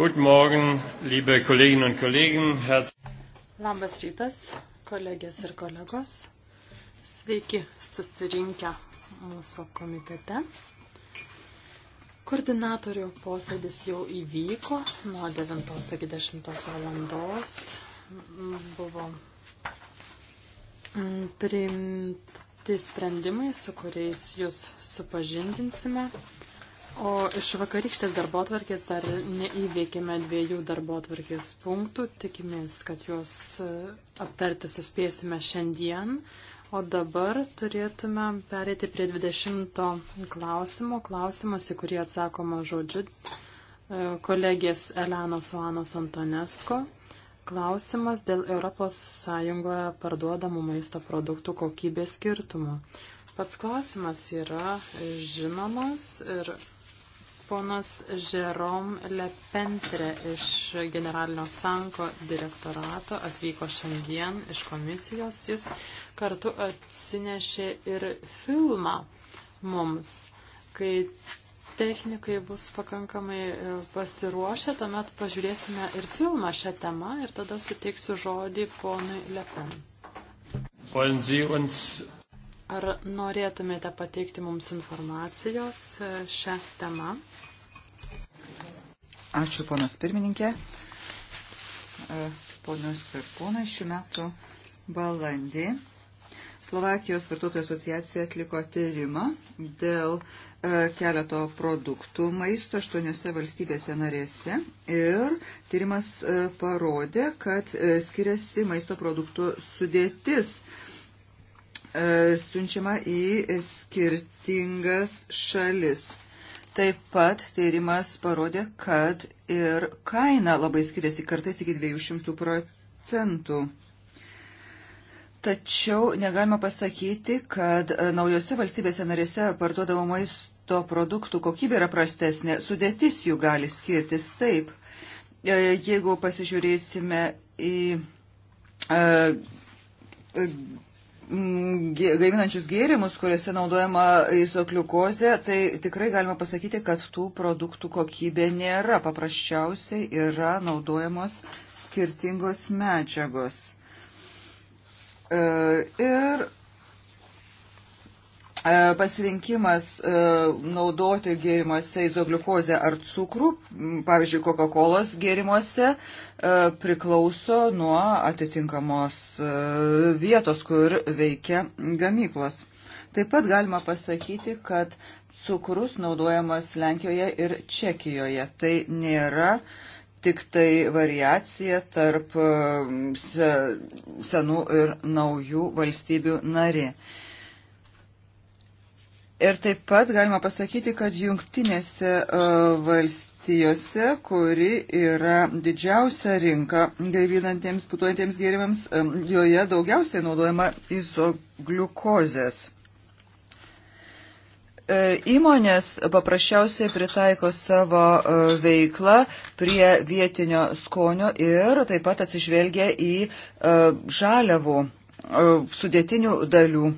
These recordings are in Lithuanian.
Guten Morgen, liebe Kolleginnen und Kollegen. Herz Labas rytas, kolegės ir kolegos. Sveiki susirinkę mūsų komitete. Koordinatorių posėdis jau įvyko nuo 9 iki 10 valandos. Buvo priimti sprendimai, su kuriais jūs supažindinsime. O iš vakarykštės darbo atvarkės dar neįveikėme dviejų darbo atvarkės punktų. Tikimės, kad juos e, aptarti suspėsime šiandien. O dabar turėtume perėti prie 20 klausimo. Klausimas, į kurį atsakoma žodžiu e, kolegės Elenos Oanos Antonesko. Klausimas dėl ES parduodamų maisto produktų kokybės skirtumo. Pats klausimas yra žinomas ir ponas Žerom Lepentre iš generalinio sanko direktorato atvyko šiandien iš komisijos. Jis kartu atsinešė ir filmą mums. Kai technikai bus pakankamai e, pasiruošę, tuomet pažiūrėsime ir filmą šią temą ir tada suteiksiu žodį ponui Lepen. Wollen Sie uns Ar norėtumėte pateikti mums informacijos e, šią temą? Ačiū, ponas pirmininkė. E, ponios ir ponai, šių metų balandį Slovakijos vartotojų asociacija atliko tyrimą dėl e, keleto produktų maisto aštuoniuose valstybėse narėse ir tyrimas e, parodė, kad skiriasi maisto produktų sudėtis siunčiama į skirtingas šalis. Taip pat tyrimas parodė, kad ir kaina labai skiriasi kartais iki 200 procentų. Tačiau negalima pasakyti, kad e, naujose valstybėse narėse parduodamo maisto produktų kokybė yra prastesnė, sudėtis jų gali skirtis taip. E, jeigu pasižiūrėsime į e, Mm, gaivinančius gėrimus, kuriuose naudojama izokliukozė, tai tikrai galima pasakyti, kad tų produktų kokybė nėra. Paprasčiausiai yra naudojamos skirtingos medžiagos. E, ir E, pasirinkimas e, naudoti gėrimuose izogliukozę ar cukrų, pavyzdžiui, Coca-Colos gėrimuose, e, priklauso nuo atitinkamos vietos, kur veikia gamyklos. Taip pat galima pasakyti, kad cukrus naudojamas Lenkijoje ir Čekijoje. Tai nėra tik tai variacija tarp senų ir naujų valstybių narių. Ir taip pat galima pasakyti, kad jungtinėse e, valstijose, kuri yra didžiausia rinka gaivinantiems, putuojantiems gėrimams, e, joje daugiausiai naudojama izogliukozės. E, įmonės paprasčiausiai pritaiko savo veiklą prie vietinio skonio ir taip pat atsižvelgia į žaliavų sudėtinių dalių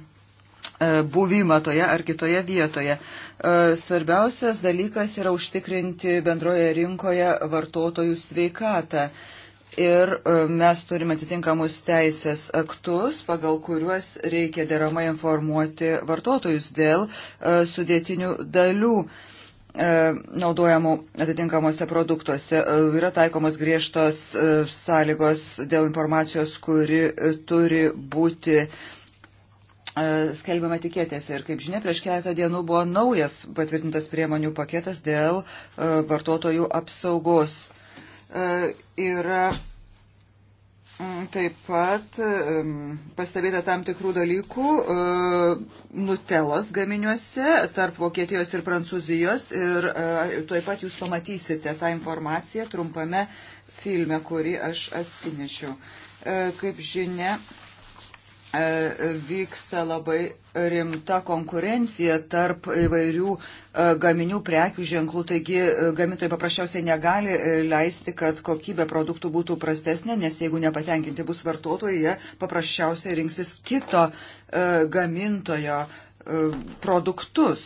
E, buvimą toje ar kitoje vietoje. E, svarbiausias dalykas yra užtikrinti bendroje rinkoje vartotojų sveikatą. Ir e, mes turime atitinkamus teisės aktus, pagal kuriuos reikia deramai informuoti vartotojus dėl sudėtinių dalių naudojamų atitinkamuose produktuose. Yra taikomos griežtos sąlygos dėl informacijos, kuri turi būti E, skelbiama tikėtėse. Ir kaip žinia, prieš keletą dienų buvo naujas patvirtintas priemonių paketas dėl e, vartotojų apsaugos. E, yra mm, taip pat pastebėta tam tikrų dalykų nutelos gaminiuose tarp Vokietijos ir Prancūzijos. Ir taip pat jūs pamatysite tą informaciją trumpame filme, kurį aš atsinešiau. Kaip žinia, E, vyksta labai rimta konkurencija tarp įvairių e, gaminių prekių ženklų, taigi e, gamintojai paprasčiausiai negali leisti, kad kokybė produktų būtų prastesnė, nes jeigu nepatenkinti bus vartotojai, jie paprasčiausiai rinksis kito gamintojo produktus.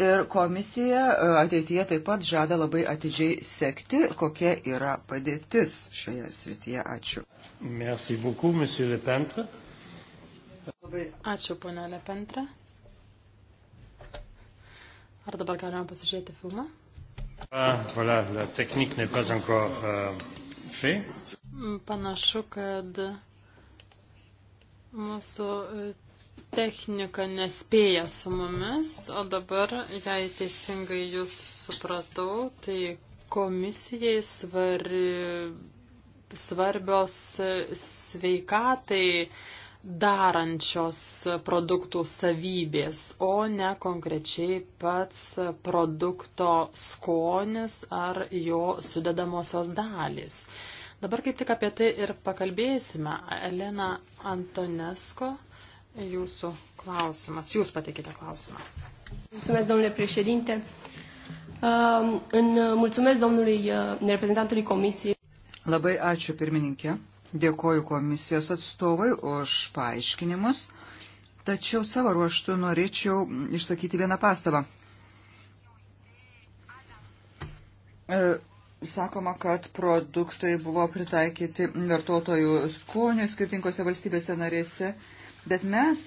Ir komisija ateityje taip pat žada labai atidžiai sekti, kokia yra padėtis šioje srityje. Ačiū. Merci beaucoup, monsieur Lepentre. Ačiū, ponia Lepentra. Ar dabar galime pasižiūrėti filmą? Ah, voilà, la technique n'est pas encore euh, fait. Mm, panašu, kad mūsų e, technika nespėja su mumis, o dabar, jei teisingai jūs supratau, tai komisijai svar... svarbios e, sveikatai darančios produktų savybės, o ne konkrečiai pats produkto skonis ar jo sudedamosios dalys. Dabar kaip tik apie tai ir pakalbėsime. Elena Antonesko, jūsų klausimas. Jūs pateikite klausimą. Mulțumesc, domnule președinte. În mulțumesc domnului reprezentantului comisiei. Labai ačiū pirmininkė. Dėkoju komisijos atstovai už paaiškinimus, tačiau savo ruoštų norėčiau išsakyti vieną pastabą. E, sakoma, kad produktai buvo pritaikyti vartotojų skonių skirtingose valstybėse narėse, bet mes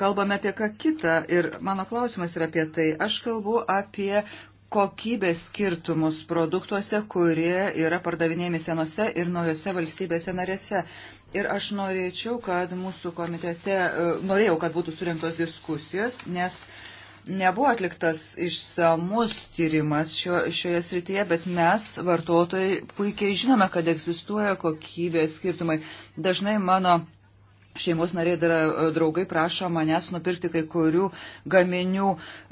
kalbame apie ką kitą ir mano klausimas yra apie tai. Aš kalbu apie kokybės skirtumus produktuose, kurie yra pardavinėjami senose ir naujose valstybėse narėse. Ir aš norėčiau, kad mūsų komitete, e, norėjau, kad būtų surinktos diskusijos, nes nebuvo atliktas išsamus tyrimas šio, šioje srityje, bet mes, vartotojai, puikiai žinome, kad egzistuoja kokybės skirtumai. Dažnai mano šeimos nariai dar e, draugai prašo manęs nupirkti kai kurių gaminių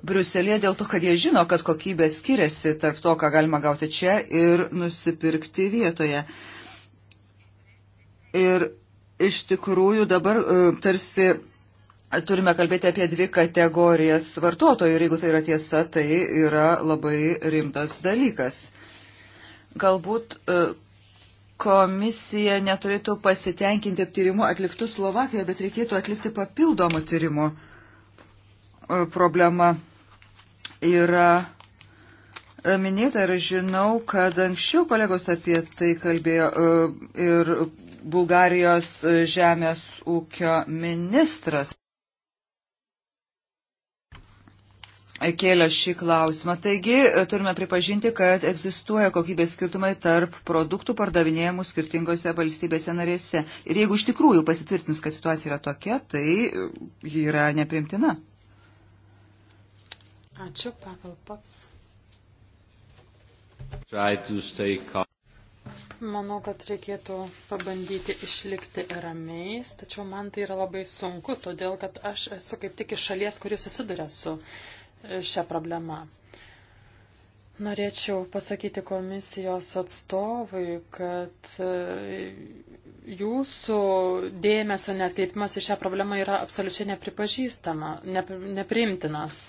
Briuselėje dėl to, kad jie žino, kad kokybė skiriasi tarp to, ką galima gauti čia ir nusipirkti vietoje. Ir iš tikrųjų dabar e, tarsi turime kalbėti apie dvi kategorijas vartotojų ir jeigu tai yra tiesa, tai yra labai rimtas dalykas. Galbūt e, komisija neturėtų pasitenkinti tyrimu atliktų Slovakijoje, bet reikėtų atlikti papildomų tyrimų. E, problema yra e, minėta ir žinau, kad anksčiau kolegos apie tai kalbėjo e, ir Bulgarijos žemės ūkio ministras. kėlė šį klausimą. Taigi e, turime pripažinti, kad egzistuoja kokybės skirtumai tarp produktų pardavinėjimų skirtingose valstybėse narėse. Ir jeigu iš tikrųjų pasitvirtins, kad situacija yra tokia, tai e, ji yra neprimtina. Ačiū, Pavel pats. Manau, kad reikėtų pabandyti išlikti ramiais, tačiau man tai yra labai sunku, todėl kad aš esu kaip tik iš šalies, kuris susiduria su uh, šią problemą. Norėčiau pasakyti komisijos atstovui, kad e, jūsų dėmesio netkreipimas į šią problemą yra absoliučiai nepripažįstama, nepriimtinas.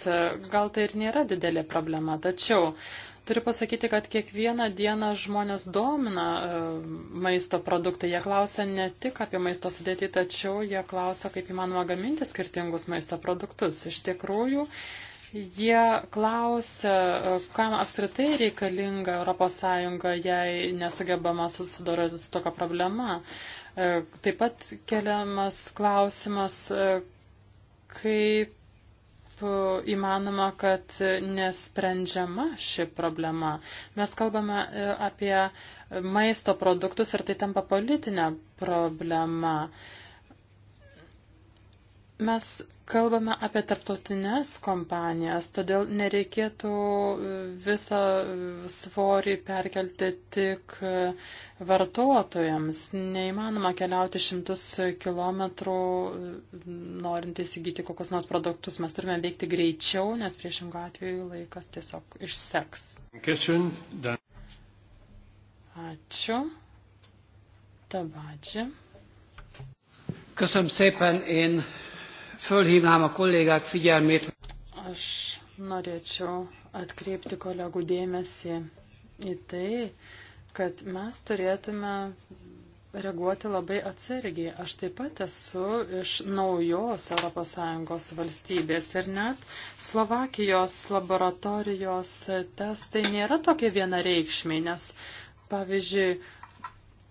Gal tai ir nėra didelė problema, tačiau turiu pasakyti, kad kiekvieną dieną žmonės domina e, maisto produktai. Jie klausia ne tik apie maisto sudėtį, tačiau jie klausia, kaip įmanoma gaminti skirtingus maisto produktus. Iš tikrųjų, uh, Jie klausia, kam apskritai reikalinga ES, jei nesugebama susidoroti su tokia problema. E, taip pat keliamas klausimas, e, kaip įmanoma, kad nesprendžiama ši problema. Mes kalbame e, apie maisto produktus ir tai tampa politinė problema. Mes kalbame apie tarptautinės kompanijas, todėl nereikėtų visą svorį perkelti tik vartotojams. Neįmanoma keliauti šimtus kilometrų, norint įsigyti kokius nors produktus. Mes turime veikti greičiau, nes priešingų atveju laikas tiesiog išseks. Ačiū. Tabadži. Köszönöm szépen, én fölhívnám a kollégák figyelmét. Aš norėčiau atkreipti kolegų dėmesį į tai, kad mes turėtume reaguoti labai atsargiai. Aš taip pat esu iš naujos ES valstybės ir net Slovakijos laboratorijos testai nėra tokie vienareikšmiai, nes, pavyzdžiui,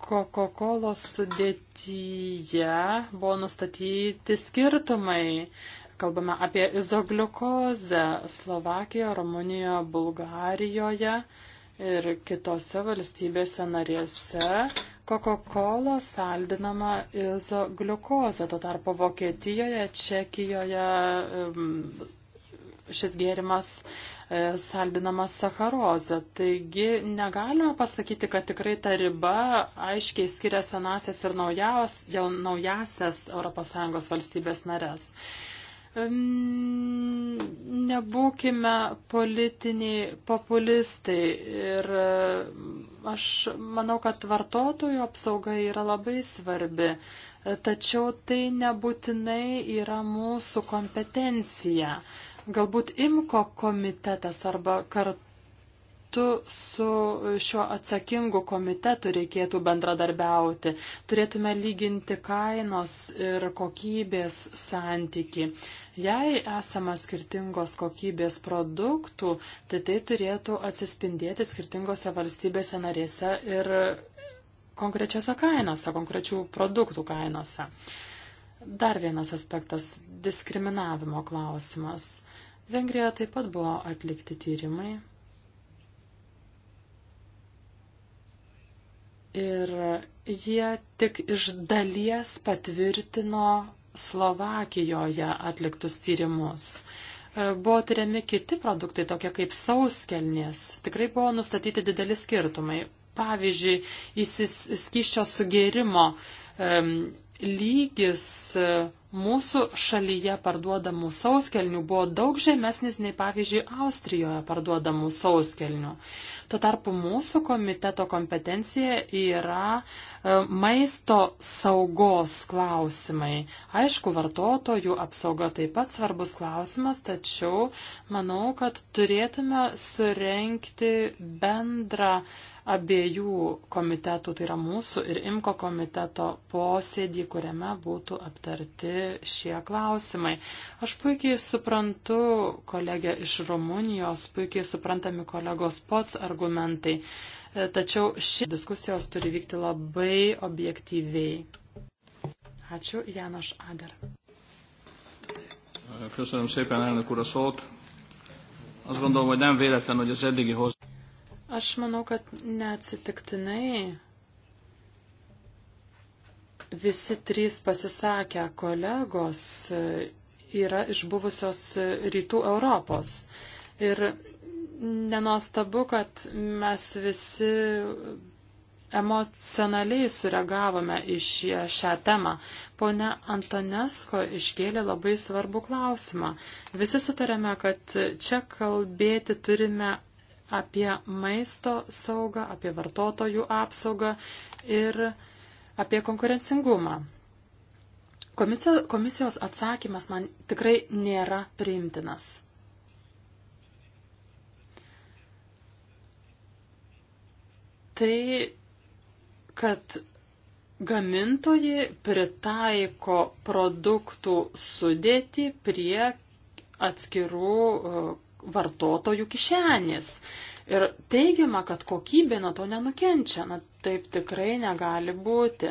Coca-Cola sudėtyje buvo nustatyti skirtumai. Kalbame apie izogliukozę Slovakijoje, Rumunijoje, Bulgarijoje ir kitose valstybėse narėse. Coca-Cola saldinama izogliukozė, tuo tarpu Vokietijoje, Čekijoje šis gėrimas E, saldinama sakaroza. Taigi negalime pasakyti, kad tikrai ta riba aiškiai skiria senasias ir naujas, jau naujasias ES valstybės narės. Nebūkime politiniai populistai ir e, aš manau, kad vartotojų apsauga yra labai svarbi, e, tačiau tai nebūtinai yra mūsų kompetencija. Galbūt IMKO komitetas arba kartu su šiuo atsakingu komitetu reikėtų bendradarbiauti. Turėtume lyginti kainos ir kokybės santyki. Jei esama skirtingos kokybės produktų, tai tai turėtų atsispindėti skirtingose valstybėse narėse ir konkrečiose kainose, konkrečių produktų kainose. Dar vienas aspektas - diskriminavimo klausimas. Vengrijoje taip pat buvo atlikti tyrimai. Ir jie tik iš dalies patvirtino Slovakijoje atliktus tyrimus. E, buvo tyriami kiti produktai, tokie kaip sauskelnės. Tikrai buvo nustatyti dideli skirtumai. Pavyzdžiui, įsiskyščio sugėrimo um, lygis e, mūsų šalyje parduodamų sauskelnių buvo daug žemesnis nei, pavyzdžiui, Austrijoje parduodamų sauskelnių. Tuo tarpu mūsų komiteto kompetencija yra e, maisto saugos klausimai. Aišku, vartotojų apsauga taip pat svarbus klausimas, tačiau manau, kad turėtume surenkti bendrą uh, abiejų komitetų, tai yra mūsų ir IMKO komiteto posėdį, kuriame būtų aptarti šie klausimai. Aš puikiai suprantu kolegę iš Rumunijos, puikiai suprantami kolegos pats argumentai, e, tačiau šis diskusijos turi vykti labai objektyviai. Ačiū, Janoš Ader. Köszönöm szépen, elnök úr, a szót. Azt gondolom, hogy nem véletlen, hogy az eddigi hoz... Aš manau, kad neatsitiktinai visi trys pasisakę kolegos yra iš buvusios rytų Europos. Ir nenostabu, kad mes visi emocionaliai sureagavome į šį, šią temą. Pone Antonesko iškėlė labai svarbų klausimą. Visi sutarėme, kad čia kalbėti turime apie maisto saugą, apie vartotojų apsaugą ir apie konkurencingumą. Komisijos atsakymas man tikrai nėra priimtinas. Tai, kad gamintojai pritaiko produktų sudėti prie atskirų vartotojų kišenės. Ir teigiama, kad kokybė nuo to nenukenčia. Na, taip tikrai negali būti.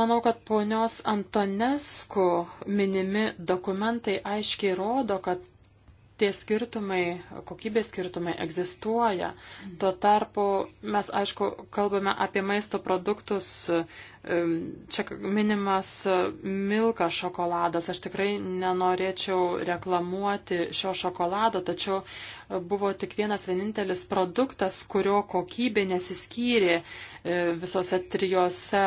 Manau, kad ponios Antonesku minimi dokumentai aiškiai rodo, kad tie skirtumai, kokybės skirtumai egzistuoja. Tuo tarpu mes, aišku, kalbame apie maisto produktus, čia minimas milkas šokoladas. Aš tikrai nenorėčiau reklamuoti šio šokolado, tačiau e, buvo tik vienas vienintelis produktas, kurio kokybė nesiskyrė e, visose trijose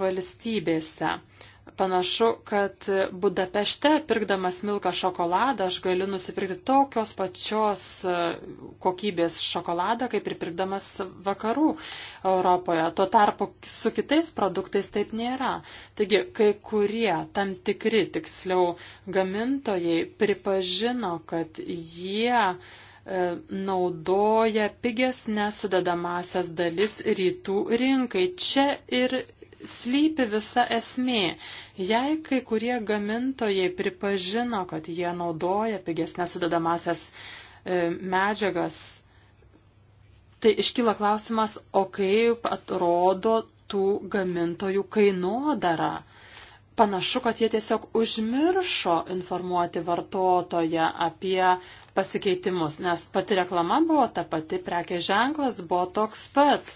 valstybėse. Panašu, kad Budapešte, pirkdamas milką šokoladą, aš galiu nusipirkti tokios pačios e, kokybės šokoladą, kaip ir pirkdamas vakarų Europoje. Tuo tarpu su kitais produktais taip nėra. Taigi, kai kurie tam tikri, tiksliau, gamintojai pripažino, kad jie e, naudoja pigesnės sudedamasias dalis rytų rinkai. Čia ir slypi visa esmė. Jei kai kurie gamintojai pripažino, kad jie naudoja pigesnės sudedamasias e, medžiagas, tai iškyla klausimas, o kaip atrodo tų gamintojų kainodara. Panašu, kad jie tiesiog užmiršo informuoti vartotoją apie pasikeitimus, nes pati reklama buvo ta pati, prekės ženklas buvo toks pat.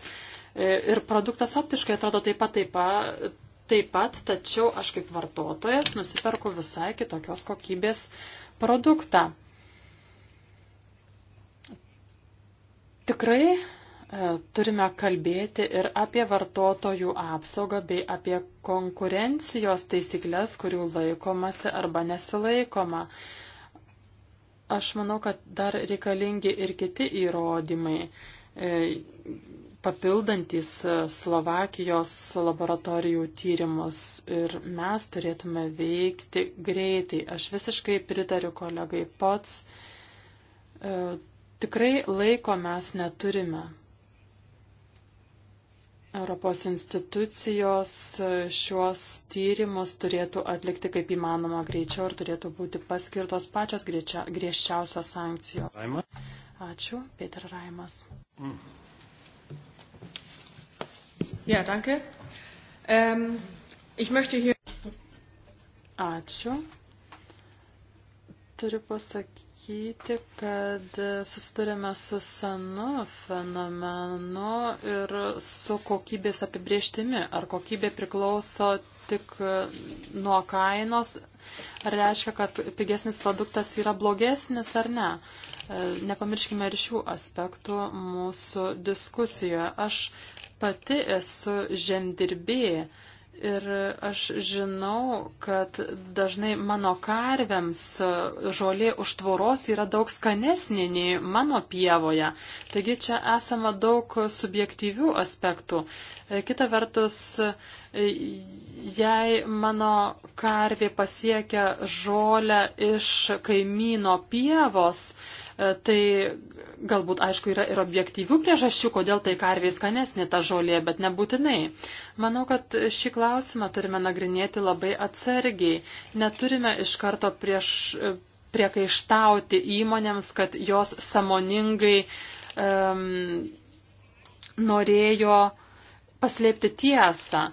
Ir produktas optiškai atrodo taip pat, taip pat, taip pat tačiau aš kaip vartotojas nusiperku visai kitokios kokybės produktą. Tikrai e, turime kalbėti ir apie vartotojų apsaugą bei apie konkurencijos taisyklės, kurių laikomasi arba nesilaikoma. Aš manau, kad dar reikalingi ir kiti įrodymai. E, papildantis e, Slovakijos laboratorijų tyrimus ir mes turėtume veikti greitai. Aš visiškai pritariu kolegai pats. E, tikrai laiko mes neturime. Europos institucijos e, šiuos tyrimus turėtų atlikti kaip įmanoma greičiau ir turėtų būti paskirtos pačios griežčiausios sankcijos. Ačiū, Peter Raimas. Mm. Ja, danke. Um, ich möchte hier. Ačiū. Turiu pasakyti, kad susidurėme su senu fenomenu ir su kokybės apibrieštimi. Ar kokybė priklauso tik nuo kainos, ar reiškia, kad pigesnis produktas yra blogesnis ar ne. Nepamirškime ir šių aspektų mūsų diskusijoje. Aš Pati esu žemdirbė ir aš žinau, kad dažnai mano karvėms žolė už tvoros yra daug skanesnė nei mano pievoje. Taigi čia esama daug subjektyvių aspektų. Kita vertus, jei mano karvė pasiekia žolę iš kaimyno pievos, E, tai galbūt, aišku, yra ir objektyvių priežasčių, kodėl tai karvė skanesnė ta žolė, bet nebūtinai. Manau, kad šį klausimą turime nagrinėti labai atsargiai. Neturime iš karto prieš e, priekaištauti įmonėms, kad jos samoningai um, norėjo paslėpti tiesą.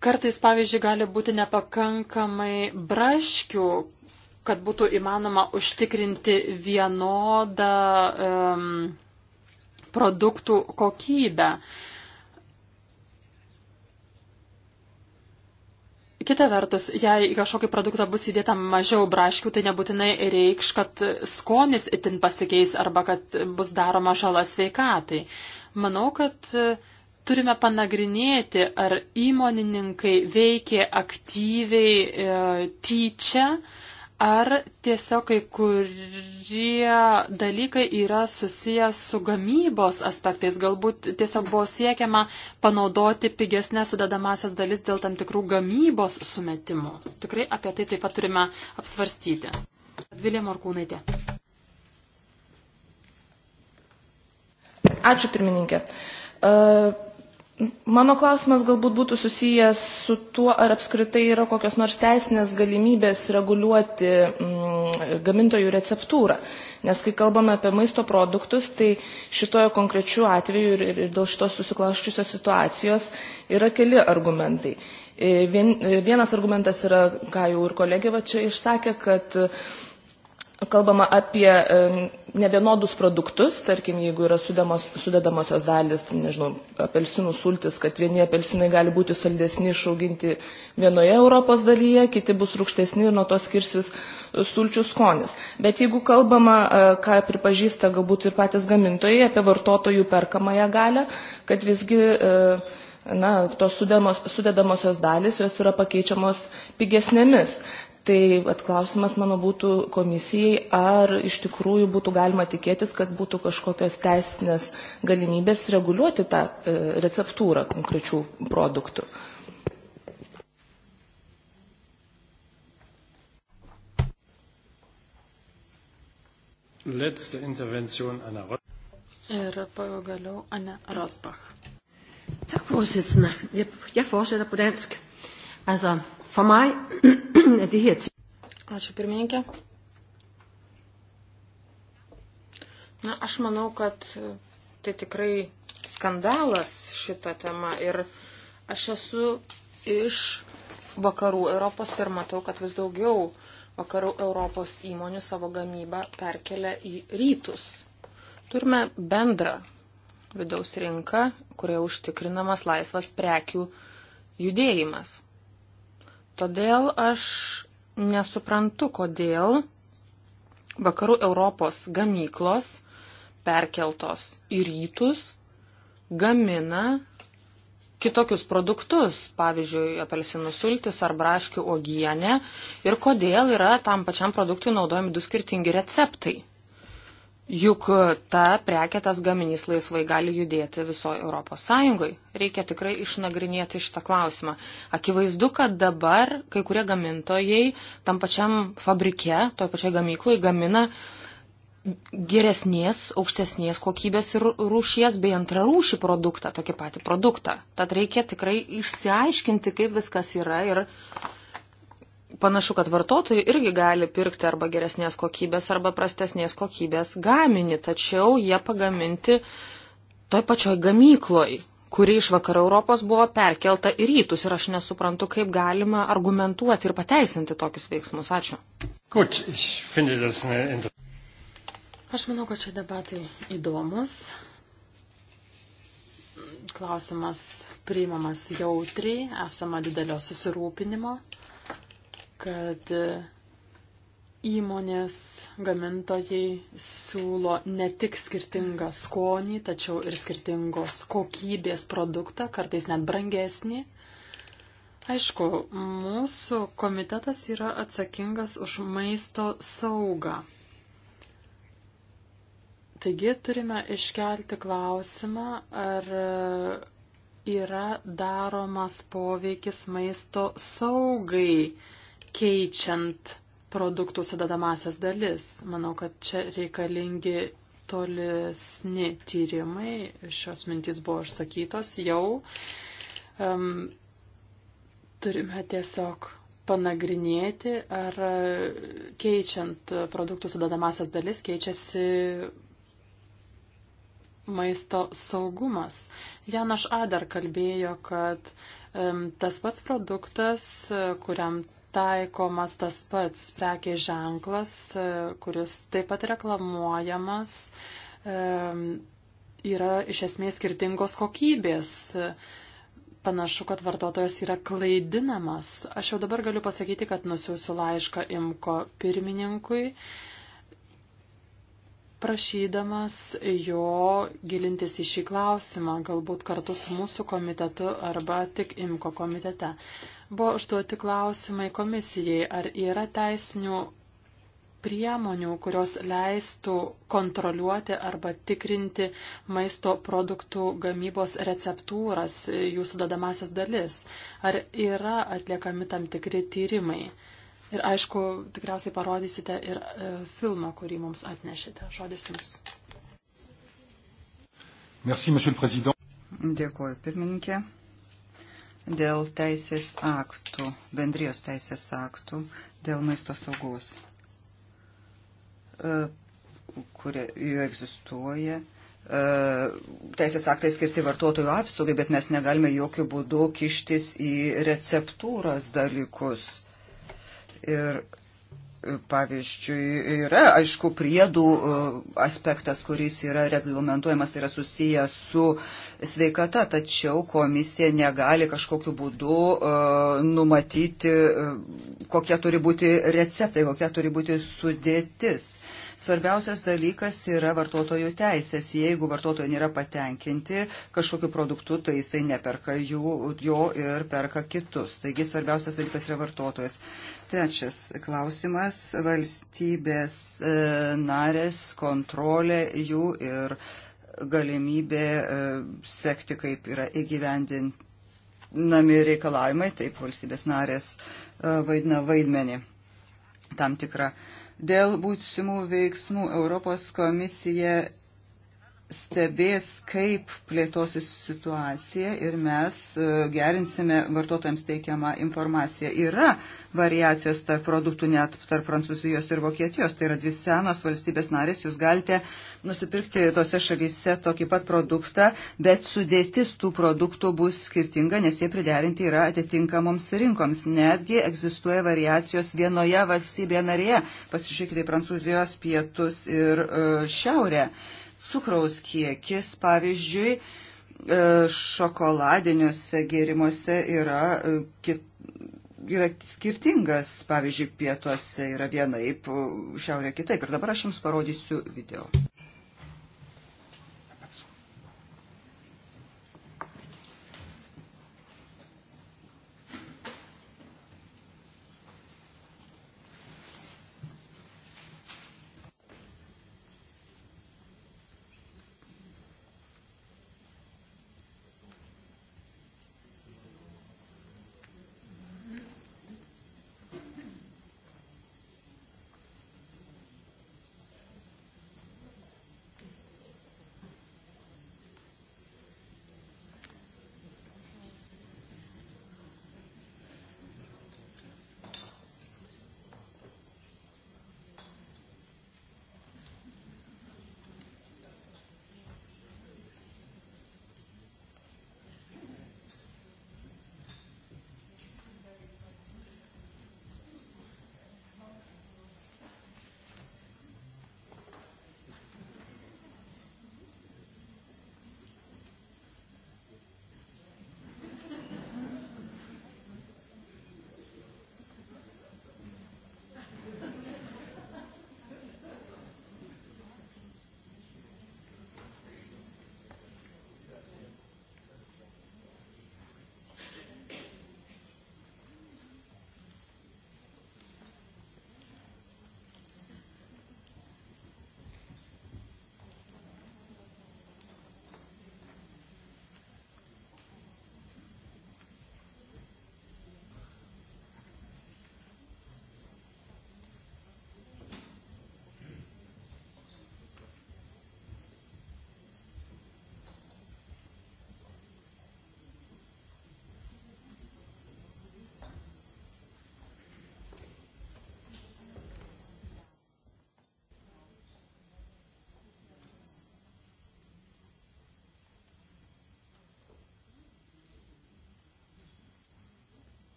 Kartais, pavyzdžiui, gali būti nepakankamai braškių, kad būtų įmanoma užtikrinti vienodą um, produktų kokybę. Kita vertus, jei į kažkokį produktą bus įdėta mažiau braškių, tai nebūtinai reikš, kad skonis itin pasikeis arba kad bus daroma žala sveikatai. Manau, kad e, turime panagrinėti, ar įmonininkai veikė aktyviai e, tyčia, e, ar tiesiog kai kurie dalykai yra susijęs su gamybos aspektais. Galbūt tiesiog buvo siekiama panaudoti pigesnės sudedamasias dalis dėl tam tikrų gamybos sumetimų. Tikrai apie tai taip pat turime apsvarstyti. Vilė Morkūnaitė. Ačiū pirmininkė. Uh... Mano klausimas galbūt būtų susijęs su tuo, ar apskritai yra kokios nors teisinės galimybės reguliuoti mm, gamintojų receptūrą. Nes kai kalbame apie maisto produktus, tai šitojo konkrečiu atveju ir, ir dėl šitos susiklaščiusios situacijos yra keli argumentai. E, vien, e, vienas argumentas yra, ką jau ir kolegė va čia išsakė, kad mm, kalbama apie nevienodus produktus, tarkim, jeigu yra sudamos, sudedamosios dalis, tai, nežinau, apelsinų sultis, kad vieni apelsinai gali būti saldesni išauginti vienoje Europos dalyje, kiti bus rūkštesni ir nuo to skirsis e, sulčių skonis. Bet jeigu kalbama, e, ką pripažįsta galbūt ir patys gamintojai, apie vartotojų perkamąją galę, kad visgi e, na, tos sudedamos, sudedamosios dalis jos yra pakeičiamos pigesnėmis. Tai at klausimas mano būtų komisijai, ar iš tikrųjų būtų galima tikėtis, kad būtų kažkokios teisinės galimybės reguliuoti tą e, receptūrą konkrečių produktų. Letzte Intervention Anna Rosbach. Ir pagaliau Anna Rosbach. Tak, voorzitter. Ja, voorzitter, på dansk. Altså, For mig er det her... Ačiū pirmininkė. Na, aš manau, kad tai tikrai skandalas šita tema ir aš esu iš vakarų Europos ir matau, kad vis daugiau vakarų Europos įmonių savo gamybą perkelia į rytus. Turime bendrą vidaus rinką, kurioje užtikrinamas laisvas prekių judėjimas. Todėl aš nesuprantu, kodėl vakarų Europos gamyklos perkeltos į rytus gamina kitokius produktus, pavyzdžiui, apelsinų sultis ar braškių uogienė ir kodėl yra tam pačiam produktui naudojami du skirtingi receptai. Juk e, ta prekė, tas gaminys laisvai gali judėti visoje Europos Sąjungoje. Reikia tikrai išnagrinėti šitą klausimą. Akivaizdu, kad dabar kai kurie gamintojai tam pačiam fabrike, toje pačioje gamykloje gamina geresnės, aukštesnės kokybės ir rūšies bei antrarūšį produktą, tokį patį produktą. Tad reikia tikrai išsiaiškinti, kaip viskas yra ir panašu, kad vartotojai irgi gali pirkti arba geresnės kokybės, arba prastesnės kokybės gaminį, tačiau jie pagaminti toj pačioj gamykloj, kuri iš vakarų Europos buvo perkelta į rytus ir aš nesuprantu, kaip galima argumentuoti ir pateisinti tokius veiksmus. Ačiū. Gut, Aš manau, kad šie debatai įdomus. Klausimas priimamas jautriai, esama didelio susirūpinimo kad įmonės gamintojai siūlo ne tik skirtingą skonį, tačiau ir skirtingos kokybės produktą, kartais net brangesnį. Aišku, mūsų komitetas yra atsakingas už maisto saugą. Taigi turime iškelti klausimą, ar yra daromas poveikis maisto saugai keičiant produktų sudedamasias dalis. Manau, kad čia reikalingi tolesni tyrimai. Šios mintys buvo išsakytos jau. Um, turime tiesiog panagrinėti, ar keičiant produktų sudedamasias dalis keičiasi maisto saugumas. Janaš Adar kalbėjo, kad um, tas pats produktas, kuriam taikomas tas pats prekės ženklas, e, kuris taip pat reklamuojamas, e, yra iš esmės skirtingos kokybės. E, panašu, kad vartotojas yra klaidinamas. Aš jau dabar galiu pasakyti, kad nusiųsiu laišką Imko pirmininkui prašydamas jo gilintis į šį klausimą, galbūt kartu su mūsų komitetu arba tik IMKO komitete. Buvo užduoti klausimai komisijai, ar yra teisinių priemonių, kurios leistų kontroliuoti arba tikrinti maisto produktų gamybos receptūras, jų sudadamasias dalis. Ar yra atliekami tam tikri tyrimai? Ir aišku, tikriausiai parodysite ir e, filmą, kurį mums atnešite. Žodis jums. Merci, monsieur le président. Dėkuoju, pirmininkė. Dėl teisės aktų, bendrijos teisės aktų, dėl maisto saugos, e, kurie egzistuoja. E, teisės aktai skirti vartotojų apsaugai, bet mes negalime jokių būdų kištis į receptūros dalykus Ir e, Pavyzdžiui, yra, aišku, priedų e, aspektas, kuris yra reglamentuojamas, tai yra susijęs su sveikata, tačiau komisija negali kažkokiu būdu e, numatyti, kokie turi būti receptai, kokia turi būti sudėtis. Svarbiausias dalykas yra vartotojų teisės. Jeigu vartotojai nėra patenkinti kažkokiu produktu, tai jisai neperka jų, jo ir perka kitus. Taigi svarbiausias dalykas yra vartotojas. Trečias klausimas - valstybės e, narės, kontrolė jų ir galimybė e, sekti, kaip yra įgyvendinami reikalavimai, taip valstybės narės e, vaidina vaidmenį tam tikrą. Dėl būsimų veiksmų Europos komisija stebės, kaip plėtosis situacija ir mes e, gerinsime vartotojams teikiamą informaciją. Yra variacijos tarp produktų net tarp Prancūzijos ir Vokietijos. Tai yra dvi senos valstybės narės. Jūs galite nusipirkti tose šalyse tokį pat produktą, bet sudėtis tų produktų bus skirtinga, nes jie priderinti yra atitinkamoms rinkoms. Netgi egzistuoja variacijos vienoje valstybėje narėje. Pasižiūrėkite į Prancūzijos pietus ir uh, šiaurę. Uh, cukraus kiekis, pavyzdžiui, e, šokoladiniuose gėrimuose yra, e, kit, yra skirtingas, pavyzdžiui, pietuose yra vienaip, e, šiaurė kitaip. Ir dabar aš jums parodysiu video.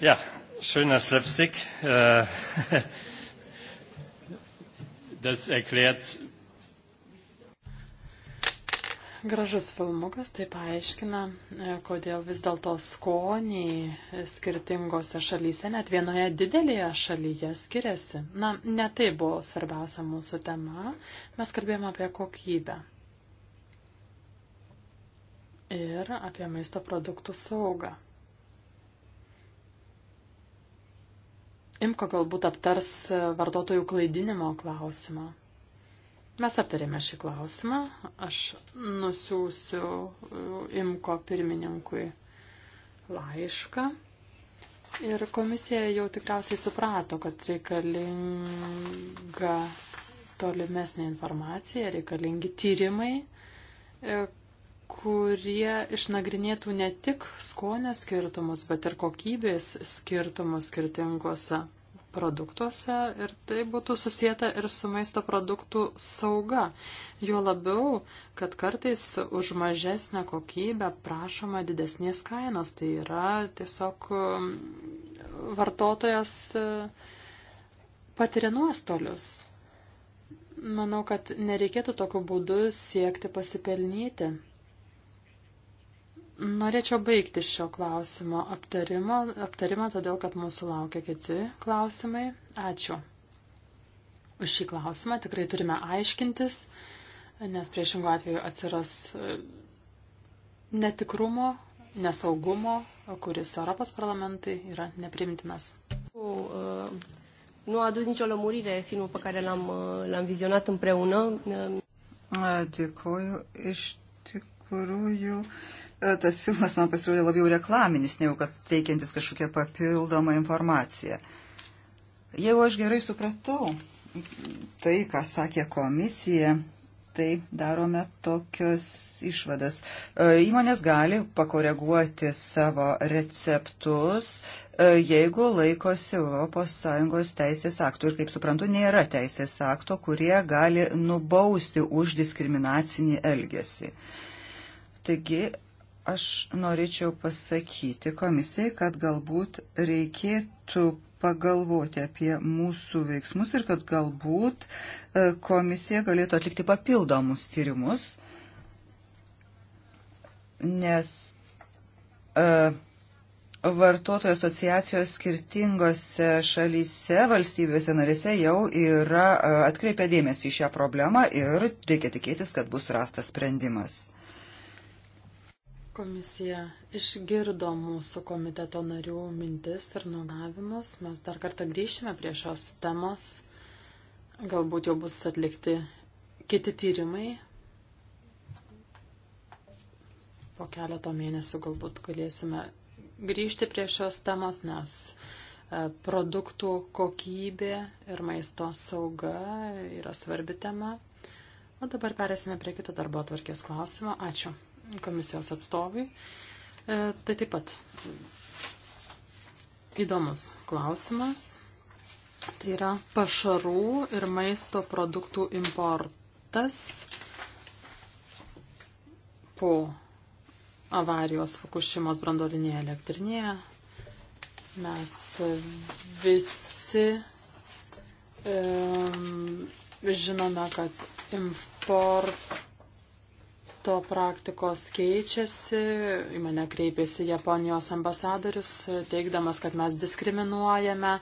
Ja, schöner Slapstick. Äh, das erklärt. Gražus filmukas tai paaiškina, e, kodėl vis dėlto skoniai skirtingose šalyse, net vienoje didelėje šalyje skiriasi. Na, ne tai buvo svarbiausia mūsų tema, mes kalbėjome apie kokybę ir apie maisto produktų saugą. Imko galbūt aptars vartotojų klaidinimo klausimą. Mes aptarėme šį klausimą. Aš nusiųsiu uh, Imko pirmininkui laišką. Ir komisija jau tikriausiai suprato, kad reikalinga tolimesnė informacija, reikalingi tyrimai, uh, kurie išnagrinėtų ne tik skonio skirtumus, bet ir kokybės skirtumus skirtingose produktuose ir tai būtų susijęta ir su maisto produktų sauga. Jo labiau, kad kartais už mažesnę kokybę prašoma didesnės kainos. Tai yra tiesiog um, vartotojas uh, patiria nuostolius. Manau, kad nereikėtų tokiu būdu siekti pasipelnyti. Norėčiau baigti šio klausimo aptarimą, aptarimą todėl kad mūsų laukia kiti klausimai. Ačiū. Už šį klausimą tikrai turime aiškintis, nes priešingų atveju atsiras e, netikrumo, nesaugumo, kuris Europos parlamentui yra neprimtinas. E, nu a adus nicio lămurire filmul pe care l-am, e, l-am vizionat împreună. Dėkoju, iš tikrųjų E, tas filmas man pasirodė labiau reklaminis, negu kad teikiantis kažkokią papildomą informaciją. Jeigu aš gerai supratau tai, ką sakė komisija, tai darome tokios išvadas. E, įmonės gali pakoreguoti savo receptus, e, jeigu laikosi ES teisės aktų. Ir kaip suprantu, nėra teisės akto, kurie gali nubausti už diskriminacinį elgesį. Taigi Aš norėčiau pasakyti komisijai, kad galbūt reikėtų pagalvoti apie mūsų veiksmus ir kad galbūt e, komisija galėtų atlikti papildomus tyrimus, nes e, vartotojų asociacijos skirtingose šalyse, valstybėse narėse jau yra e, atkreipę dėmesį į šią problemą ir reikia tikėtis, kad bus rastas sprendimas. Komisija išgirdo mūsų komiteto narių mintis ir nuogavimus. Mes dar kartą grįšime prie šios temos. Galbūt jau bus atlikti kiti tyrimai. Po keleto mėnesių galbūt galėsime grįžti prie šios temos, nes e, produktų kokybė ir maisto sauga yra svarbi tema. O dabar perėsime prie kito darbo atvarkės klausimo. Ačiū komisijos atstovai. E, tai taip pat įdomus klausimas. Tai yra pašarų ir maisto produktų importas po avarijos Fukushimos brandolinėje elektrinėje. Mes visi um, žinome, kad import to praktikos keičiasi. Į mane kreipėsi Japonijos ambasadorius, teikdamas, kad mes diskriminuojame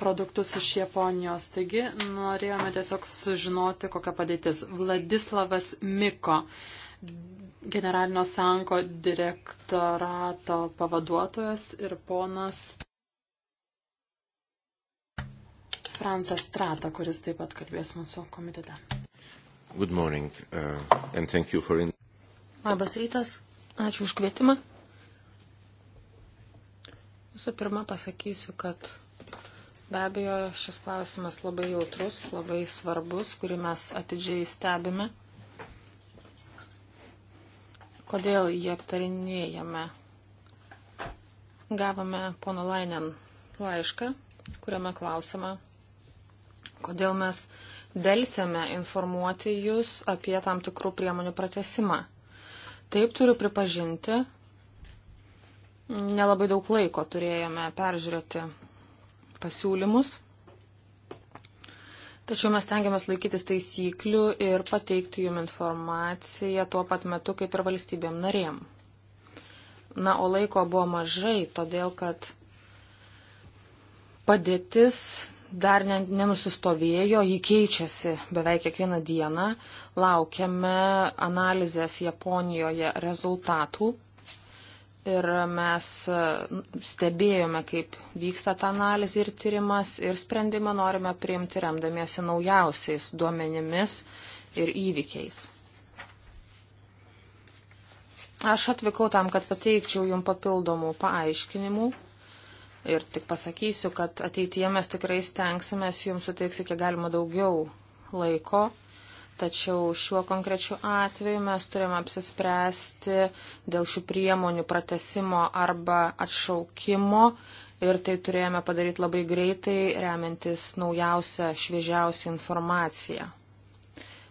produktus iš Japonijos. Taigi norėjome tiesiog sužinoti, kokia padėtis. Vladislavas Miko, generalinio sanko direktorato pavaduotojas ir ponas Francas Strata, kuris taip pat kalbės mūsų komitete. Good morning uh, and thank you for... In... Labas rytas, ačiū už kvietimą. Visų pirma pasakysiu, kad be abejo šis klausimas labai jautrus, labai svarbus, kurį mes atidžiai stebime. Kodėl jį aptarinėjame? Gavome pono Lainen laišką, kuriame klausima, kodėl mes dėlsėme informuoti jūs apie tam tikrų priemonių pratesimą. Taip turiu pripažinti, nelabai daug laiko turėjome peržiūrėti pasiūlymus, tačiau mes tengiamės laikytis taisyklių ir pateikti jum informaciją tuo pat metu kaip ir valstybėm narėm. Na, o laiko buvo mažai, todėl kad padėtis dar nenusistovėjo, jį keičiasi beveik kiekvieną dieną. Laukiame analizės Japonijoje rezultatų ir mes stebėjome, kaip vyksta ta analizė ir tyrimas ir sprendimą norime priimti remdamiesi naujausiais duomenimis ir įvykiais. Aš atvykau tam, kad pateikčiau jum papildomų paaiškinimų Ir tik pasakysiu, kad ateityje mes tikrai stengsime jums suteikti kiek galima daugiau laiko. Tačiau šiuo konkrečiu atveju mes turime apsispręsti dėl šių priemonių pratesimo arba atšaukimo. Ir tai turėjome padaryti labai greitai, remiantis naujausią, šviežiausią informaciją.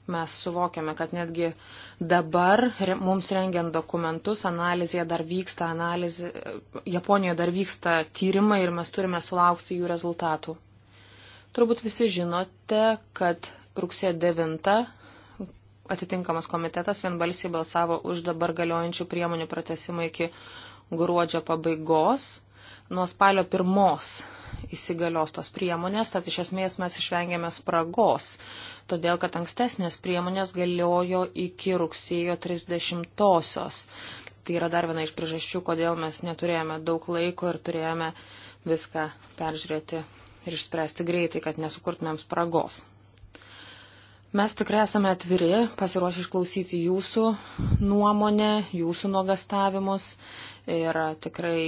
Mes suvokiame, kad netgi dabar mums rengiant dokumentus, analizėje dar vyksta analizė, Japonijoje dar vyksta tyrimai ir mes turime sulaukti jų rezultatų. Turbūt visi žinote, kad rugsėjo 9 atitinkamas komitetas vienbalsiai balsavo už dabar galiojančių priemonių pratesimą iki gruodžio pabaigos. Nuo spalio pirmos įsigalios tos priemonės, tad iš esmės mes išvengėme spragos todėl kad ankstesnės priemonės galiojo iki rugsėjo 30-osios. Tai yra dar viena iš priežasčių, kodėl mes neturėjome daug laiko ir turėjome viską peržiūrėti ir išspręsti greitai, kad nesukurtumėm spragos. Mes tikrai esame atviri, pasiruošę išklausyti jūsų nuomonę, jūsų nuogastavimus ir tikrai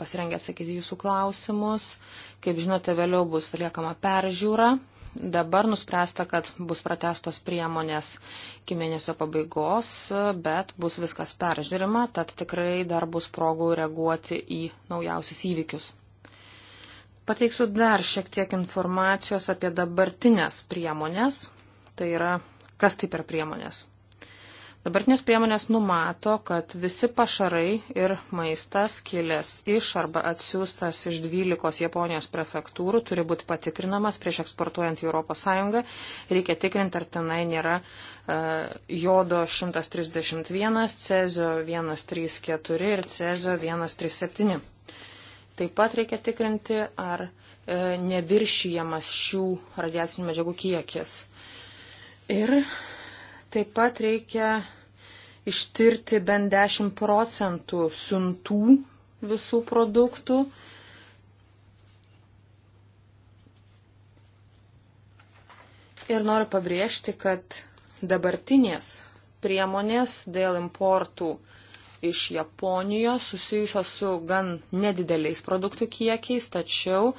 pasirengę atsakyti jūsų klausimus. Kaip žinote, vėliau bus atliekama peržiūra Dabar nuspręsta, kad bus pratestos priemonės iki mėnesio pabaigos, bet bus viskas peržiūrima, tad tikrai dar bus progų reaguoti į naujausius įvykius. Pateiksiu dar šiek tiek informacijos apie dabartinės priemonės, tai yra, kas tai per priemonės. Dabartinės priemonės numato, kad visi pašarai ir maistas kilęs iš arba atsiųstas iš 12 Japonijos prefektūrų turi būti patikrinamas prieš eksportuojant į ES. Reikia tikrinti, ar tenai nėra uh, jodo 131, cezio 134 ir cezio 137. Taip pat reikia tikrinti, ar uh, neviršijamas šių radiacinių medžiagų kiekis. Ir Taip pat reikia ištirti bent 10 procentų siuntų visų produktų. Ir noriu pabrėžti, kad dabartinės priemonės dėl importų iš Japonijos susijusios su gan nedideliais produktų kiekiais, tačiau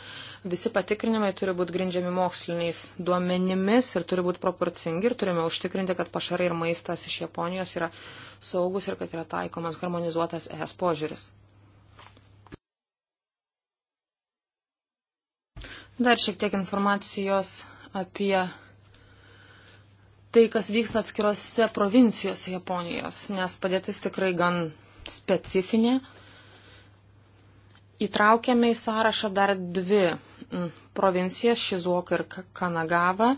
visi patikrinimai turi būti grindžiami moksliniais duomenimis ir turi būti proporcingi ir turime užtikrinti, kad pašarai ir maistas iš Japonijos yra saugus ir kad yra taikomas harmonizuotas ES požiūris. Dar šiek tiek informacijos apie tai, kas vyksta atskirose provincijose Japonijos, nes padėtis tikrai gan specifinė. Įtraukėme į sąrašą dar dvi mm, provincijas - Šizuoka ir Kanagava.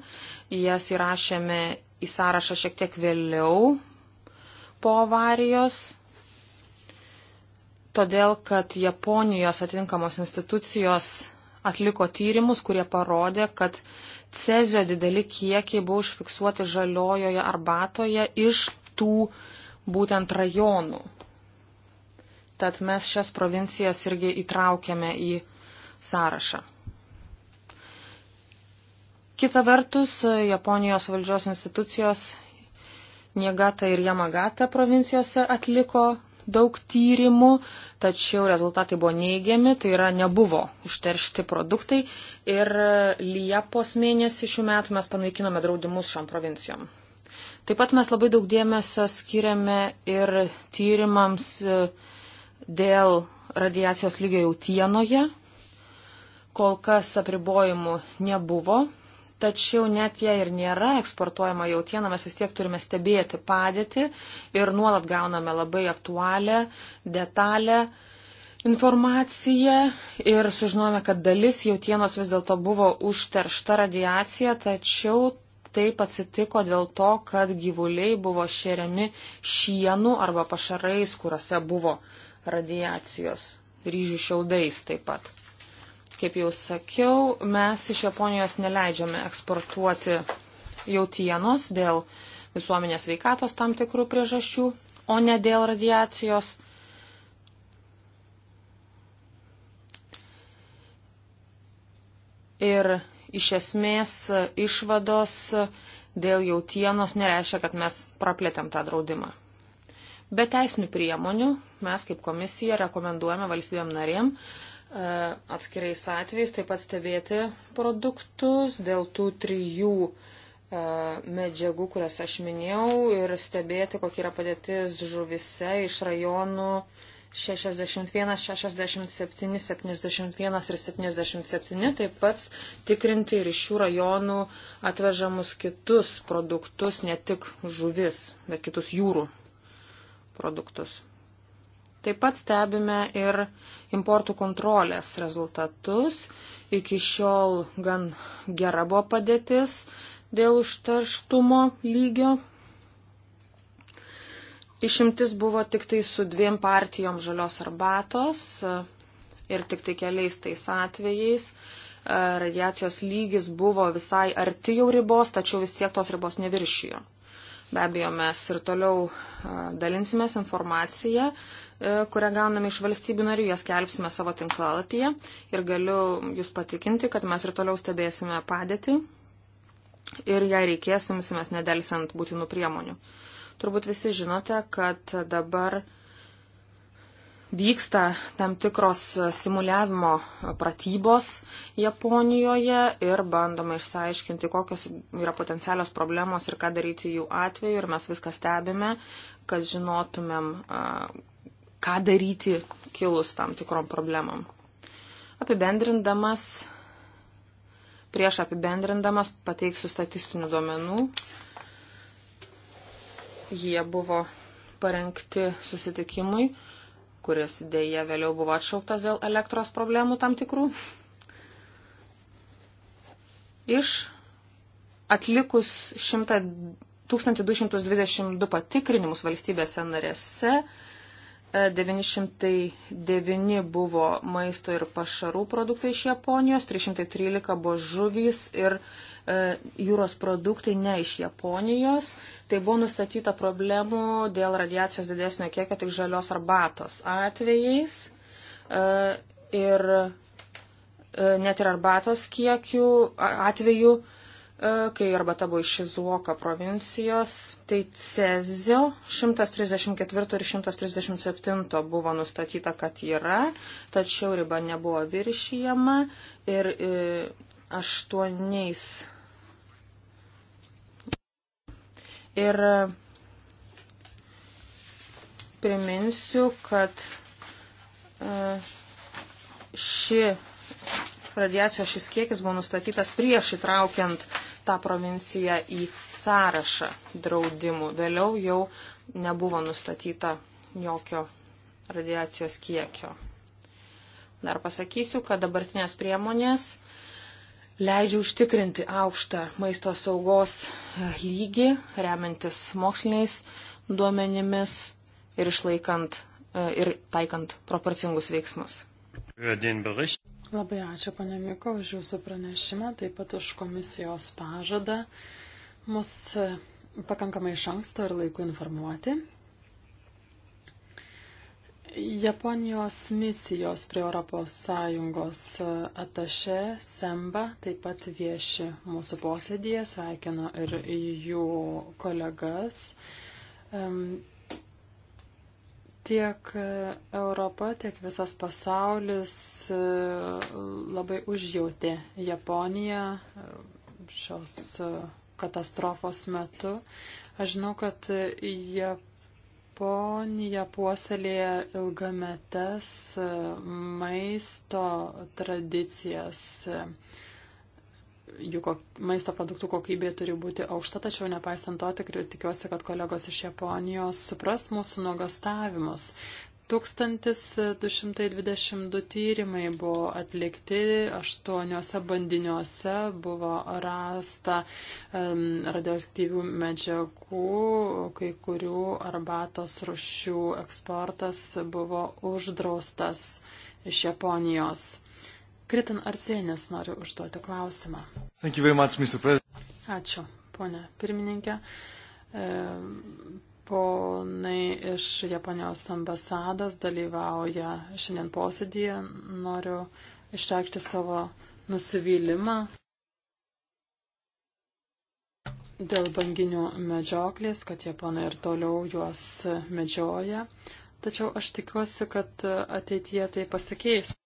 Jas įrašėme į sąrašą šiek tiek vėliau po avarijos, todėl kad Japonijos atitinkamos institucijos atliko tyrimus, kurie parodė, kad cezio dideli kiekiai buvo užfiksuoti žaliojoje arbatoje iš tų būtent rajonų. Tad mes šias provincijas irgi įtraukėme į sąrašą. Kita vertus, Japonijos valdžios institucijos Niegata ir Jamagata provincijose atliko daug tyrimų, tačiau rezultatai buvo neigiami, tai yra nebuvo užteršti produktai ir Liepos mėnesį šių metų mes panaikinome draudimus šiom provincijom. Taip pat mes labai daug dėmesio skiriame ir tyrimams e, dėl radiacijos lygio jautienoje. Kol kas apribojimų nebuvo, Tačiau net jei ir nėra eksportuojama jautiena, mes vis tiek turime stebėti padėtį ir nuolat gauname labai aktualią, detalę informaciją ir sužinojame, kad dalis jautienos vis dėlto buvo užteršta radiacija, tačiau taip atsitiko dėl to, kad gyvuliai buvo šeriami šienu arba pašarais, kuriuose buvo radiacijos, ryžių šiaudais taip pat. Kaip jau sakiau, mes iš Japonijos neleidžiame eksportuoti jautienos dėl visuomenės veikatos tam tikrų priežasčių, o ne dėl radiacijos. Ir iš esmės išvados dėl jautienos nereiškia, kad mes praplėtėm tą draudimą. Be teisinių priemonių mes kaip komisija rekomenduojame valstybėm narėm E, atskirais atvejais, taip pat stebėti produktus dėl tų trijų e, medžiagų, kurias aš minėjau, ir stebėti, kokia yra padėtis žuvise iš rajonų 61, 67, 71 ir 77, taip pat tikrinti ir iš šių rajonų atvežamus kitus produktus, ne tik žuvis, bet kitus jūrų produktus. Taip pat stebime ir importų kontrolės rezultatus. Iki šiol gan gera buvo padėtis dėl užterštumo lygio. Išimtis buvo tik tai su dviem partijom žalios arbatos ir tik tai keliais tais atvejais radiacijos lygis buvo visai arti jau ribos, tačiau vis tiek tos ribos neviršijo. Be abejo, mes ir toliau dalinsimės informaciją E, kurią gauname iš valstybių narių, jas kelpsime savo tinklalapyje ir galiu Jūs patikinti, kad mes ir toliau stebėsime padėtį ir jei reikės, imsimės nedelsiant būtinų priemonių. Turbūt visi žinote, kad dabar vyksta tam tikros simuliavimo pratybos Japonijoje ir bandoma išsiaiškinti, kokios yra potencialios problemos ir ką daryti jų atveju. Ir mes viską stebime, kad žinotumėm, ką daryti kilus tam tikrom problemam. Apibendrindamas, prieš apibendrindamas pateiksiu statistinių duomenų. Jie buvo parengti susitikimui, kuris dėja vėliau buvo atšauktas dėl elektros problemų tam tikrų. Iš atlikus 100, 1222 patikrinimus valstybėse narėse, 909 buvo maisto ir pašarų produktai iš Japonijos, 313 buvo žuvys ir e, jūros produktai ne iš Japonijos. Tai buvo nustatyta problemų dėl radiacijos didesnio kiekio tik žalios arbatos atvejais. E, ir e, net ir arbatos kiekių atveju. E, E, kai arbata buvo iš Izuoka provincijos, tai Cezio 134 ir 137 buvo nustatyta, kad yra, tačiau riba nebuvo viršijama ir e, aštuoniais. Ir e, priminsiu, kad e, ši radiacijos šis kiekis buvo nustatytas prieš įtraukiant uh, tą provinciją į sąrašą draudimų. Vėliau jau nebuvo nustatyta jokio radiacijos kiekio. Dar pasakysiu, kad dabartinės priemonės leidžia užtikrinti aukštą maisto saugos lygį, remiantis moksliniais duomenimis ir išlaikant e, ir taikant proporcingus veiksmus. Labai ačiū, pane Miko, už Jūsų pranešimą, taip pat už komisijos pažadą mus pakankamai iš anksto ir laiku informuoti. Japonijos misijos prie ES ataše Semba taip pat vieši mūsų posėdėje, sveikinu ir jų kolegas. Tiek e, Europa, tiek visas pasaulis e, labai užjautė Japoniją e, šios katastrofos metu. Aš žinau, kad Japonija puoselėja ilgametes maisto tradicijas jų maisto produktų kokybė turi būti aukšta, tačiau nepaisant to tikrai tikiuosi, kad kolegos iš Japonijos supras mūsų nuogastavimus. 1222 tyrimai buvo atlikti, aštuoniuose bandiniuose buvo rasta um, radioaktyvių medžiagų, kai kurių arbatos rušių eksportas buvo uždraustas iš Japonijos. Kritin Arsenis noriu užduoti klausimą. Much, Ačiū, ponė pirmininkė. E, ponai iš Japonijos ambasados dalyvauja šiandien posėdėje. Noriu išreikšti savo nusivylimą dėl banginių medžioklės, kad japonai ir toliau juos medžioja. Tačiau aš tikiuosi, kad ateityje tai pasikeis.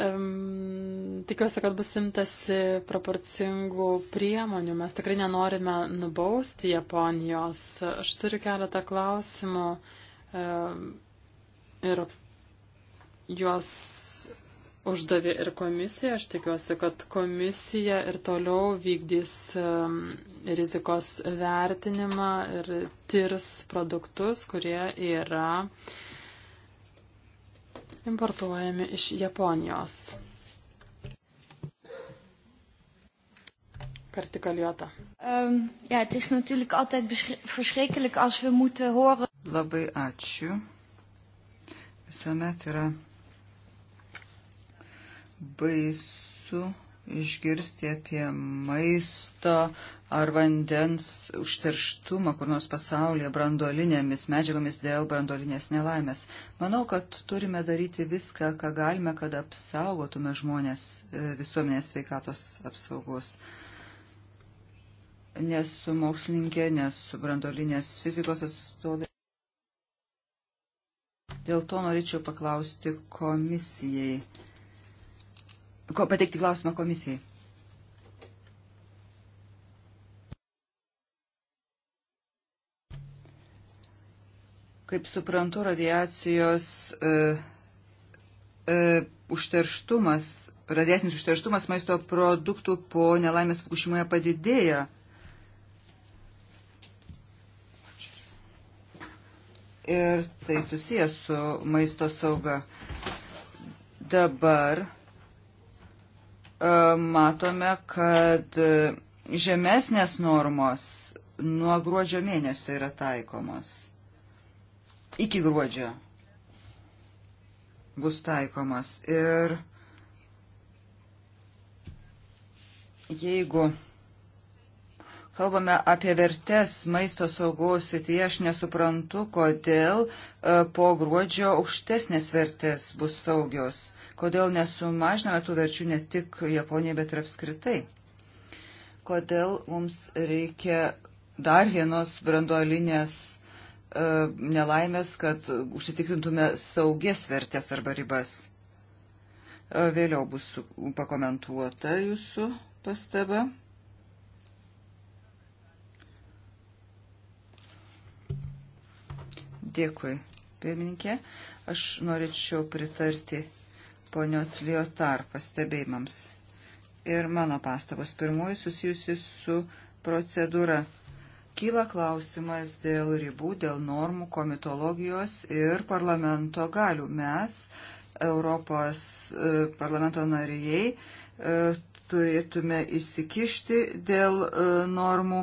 Um, tikiuosi, kad bus imtasi proporcingų priemonių. Mes tikrai nenorime nubausti Japonijos. Aš turiu keletą klausimų um, ir juos uždavė ir komisija. Aš tikiuosi, kad komisija ir toliau vykdys um, rizikos vertinimą ir tirs produktus, kurie yra uh, importuojami iš Japonijos. Kartikaliota. Um, ja, het is natuurlijk altijd verschrikkelijk als we moeten horen. Labai ačiū. Visuomet yra baisu išgirsti apie maisto ar vandens užterštumą kur nors pasaulyje brandolinėmis medžiagomis dėl brandolinės nelaimės. Manau, kad turime daryti viską, ką galime, kad apsaugotume žmonės e, visuomenės sveikatos apsaugos. Nesu mokslininkė, nesu brandolinės fizikos atstovė. Dėl to norėčiau paklausti komisijai ko, pateikti klausimą komisijai. Kaip suprantu, radiacijos e, e, užterštumas, radiacinis užterštumas maisto produktų po nelaimės fukušimoje padidėja. Ir tai susijęs su maisto sauga. Dabar matome, kad žemesnės normos nuo gruodžio mėnesio yra taikomos. Iki gruodžio bus taikomas. Ir jeigu kalbame apie vertes maisto saugos srityje, aš nesuprantu, kodėl e, po gruodžio aukštesnės vertės bus saugios Kodėl nesumažiname tų verčių ne tik Japonijai, bet ir apskritai? Kodėl mums reikia dar vienos branduolinės e, nelaimės, kad užsitikrintume saugias vertės arba ribas? E, vėliau bus pakomentuota jūsų pastaba. Dėkui, pirmininkė. Aš norėčiau pritarti ponios Liotar pastebėjimams. Ir mano pastabos pirmoji susijusi su procedūra. Kyla klausimas dėl ribų, dėl normų, komitologijos ir parlamento galių. Mes, Europos e, parlamento narijai, e, turėtume įsikišti dėl e, normų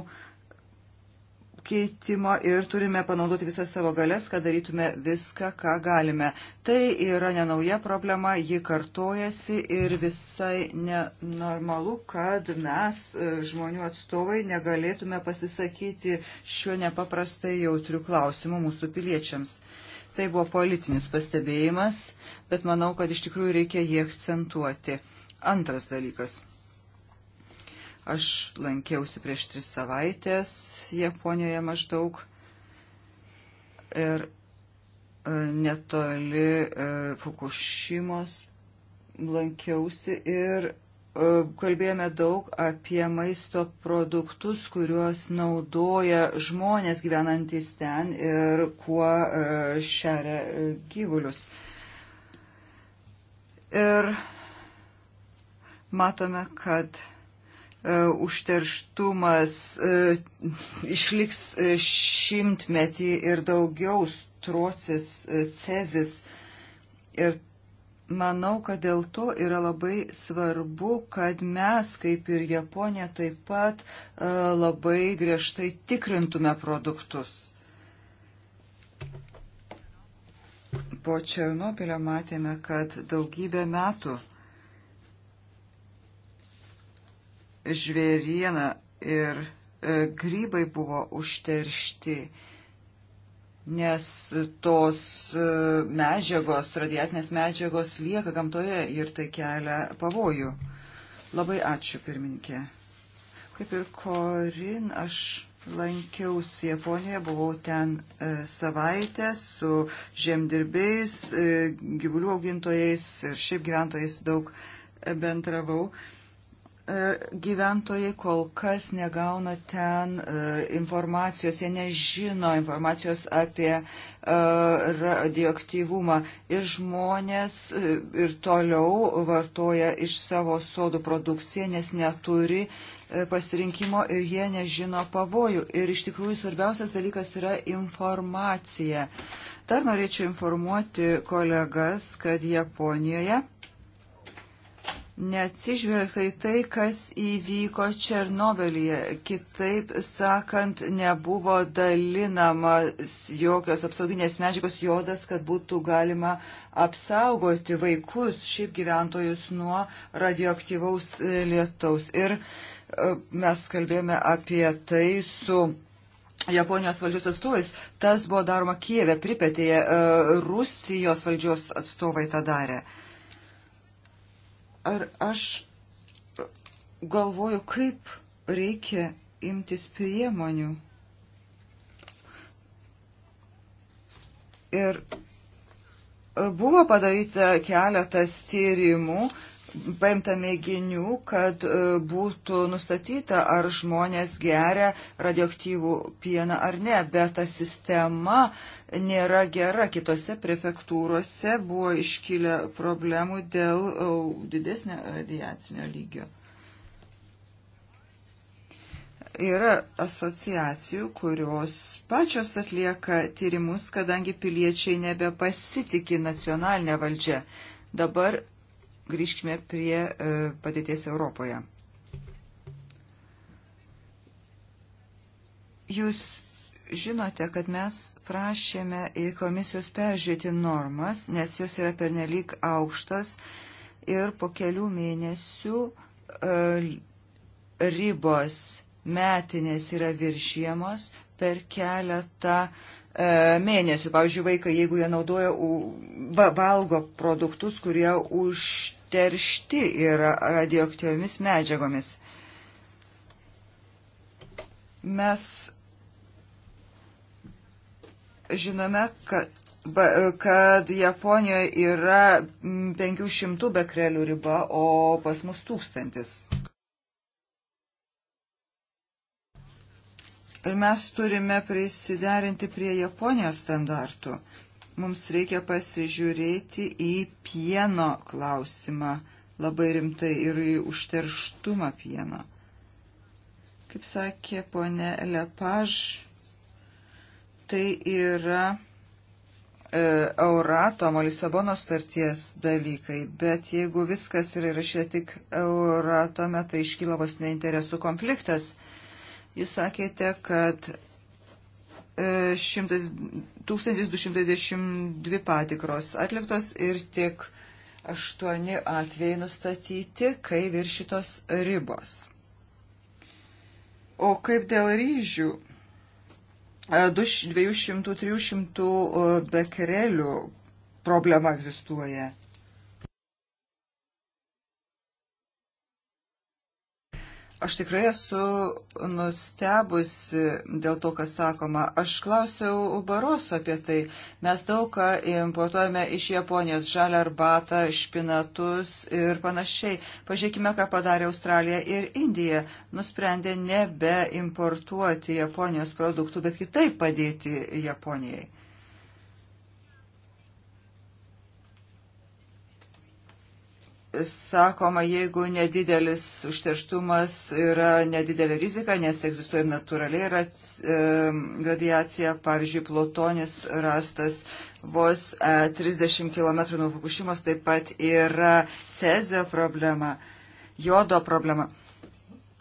keitimo ir turime panaudoti visas savo galės, kad darytume viską, ką galime. Tai yra nenauja problema, ji kartojasi ir visai nenormalu, kad mes, e, žmonių atstovai, negalėtume pasisakyti šiuo nepaprastai jautriu klausimu mūsų piliečiams. Tai buvo politinis pastebėjimas, bet manau, kad iš tikrųjų reikia jį akcentuoti. Antras dalykas. Aš lankiausi prieš tris savaitės Japonijoje maždaug ir e, netoli e, Fukushimos lankiausi ir e, kalbėjome daug apie maisto produktus, kuriuos naudoja žmonės gyvenantis ten ir kuo šeria gyvulius. Ir matome, kad E, užterštumas e, išliks e, šimtmetį ir daugiau strocis, cezis. Ir manau, kad dėl to yra labai svarbu, kad mes, kaip ir Japonija, taip pat labai griežtai tikrintume produktus. Po Černobylio matėme, kad daugybę metų žvėriena ir e, grybai buvo užteršti, nes tos e, medžiagos, radiacinės medžiagos lieka gamtoje ir tai kelia pavojų. Labai ačiū, pirmininkė. Kaip ir Korin, aš lankiausi Japonijoje, buvau ten e, savaitę su žemdirbiais, gyvulių augintojais ir šiaip gyventojais daug bendravau. E, gyventojai kol kas negauna ten e, informacijos, jie nežino informacijos apie e, radioaktyvumą ir žmonės ir toliau vartoja iš savo sodų produkciją, nes neturi pasirinkimo ir jie nežino pavojų. Ir iš tikrųjų svarbiausias dalykas yra informacija. Dar norėčiau informuoti kolegas, kad Japonijoje neatsižvelgta į tai, kas įvyko Černobilyje. Kitaip sakant, nebuvo dalinamas jokios apsauginės medžiagos jodas, kad būtų galima apsaugoti vaikus, šiaip gyventojus nuo radioaktyvaus e, lietaus. Ir e, mes kalbėjome apie tai su. Japonijos valdžios atstovais. Tas buvo daroma Kieve, Pripetėje. E, Rusijos valdžios atstovai tą darė. Uh, Ar aš galvoju, kaip reikia imtis priemonių? Ir buvo padaryta keletas tyrimų, paimta mėginių, kad e, būtų nustatyta, ar žmonės geria radioaktyvų pieną ar ne, bet ta sistema nėra gera. Kitose prefektūrose buvo iškilę problemų dėl e, didesnio radiacinio lygio. Yra asociacijų, kurios pačios atlieka tyrimus, kadangi piliečiai nebepasitikė nacionalinę valdžią. Dabar grįžkime prie e, padėties Europoje. Jūs žinote, kad mes prašėme į komisijos peržiūrėti normas, nes jos yra pernelyg aukštos ir po kelių mėnesių e, ribos metinės yra viršijamos per keletą e, mėnesių. Pavyzdžiui, vaikai, jeigu jie naudoja, valgo produktus, kurie už užteršti yra radioaktyviomis medžiagomis. Mes žinome, kad, kad Japonijoje yra 500 bekrelių riba, o pas mus tūkstantis. Ir mes turime prisiderinti prie Japonijos standartų. Mums reikia pasižiūrėti į pieno klausimą labai rimtai ir į užterštumą pieno. Kaip sakė ponė Lepaž, tai yra e, Euratomo Lisabonos starties dalykai, bet jeigu viskas yra įrašyta tik Euratome, tai iškyla vos neinteresų konfliktas. Jūs sakėte, kad 1212 patikros atliktos ir tik 8 atvejai nustatyti, kai viršytos ribos. O kaip dėl ryžių? 200-300 e, e, bekrelių problema egzistuoja. Aš tikrai esu nustebusi dėl to, kas sakoma. Aš klausiau Baroso apie tai. Mes daug ką importuojame iš Japonijos - žalę arbatą, špinatus ir panašiai. Pažiūrėkime, ką padarė Australija ir Indija. Nusprendė nebeimportuoti Japonijos produktų, bet kitaip padėti Japonijai. sakoma, jeigu nedidelis užterštumas yra nedidelė rizika, nes egzistuoja natūraliai radiacija, pavyzdžiui, plutonis rastas vos 30 e, km nuo Fukushimos, taip pat yra cezio problema, jodo problema.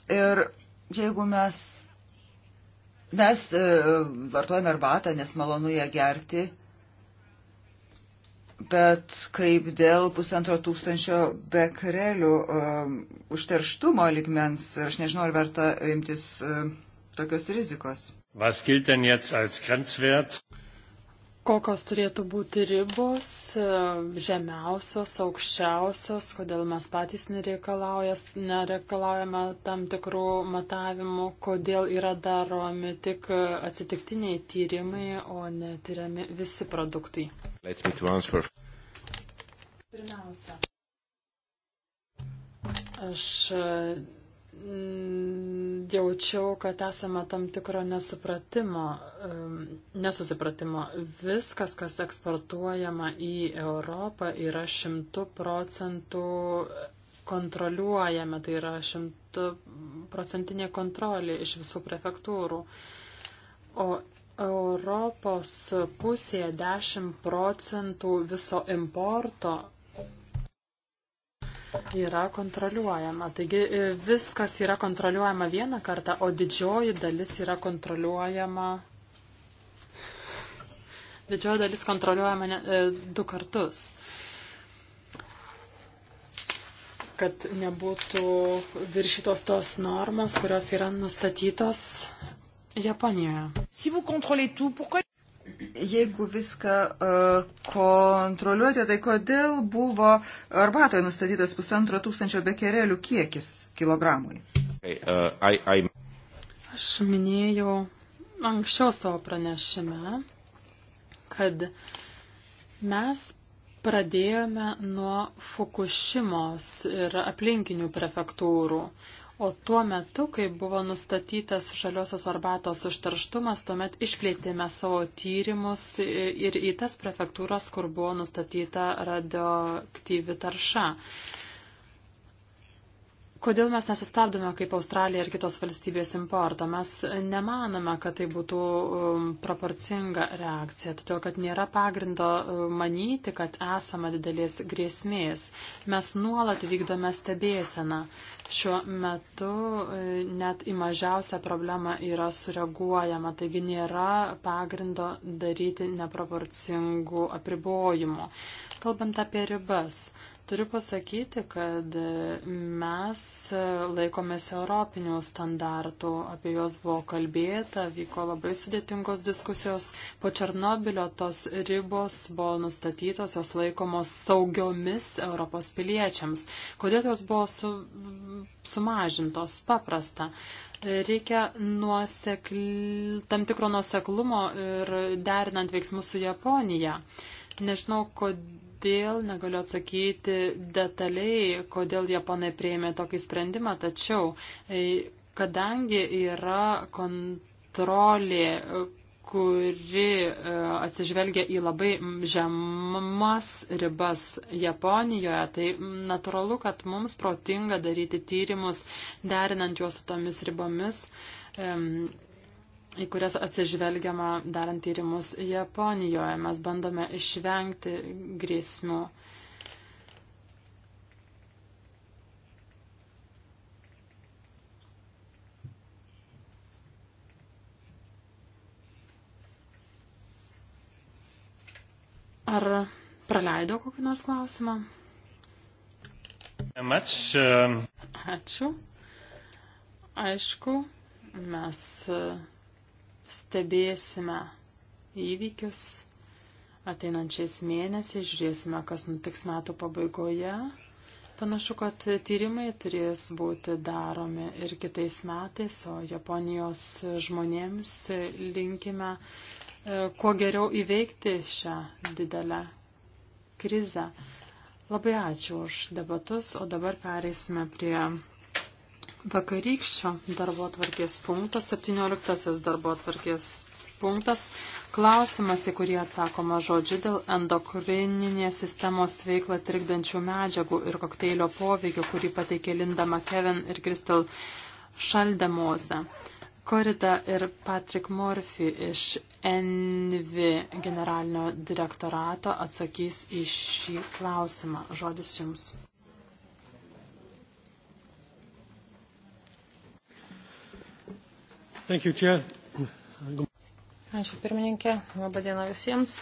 Ir jeigu mes, mes e, vartojame arbatą, nes malonu ją gerti, Bet kaip dėl pusantro tūkstančio bekrelių um, užterštumo ligmens, aš nežinau, ar verta imtis um, tokios rizikos. Was gilt denn jetzt als Grenzwert? kokios turėtų būti ribos, e, žemiausios, aukščiausios, kodėl mes patys nereikalaujame tam tikrų matavimų, kodėl yra daromi tik atsitiktiniai tyrimai, o netyriami visi produktai. Pirmiausia. Aš Mm, jaučiau, kad esame tam tikro nesupratimo, nesusipratimo. Viskas, kas eksportuojama į Europą, yra šimtų procentų kontroliuojama, tai yra šimtų procentinė kontrolė iš visų prefektūrų. O Europos pusėje 10 procentų viso importo yra kontroliuojama. Taigi e, viskas yra kontroliuojama vieną kartą, o didžioji dalis yra kontroliuojama. Didžioji dalis kontroliuojama ne, e, du kartus. Kad nebūtų viršytos tos normos, kurios yra nustatytos Japonijoje. Si jeigu viską uh, kontroliuoti, tai kodėl buvo arbatoje nustatytas pusantro tūkstančio bekerelių kiekis kilogramui? Hey, uh, I, I... Aš minėjau anksčiau savo pranešime, kad mes pradėjome nuo Fukushimos ir aplinkinių prefektūrų. Uh, O tuo metu, kai buvo nustatytas žaliosios arbatos užtarštumas, tuomet išplėtėme savo tyrimus ir į tas prefektūras, kur buvo nustatyta radioaktyvi tarša. Kodėl mes nesustabdome kaip Australija ir kitos valstybės importo? Mes nemanome, kad tai būtų um, proporcinga reakcija, todėl kad nėra pagrindo um, manyti, kad esama didelės grėsmės. Mes nuolat vykdome stebėseną. Šiuo metu e, net į mažiausią problemą yra sureaguojama, taigi nėra pagrindo daryti neproporcingų apribojimų. Kalbant apie ribas. Turiu pasakyti, kad mes laikomės europinių standartų, apie juos buvo kalbėta, vyko labai sudėtingos diskusijos. Po Černobilio tos ribos buvo nustatytos, jos laikomos saugiomis Europos piliečiams. Kodėl jos buvo su, sumažintos? Paprasta. Reikia nuosekl... tam tikro nuoseklumo ir derinant veiksmus su Japonija. Nežinau, kodėl todėl negaliu atsakyti detaliai, kodėl Japonai prieimė tokį sprendimą, tačiau e, kadangi yra kontrolė, kuri e, atsižvelgia į labai žemas ribas Japonijoje, tai natūralu, kad mums protinga daryti tyrimus, derinant juos su tomis ribomis į kurias atsižvelgiama darant tyrimus Japonijoje. Mes bandome išvengti grėsmių. Ar praleido kokį nors klausimą? Uh, Ačiū. Aišku, mes. Uh, stebėsime įvykius ateinančiais mėnesiais, žiūrėsime, kas nutiks metų pabaigoje. Panašu, kad tyrimai turės būti daromi ir kitais metais, o Japonijos žmonėms linkime e, kuo geriau įveikti šią didelę krizę. Labai ačiū už debatus, o dabar pereisime prie Vakarykščio darbo atvarkės punktas, 17 darbo atvarkės punktas, klausimas, į kurį atsakoma žodžiu dėl endokrininės sistemos veiklą trikdančių medžiagų ir kokteilio poveikio, kurį pateikė Linda McKevin ir Kristel Šaldemose. Korita ir Patrick Murphy iš NV generalinio direktorato atsakys į šį klausimą. Žodis jums. Thank you, Chair. Ačiū pirmininkė, laba diena visiems.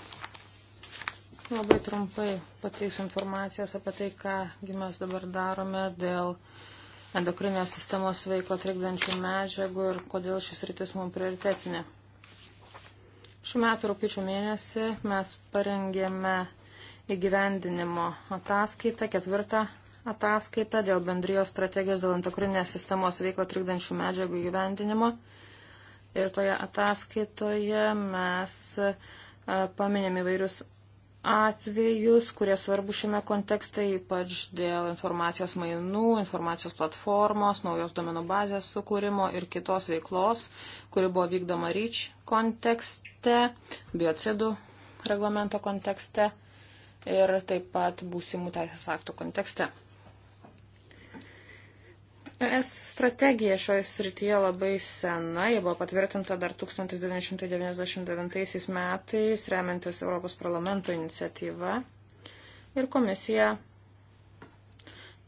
Labai trumpai pateiksiu informacijos apie tai, ką mes dabar darome dėl endokrinės sistemos veiklą trikdančių medžiagų ir kodėl šis rytis mums prioritetinė. Šiuo metu rūpiučio mėnesį mes parengėme įgyvendinimo ataskaitą, ketvirtą ataskaitą dėl bendrijos strategijos dėl endokrinės sistemos veiklą trikdančių medžiagų įgyvendinimo ir toje ataskaitoje mes e, paminėm įvairius atvejus, kurie svarbu šiame kontekste, ypač dėl informacijos mainų, informacijos platformos, naujos domenų bazės sukūrimo ir kitos veiklos, kuri buvo vykdoma ryč kontekste, biocidų reglamento kontekste ir taip pat būsimų teisės aktų kontekste. ES strategija šioje srityje labai sena, ji buvo patvirtinta dar 1999 metais, remiantis Europos parlamento iniciatyva. Ir komisija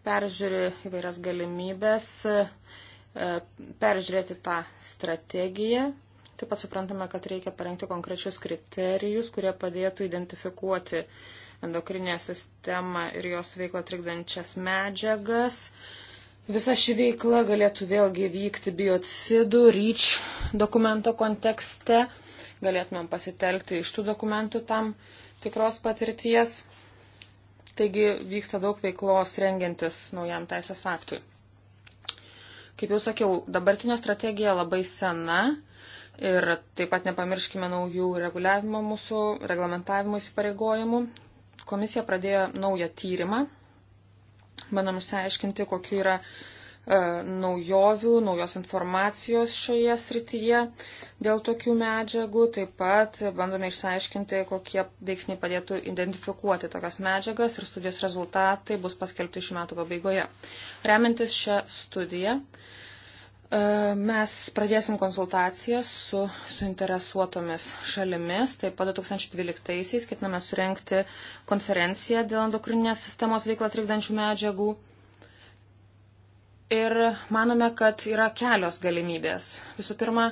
peržiūri įvairias galimybės e, peržiūrėti tą strategiją. Taip pat suprantame, kad reikia parengti konkrečius kriterijus, kurie padėtų identifikuoti endokrinę sistemą ir jos veiklą trikdančias medžiagas, uh, Visa ši veikla galėtų vėlgi vykti biocidų, ryč dokumento kontekste. Galėtumėm pasitelkti iš tų dokumentų tam tikros patirties. Taigi vyksta daug veiklos rengiantis naujam teisės aktui. Kaip jau sakiau, dabartinė strategija labai sena ir taip pat nepamirškime naujų reguliavimo mūsų reglamentavimo įsipareigojimų. Komisija pradėjo naują tyrimą Bandom išsiaiškinti, kokiu yra e, naujovių, naujos informacijos šioje srityje dėl tokių medžiagų. Taip pat bandome išsiaiškinti, kokie veiksniai padėtų identifikuoti tokias medžiagas ir studijos rezultatai bus paskelbti šių metų pabaigoje. Remiantis šią studiją, uh, E, mes pradėsim konsultacijas su suinteresuotomis šalimis. Taip pat 2012-aisiais ketiname surenkti konferenciją dėl endokrininės sistemos veiklą trikdančių medžiagų. Ir manome, kad yra kelios galimybės. Visų pirma,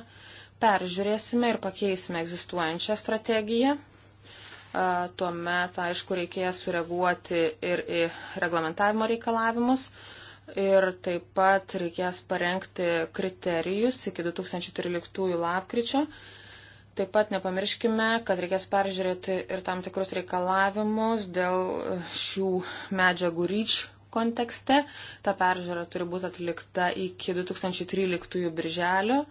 peržiūrėsime ir pakeisime egzistuojančią strategiją. E, tuomet, aišku, reikės sureaguoti ir į reglamentavimo reikalavimus ir taip pat reikės parengti kriterijus iki 2013 lapkričio. Taip pat nepamirškime, kad reikės peržiūrėti ir tam tikrus reikalavimus dėl šių medžiagų ryč kontekste. Ta peržiūra turi būti atlikta iki 2013 birželio.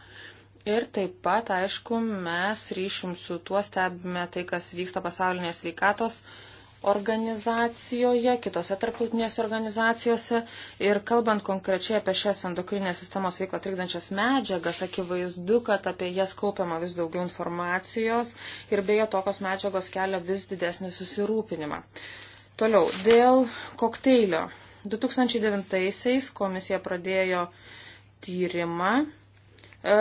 Ir taip pat, aišku, mes ryšim su tuo stebime tai, kas vyksta pasaulinėje sveikatos organizacijoje, kitose tarptautinėse organizacijose ir kalbant konkrečiai apie šias endokrinės sistemos veiklą trikdančias medžiagas, akivaizdu, kad apie jas kaupiama vis daugiau informacijos ir beje tokios medžiagos kelia vis didesnį susirūpinimą. Toliau, dėl kokteilio. 2009-aisiais komisija pradėjo tyrimą, e,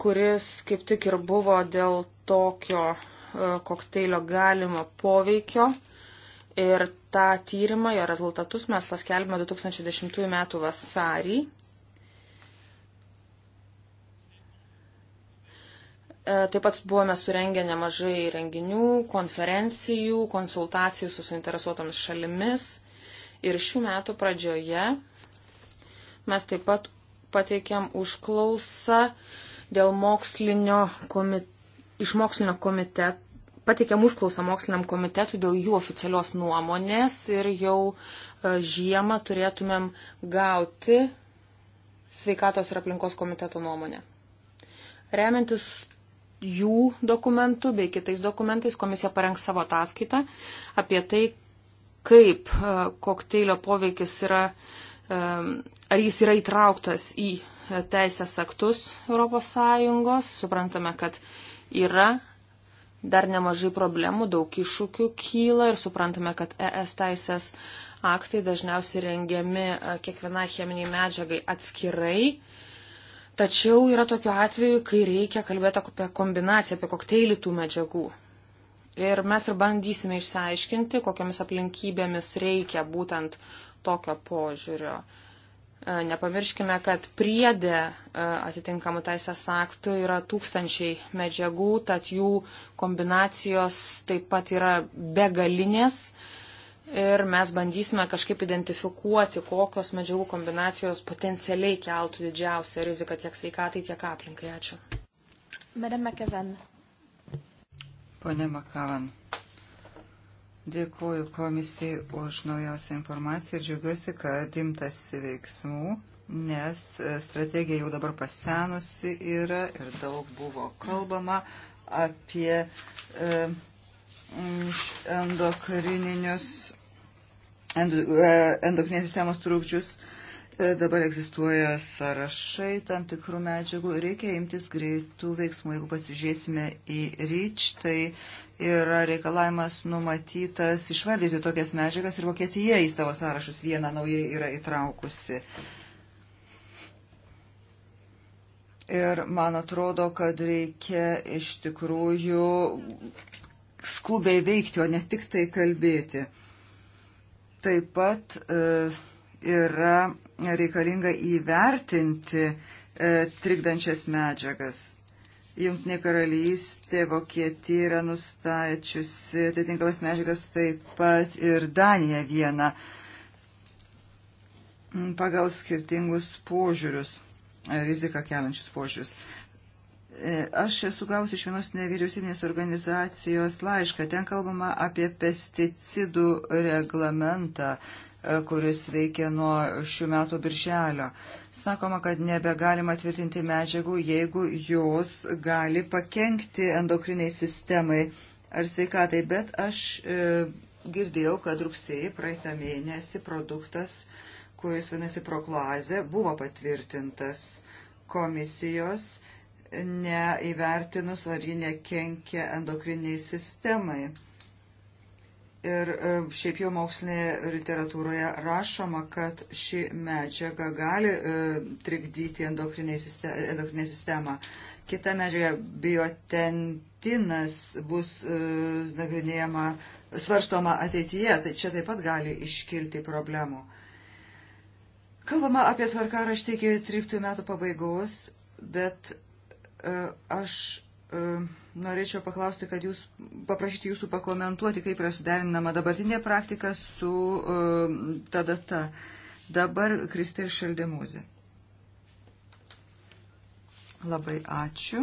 kuris kaip tik ir buvo dėl tokio e, kokteilio galimo poveikio Ir tą tyrimą, jo rezultatus mes paskelbėme 2010 m. vasarį. E, taip pat buvome surengę nemažai renginių, konferencijų, konsultacijų su suinteresuotomis šalimis. Ir šių metų pradžioje mes taip pat pateikėm užklausą dėl mokslinio komiteto, iš mokslinio komiteto pateikėm užklausą moksliniam komitetui dėl jų oficialios nuomonės ir jau e, žiemą turėtumėm gauti sveikatos ir aplinkos komiteto nuomonę. Remiantis jų dokumentų bei kitais dokumentais komisija parengs savo ataskaitą apie tai, kaip e, kokteilio poveikis yra, e, ar jis yra įtrauktas į teisės aktus ES. Suprantame, kad yra dar nemažai problemų, daug iššūkių kyla ir suprantame, kad ES teisės aktai dažniausiai rengiami e, kiekvienai cheminiai medžiagai atskirai. Tačiau yra tokiu atveju, kai reikia kalbėti apie kombinaciją, apie kokteilį tų medžiagų. Ir mes ir bandysime išsiaiškinti, kokiamis aplinkybėmis reikia būtent tokio požiūrio. Uh, E, nepamirškime, kad priedė e, atitinkamų teisės aktų yra tūkstančiai medžiagų, tad jų kombinacijos taip pat yra begalinės. Ir mes bandysime kažkaip identifikuoti, kokios medžiagų kombinacijos potencialiai keltų didžiausią riziką tiek sveikatai, tiek aplinkai. Ačiū. Madame McEwen. Pone Makavan. Dėkuoju komisijai už naujausią informaciją ir džiaugiuosi, kad imtasi veiksmų, nes e, strategija jau dabar pasenusi yra ir daug buvo kalbama apie e, endokrininius, e, endokrinės sistemos trūkdžius. E, dabar egzistuoja sąrašai tam tikrų medžiagų ir reikia imtis greitų veiksmų. Jeigu pasižiūrėsime į ryč, tai yra reikalavimas numatytas išvardyti tokias medžiagas ir Vokietija į savo sąrašus vieną naujai yra įtraukusi. Ir man atrodo, kad reikia iš tikrųjų skubiai veikti, o ne tik tai kalbėti. Taip pat e, yra reikalinga įvertinti e, trikdančias medžiagas Jungtinė karalystė, Vokietija yra nustačiusi atitinkamas medžiagas, taip pat ir Danija viena pagal skirtingus požiūrius, riziką keliančius požiūrius. E, aš esu gavusi iš vienos nevyriausybinės organizacijos laišką. Ten kalbama apie pesticidų reglamentą E, kuris veikia nuo šių metų birželio. Sakoma, kad nebegalima tvirtinti medžiagų, jeigu jos gali pakenkti endokriniai sistemai ar sveikatai, bet aš e, girdėjau, kad rugsėjai praeitą mėnesį produktas, kuris vadinasi prokloazė, buvo patvirtintas komisijos neįvertinus, ar ji nekenkia endokriniai sistemai. Ir e, šiaip jau mokslinėje literatūroje rašoma, kad ši medžiaga gali e, trikdyti endokrinę sistemą. Kita medžiaga, biotentinas, bus e, nagrinėjama, svarstoma ateityje, tai čia taip pat gali iškilti problemų. Kalbama apie tvarkaraštį iki 13 metų pabaigos, bet aš. Uh, norėčiau paklausti, kad jūs paprašyti jūsų pakomentuoti, kaip yra suderinama dabartinė praktika su uh, ta data. Dabar Kristė ir Šaldemuzė. Labai ačiū.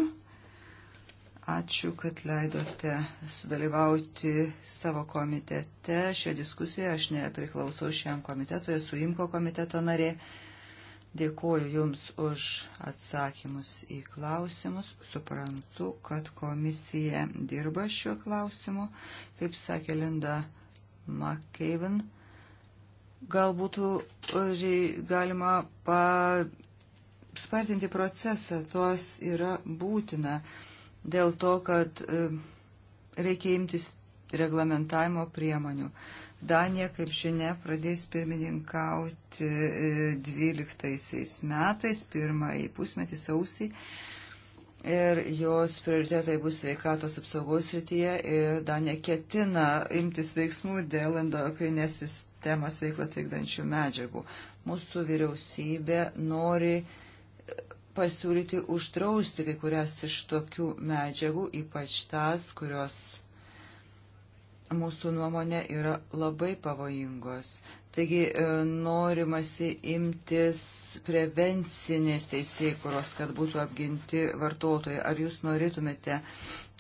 Ačiū, kad leidote sudalyvauti savo komitete šioje diskusijoje. Aš nepriklausau šiam komitetui, esu Imko komiteto narė. Uh, Dėkuoju Jums už atsakymus į klausimus. Suprantu, kad komisija dirba šiuo klausimu. Kaip sakė Linda McCaven, gal būtų e, galima paspartinti procesą, tos yra būtina dėl to, kad e, reikia imtis reglamentavimo priemonių. Danija, kaip žinia, pradės pirmininkauti 12 e, metais, pirmąjį pusmetį sausį. Ir jos prioritetai bus sveikatos apsaugos rytyje ir Danija ketina imtis veiksmų dėl endokrinės sistemos veiklą trikdančių medžiagų. Mūsų vyriausybė nori pasiūlyti uždrausti kai kurias iš tokių medžiagų, ypač tas, kurios mūsų nuomonė yra labai pavojingos. Taigi e, norimasi imtis prevencinės teisėkuros, kad būtų apginti vartotojai. Ar jūs norėtumėte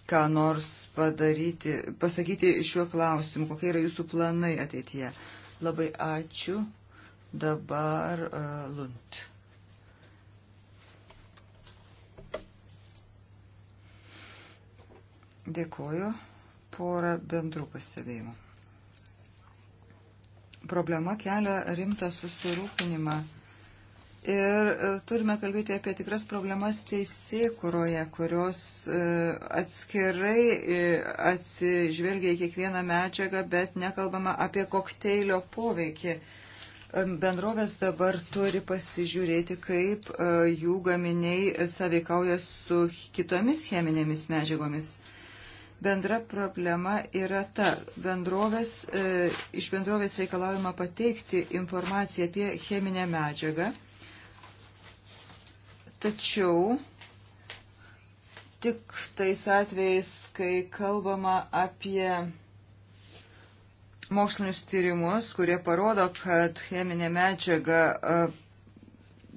ką nors padaryti, pasakyti šiuo klausimu, kokie yra jūsų planai ateityje? Labai ačiū. Dabar uh, e, Lunt. Dėkuoju porą bendrų pastebėjimų. Problema kelia rimtą susirūpinimą. Ir e, turime kalbėti apie tikras problemas teisėkuroje, kurios e, atskirai e, atsižvelgia į kiekvieną medžiagą, bet nekalbama apie kokteilio poveikį bendrovės dabar turi pasižiūrėti, kaip jų gaminiai saveikauja su kitomis cheminėmis medžiagomis. Bendra problema yra ta, bendrovės, e, iš bendrovės reikalaujama pateikti informaciją apie cheminę medžiagą, tačiau tik tais atvejais, kai kalbama apie mokslinius tyrimus, kurie parodo, kad cheminė medžiaga e,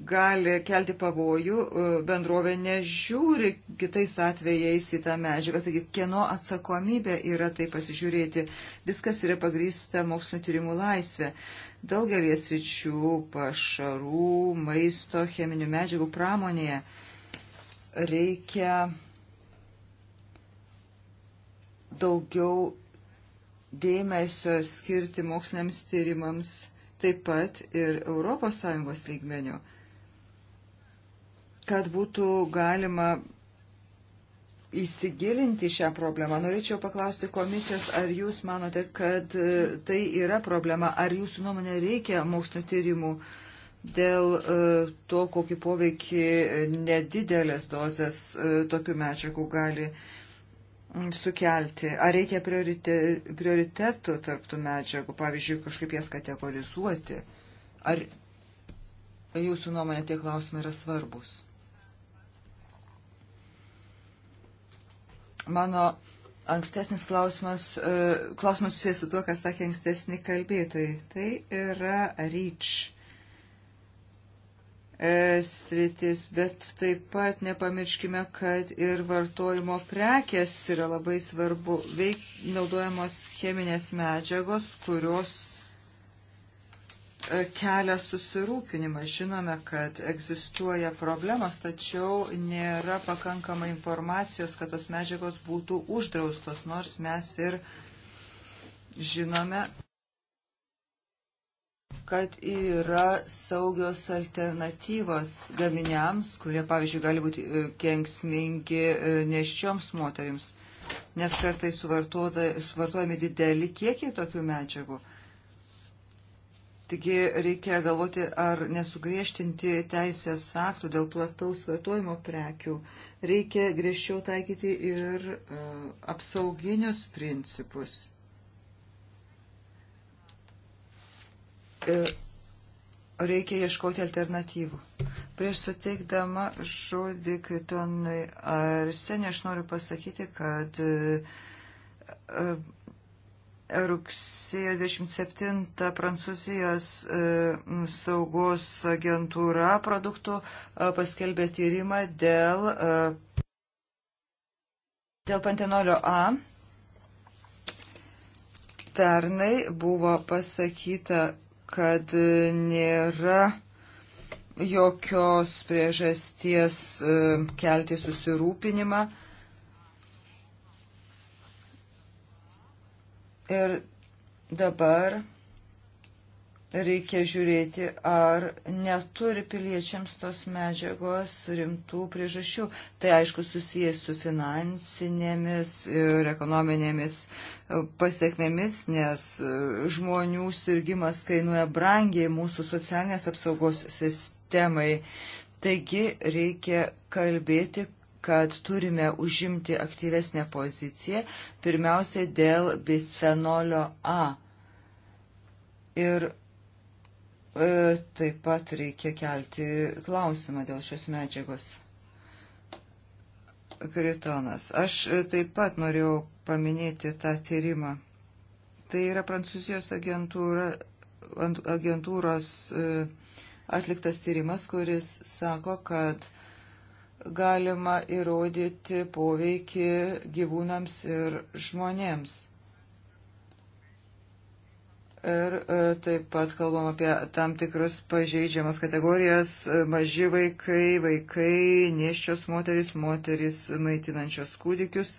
gali kelti pavojų, e, bendrovė nežiūri kitais atvejais į tą medžiagą. Taigi, kieno atsakomybė yra tai pasižiūrėti. Viskas yra pagrįsta mokslinio tyrimų laisvė. Daugelie sričių pašarų, maisto, cheminių medžiagų pramonėje reikia daugiau dėmesio skirti moksliniams tyrimams taip pat ir ES lygmenių kad būtų galima įsigilinti šią problemą. Norėčiau paklausti komisijos, ar jūs manote, kad e, tai yra problema, ar jūsų nuomonė reikia mokslinio tyrimų dėl e, to, kokį poveikį nedidelės dozės e, tokių medžiagų gali sukelti. Ar reikia priorite, prioritetų tarptų medžiagų, pavyzdžiui, kažkaip jas kategorizuoti. Ar jūsų nuomonė tie klausimai yra svarbus? Mano ankstesnis klausimas, e, klausimas susijęs su tuo, ką sakė ankstesni kalbėtojai. Tai yra REACH e, sritis, bet taip pat nepamirškime, kad ir vartojimo prekės yra labai svarbu. Veik naudojamos cheminės medžiagos, kurios kelia susirūpinimą. Žinome, kad egzistuoja problemas, tačiau nėra pakankamai informacijos, kad tos medžiagos būtų uždraustos, nors mes ir žinome, kad yra saugios alternatyvos gaminiams, kurie, pavyzdžiui, gali būti e, kenksmingi e, neščioms moterims, nes kartai suvartojami dideli kiekiai tokių medžiagų Taigi reikia galvoti, ar nesugriežtinti teisės aktų dėl plataus vartojimo prekių. Reikia griežčiau taikyti ir uh, apsauginius principus. Ir e, reikia ieškoti alternatyvų. Prieš suteikdama žodį Kritonui Arsenė, aš noriu pasakyti, kad uh, uh, Rugsėjo 27 Prancūzijos e, saugos agentūra produktų e, paskelbė tyrimą dėl, e, dėl pantenolio A. Pernai buvo pasakyta, kad nėra jokios priežasties kelti susirūpinimą Ir dabar reikia žiūrėti, ar neturi piliečiams tos medžiagos rimtų priežasčių. Tai aišku susijęs su finansinėmis ir ekonominėmis e, pasiekmėmis, nes e, žmonių sirgymas kainuoja brangiai mūsų socialinės apsaugos sistemai. Taigi reikia kalbėti, kad turime užimti aktyvesnę poziciją, pirmiausia dėl bisfenolio A. Ir e, taip pat reikia kelti klausimą dėl šios medžiagos. Kritonas. Aš taip pat norėjau paminėti tą tyrimą. Tai yra Prancūzijos agentūra, agentūros e, atliktas tyrimas, kuris sako, kad galima įrodyti poveikį gyvūnams ir žmonėms. Ir e, taip pat kalbam apie tam tikrus pažeidžiamas kategorijas e, - maži vaikai, vaikai, nieščios moteris, moteris maitinančios kūdikius.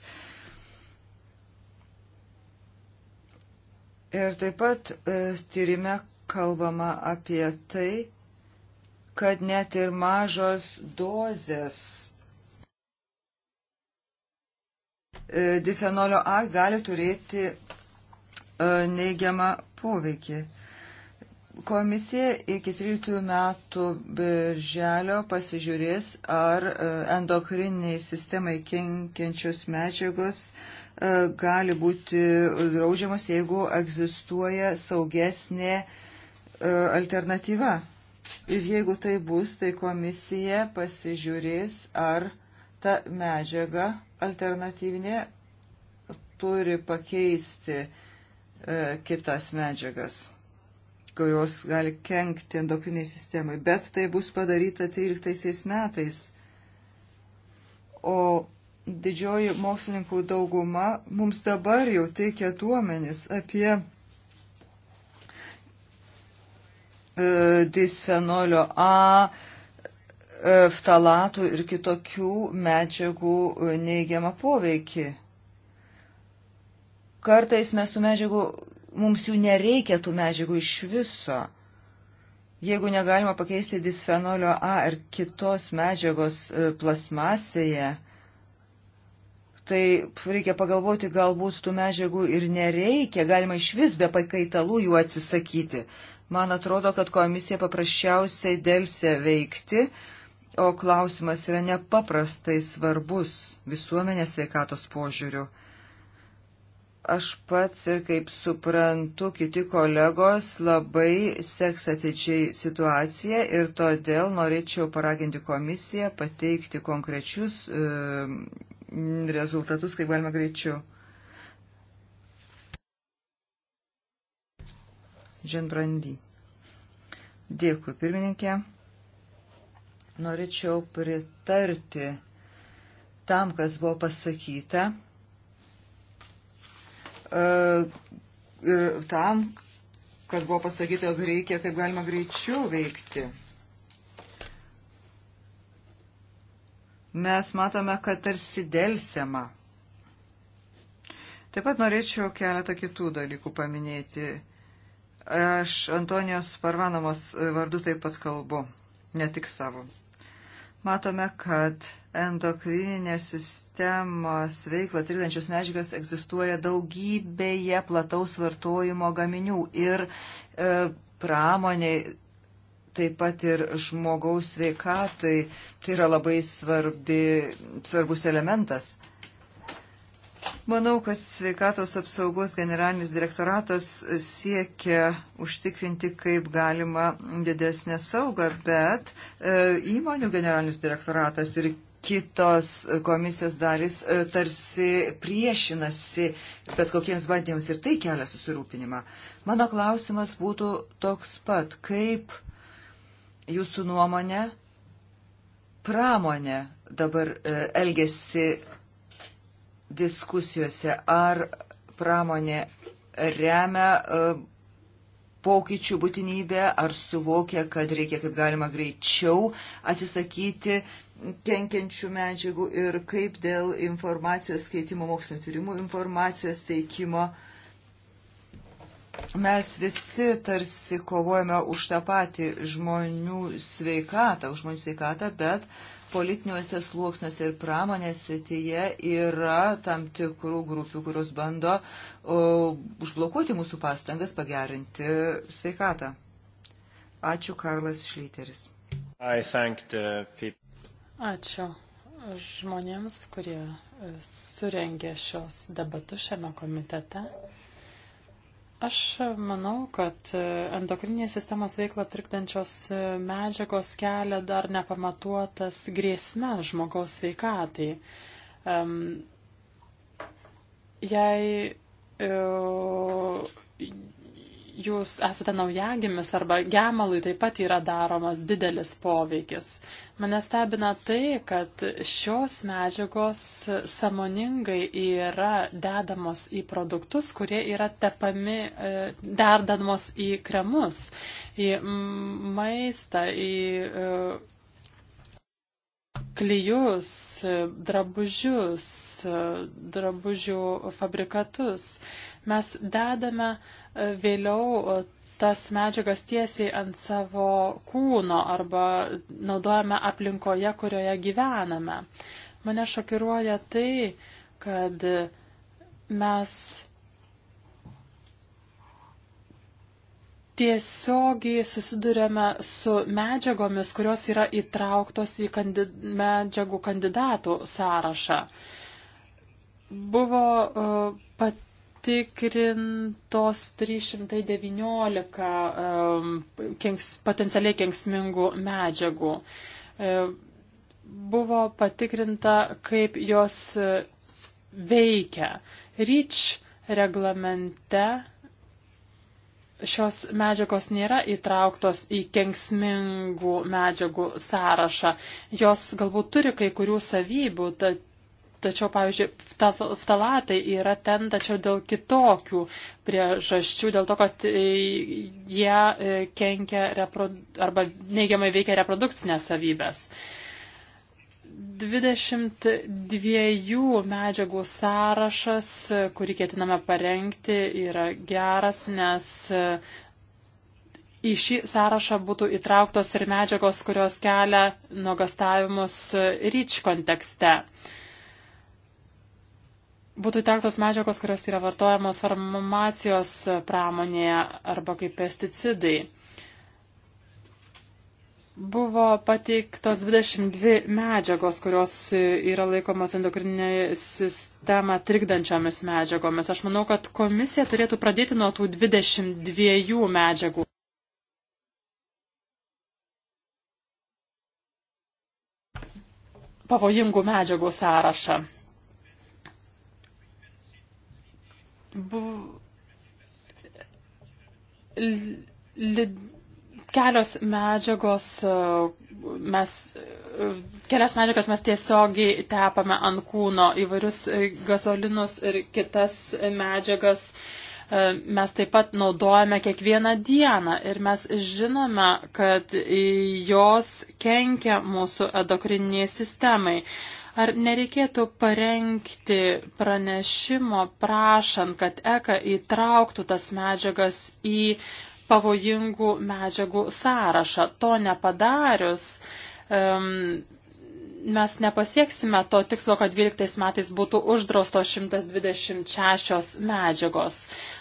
Ir taip pat e, tyrime kalbama apie tai, kad net ir mažos dozės e, difenolio A gali turėti e, neigiamą poveikį. Komisija iki 13 metų birželio pasižiūrės, ar e, endokriniai sistemai kenkiančios medžiagos gali būti draudžiamas, jeigu egzistuoja saugesnė alternatyva. Ir jeigu tai bus, tai komisija pasižiūrės, ar ta medžiaga alternatyvinė turi pakeisti e, kitas medžiagas, kurios gali kenkti endokriniai sistemai. Bet tai bus padaryta 13 metais. O didžioji mokslininkų dauguma mums dabar jau teikia duomenis apie E, disfenolio A, e, ftalatų ir kitokių medžiagų e, neigiamą poveikį. Kartais mes tų medžiagų, mums jų nereikia tų medžiagų iš viso. Jeigu negalima pakeisti disfenolio A ar kitos medžiagos plasmasėje, tai reikia pagalvoti, galbūt tų medžiagų ir nereikia, galima iš vis be pakaitalų jų atsisakyti. Man atrodo, kad komisija paprasčiausiai dėlse veikti, o klausimas yra nepaprastai svarbus visuomenės sveikatos požiūriu. Aš pats ir kaip suprantu, kiti kolegos labai seks atidžiai situaciją ir todėl norėčiau paraginti komisiją pateikti konkrečius e, rezultatus, kaip galima greičiau. Džembrandy. Dėkui, pirmininkė. Norėčiau pritarti tam, kas buvo pasakyta e, ir tam, kad buvo pasakyta, jog reikia kaip galima greičiau veikti. Mes matome, kad tarsi dėlsiama. Taip pat norėčiau keletą kitų dalykų paminėti. Aš Antonijos Parvanamos vardu taip pat kalbu, ne tik savo. Matome, kad endokrininės sistemos veiklą trikdančios medžiagos egzistuoja daugybėje plataus vartojimo gaminių ir e, pramoniai, taip pat ir žmogaus sveikatai, tai yra labai svarbi, svarbus elementas. Manau, kad sveikatos apsaugos generalinis direktoratas siekia užtikrinti kaip galima didesnę saugą, bet e, įmonių generalinis direktoratas ir kitos komisijos dalis e, tarsi priešinasi bet kokiems bandymams ir tai kelia susirūpinimą. Mano klausimas būtų toks pat, kaip jūsų nuomonė pramonė dabar e, elgesi diskusijose, ar pramonė remia e, pokyčių būtinybę, ar suvokia, kad reikia kaip galima greičiau atsisakyti kenkiančių medžiagų ir kaip dėl informacijos keitimo mokslinio tyrimų, informacijos teikimo. Mes visi tarsi kovojame už tą patį žmonių sveikatą, už žmonių sveikatą, bet uh, politiniuose sluoksniuose ir pramonės srityje yra tam tikrų grupių, kurios bando o, užblokuoti mūsų pastangas pagerinti sveikatą. Ačiū, Karlas Šlyteris. Ačiū žmonėms, kurie e, surengė šios debatus šiame komitete. Aš manau, kad endokrininės sistemos veiklą trikdančios medžiagos kelia dar nepamatuotas grėsme žmogaus sveikatai. Um, jei uh, jūs esate naujagimis arba gemalui taip pat yra daromas didelis poveikis. Mane stebina tai, kad šios medžiagos samoningai yra dedamos į produktus, kurie yra tepami, e, derdamos į kremus, į maistą, į e, klyjus, drabužius, e, drabužių fabrikatus. Mes dedame uh, vėliau tas medžiagas tiesiai ant savo kūno arba naudojame aplinkoje, kurioje gyvename. Mane šokiruoja tai, kad mes tiesiogiai susidurėme su medžiagomis, kurios yra įtrauktos į kandid medžiagų kandidatų sąrašą. Buvo uh, pat patikrintos 319 um, kenks, potencialiai kenksmingų medžiagų. E, buvo patikrinta, kaip jos e, veikia. REACH reglamente šios medžiagos nėra įtrauktos į kenksmingų medžiagų sąrašą. Jos galbūt turi kai kurių savybių, tad Tačiau, pavyzdžiui, ftalatai yra ten, tačiau dėl kitokių priežasčių, dėl to, kad e, jie e, kenkia reprodu, arba neigiamai veikia reprodukcinės savybės. 22 medžiagų sąrašas, kurį ketiname parengti, yra geras, nes e, į šį sąrašą būtų įtrauktos ir medžiagos, kurios kelia nuogastavimus ryč kontekste būtų įtrauktos medžiagos, kurios yra vartojamos farmacijos pramonėje arba kaip pesticidai. Buvo pateiktos 22 medžiagos, kurios yra laikomos endokrininę sistemą trikdančiomis medžiagomis. Aš manau, kad komisija turėtų pradėti nuo tų 22 medžiagų. pavojingų medžiagų sąrašą. buvo kelios medžiagos, mes, kelias medžiagas mes tiesiogiai tepame ant kūno įvairius gazolinus ir kitas medžiagas. E, mes taip pat naudojame kiekvieną dieną ir mes žinome, kad jos kenkia mūsų endokriniai sistemai. Ar nereikėtų parengti pranešimo prašant, kad ECA įtrauktų tas medžiagas į pavojingų medžiagų sąrašą? To nepadarius. Um, Mes nepasieksime to tikslo, kad 12 metais būtų uždrausto 126 medžiagos.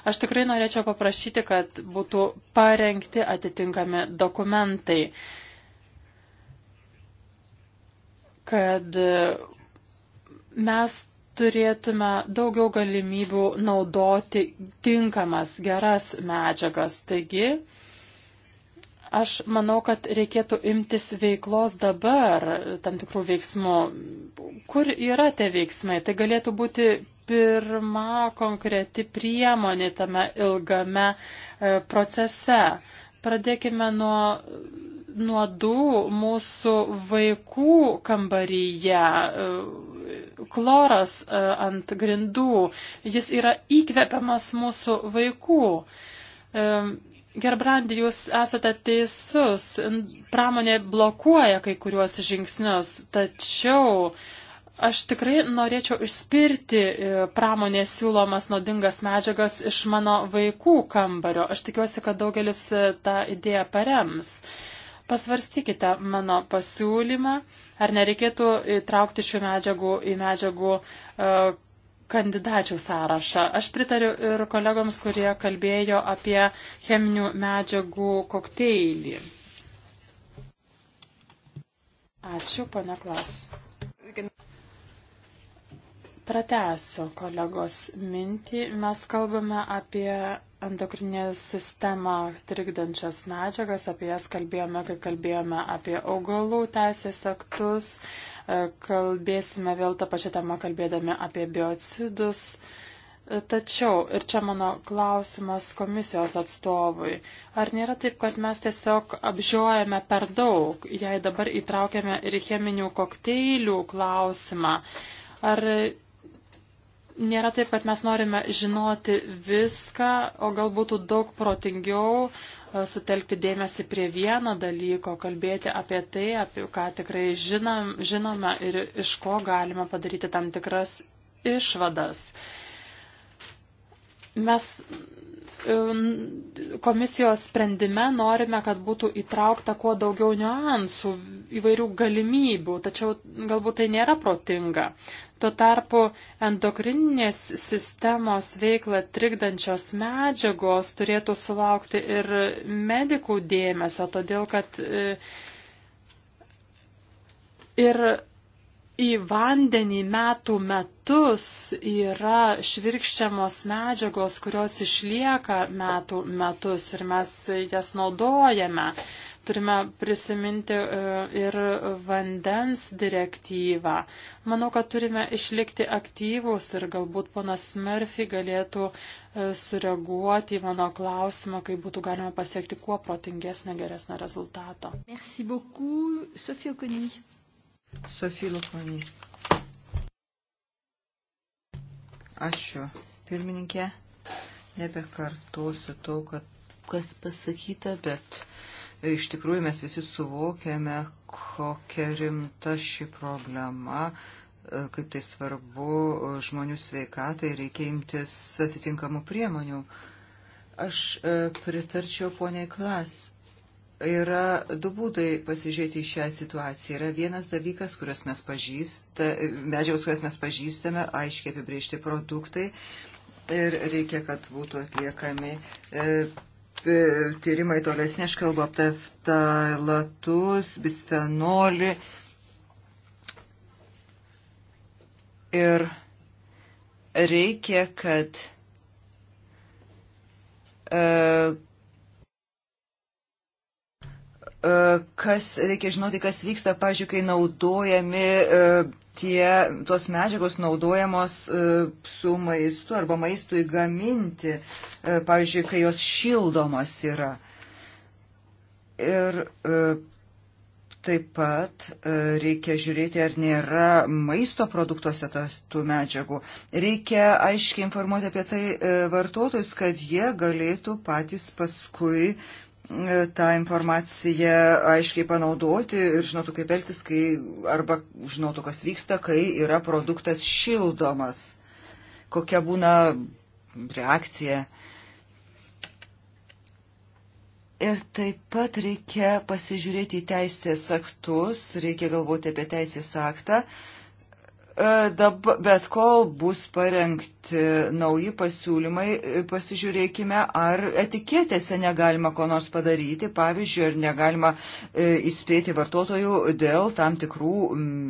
Aš tikrai norėčiau paprašyti, kad būtų parengti atitinkami dokumentai. Uh, kad mes turėtume daugiau galimybių naudoti tinkamas, geras medžiagas. Taigi, aš manau, kad reikėtų imtis veiklos dabar, tam tikrų veiksmų. Kur yra tie veiksmai? Tai galėtų būti pirma konkreti priemonė tame ilgame e, procese. Pradėkime nuo nuodų mūsų vaikų kambaryje, kloras e, ant grindų, jis yra įkvepiamas mūsų vaikų. E, Gerbrandi, jūs esate teisus, pramonė blokuoja kai kuriuos žingsnius, tačiau aš tikrai norėčiau išspirti e, pramonės siūlomas naudingas medžiagas iš mano vaikų kambario. Aš tikiuosi, kad daugelis tą idėją parems. Uh, Pasvarstykite mano pasiūlymą, ar nereikėtų įtraukti šių medžiagų į medžiagų e, kandidačių sąrašą. Aš pritariu ir kolegoms, kurie kalbėjo apie cheminių medžiagų kokteilį. Ačiū, pane Klas. Pratesiu kolegos mintį. Mes kalbame apie endokrinę sistemą trikdančias medžiagas, apie jas kalbėjome, kai kalbėjome apie augalų teisės aktus, e, kalbėsime vėl tą pačią temą kalbėdami apie biocidus. E, tačiau, ir čia mano klausimas komisijos atstovui, ar nėra taip, kad mes tiesiog apžiojame per daug, jei dabar įtraukiame ir cheminių kokteilių klausimą, ar Nėra taip, kad mes norime žinoti viską, o gal būtų daug protingiau e, sutelkti dėmesį prie vieno dalyko, kalbėti apie tai, apie ką tikrai žinom, žinome ir iš ko galima padaryti tam tikras išvadas. Mes e, komisijos sprendime norime, kad būtų įtraukta kuo daugiau niuansų, įvairių galimybių, tačiau galbūt tai nėra protinga. Tuo tarpu endokrininės sistemos veiklą trikdančios medžiagos turėtų sulaukti ir medikų dėmesio, todėl kad e, ir į vandenį metų metus yra švirkščiamos medžiagos, kurios išlieka metų metus ir mes jas naudojame. Turime prisiminti e, ir vandens direktyvą. Manau, kad turime išlikti aktyvus ir galbūt ponas Murphy galėtų e, sureaguoti į mano klausimą, kaip būtų galima pasiekti kuo protingesnę geresnę rezultatą. Merci beaucoup, Sofija Okony. Sofija Okony. Ačiū, pirmininkė nebekartosiu to, kad kas pasakyta, bet Iš tikrųjų mes visi suvokiame, kokia rimta ši problema, e, kaip tai svarbu e, žmonių sveikatai, reikia imtis atitinkamų priemonių. Aš e, pritarčiau poniai klas. Yra du būdai pasižiūrėti į šią situaciją. Yra vienas dalykas, kurios mes pažįstame, medžiaus, kurias mes pažįstame, aiškiai apibriežti produktai ir reikia, kad būtų atliekami E, tyrimai tolesni, aš kalbu apie ftalatus, bisfenolį. Ir reikia, kad e, kas reikia žinoti, kas vyksta, pažiūrėjau, kai naudojami e, tie, tos medžiagos naudojamos e, su maistu arba maistui gaminti, e, pavyzdžiui, kai jos šildomos yra. Ir taip pat reikia žiūrėti, ar nėra maisto produktuose tų medžiagų. Reikia aiškiai informuoti apie tai vartotojus, kad jie galėtų patys paskui uh, E, tą informaciją aiškiai panaudoti ir žinotų, kaip elgtis, kai arba žinotų, kas vyksta, kai yra produktas šildomas, kokia būna reakcija. Ir taip pat reikia pasižiūrėti į teisės aktus, reikia galvoti apie teisės aktą, uh, E, Dabar, bet kol bus parengti nauji pasiūlymai, e, pasižiūrėkime, ar etiketėse negalima ko nors padaryti, pavyzdžiui, ar negalima e, įspėti vartotojų dėl tam tikrų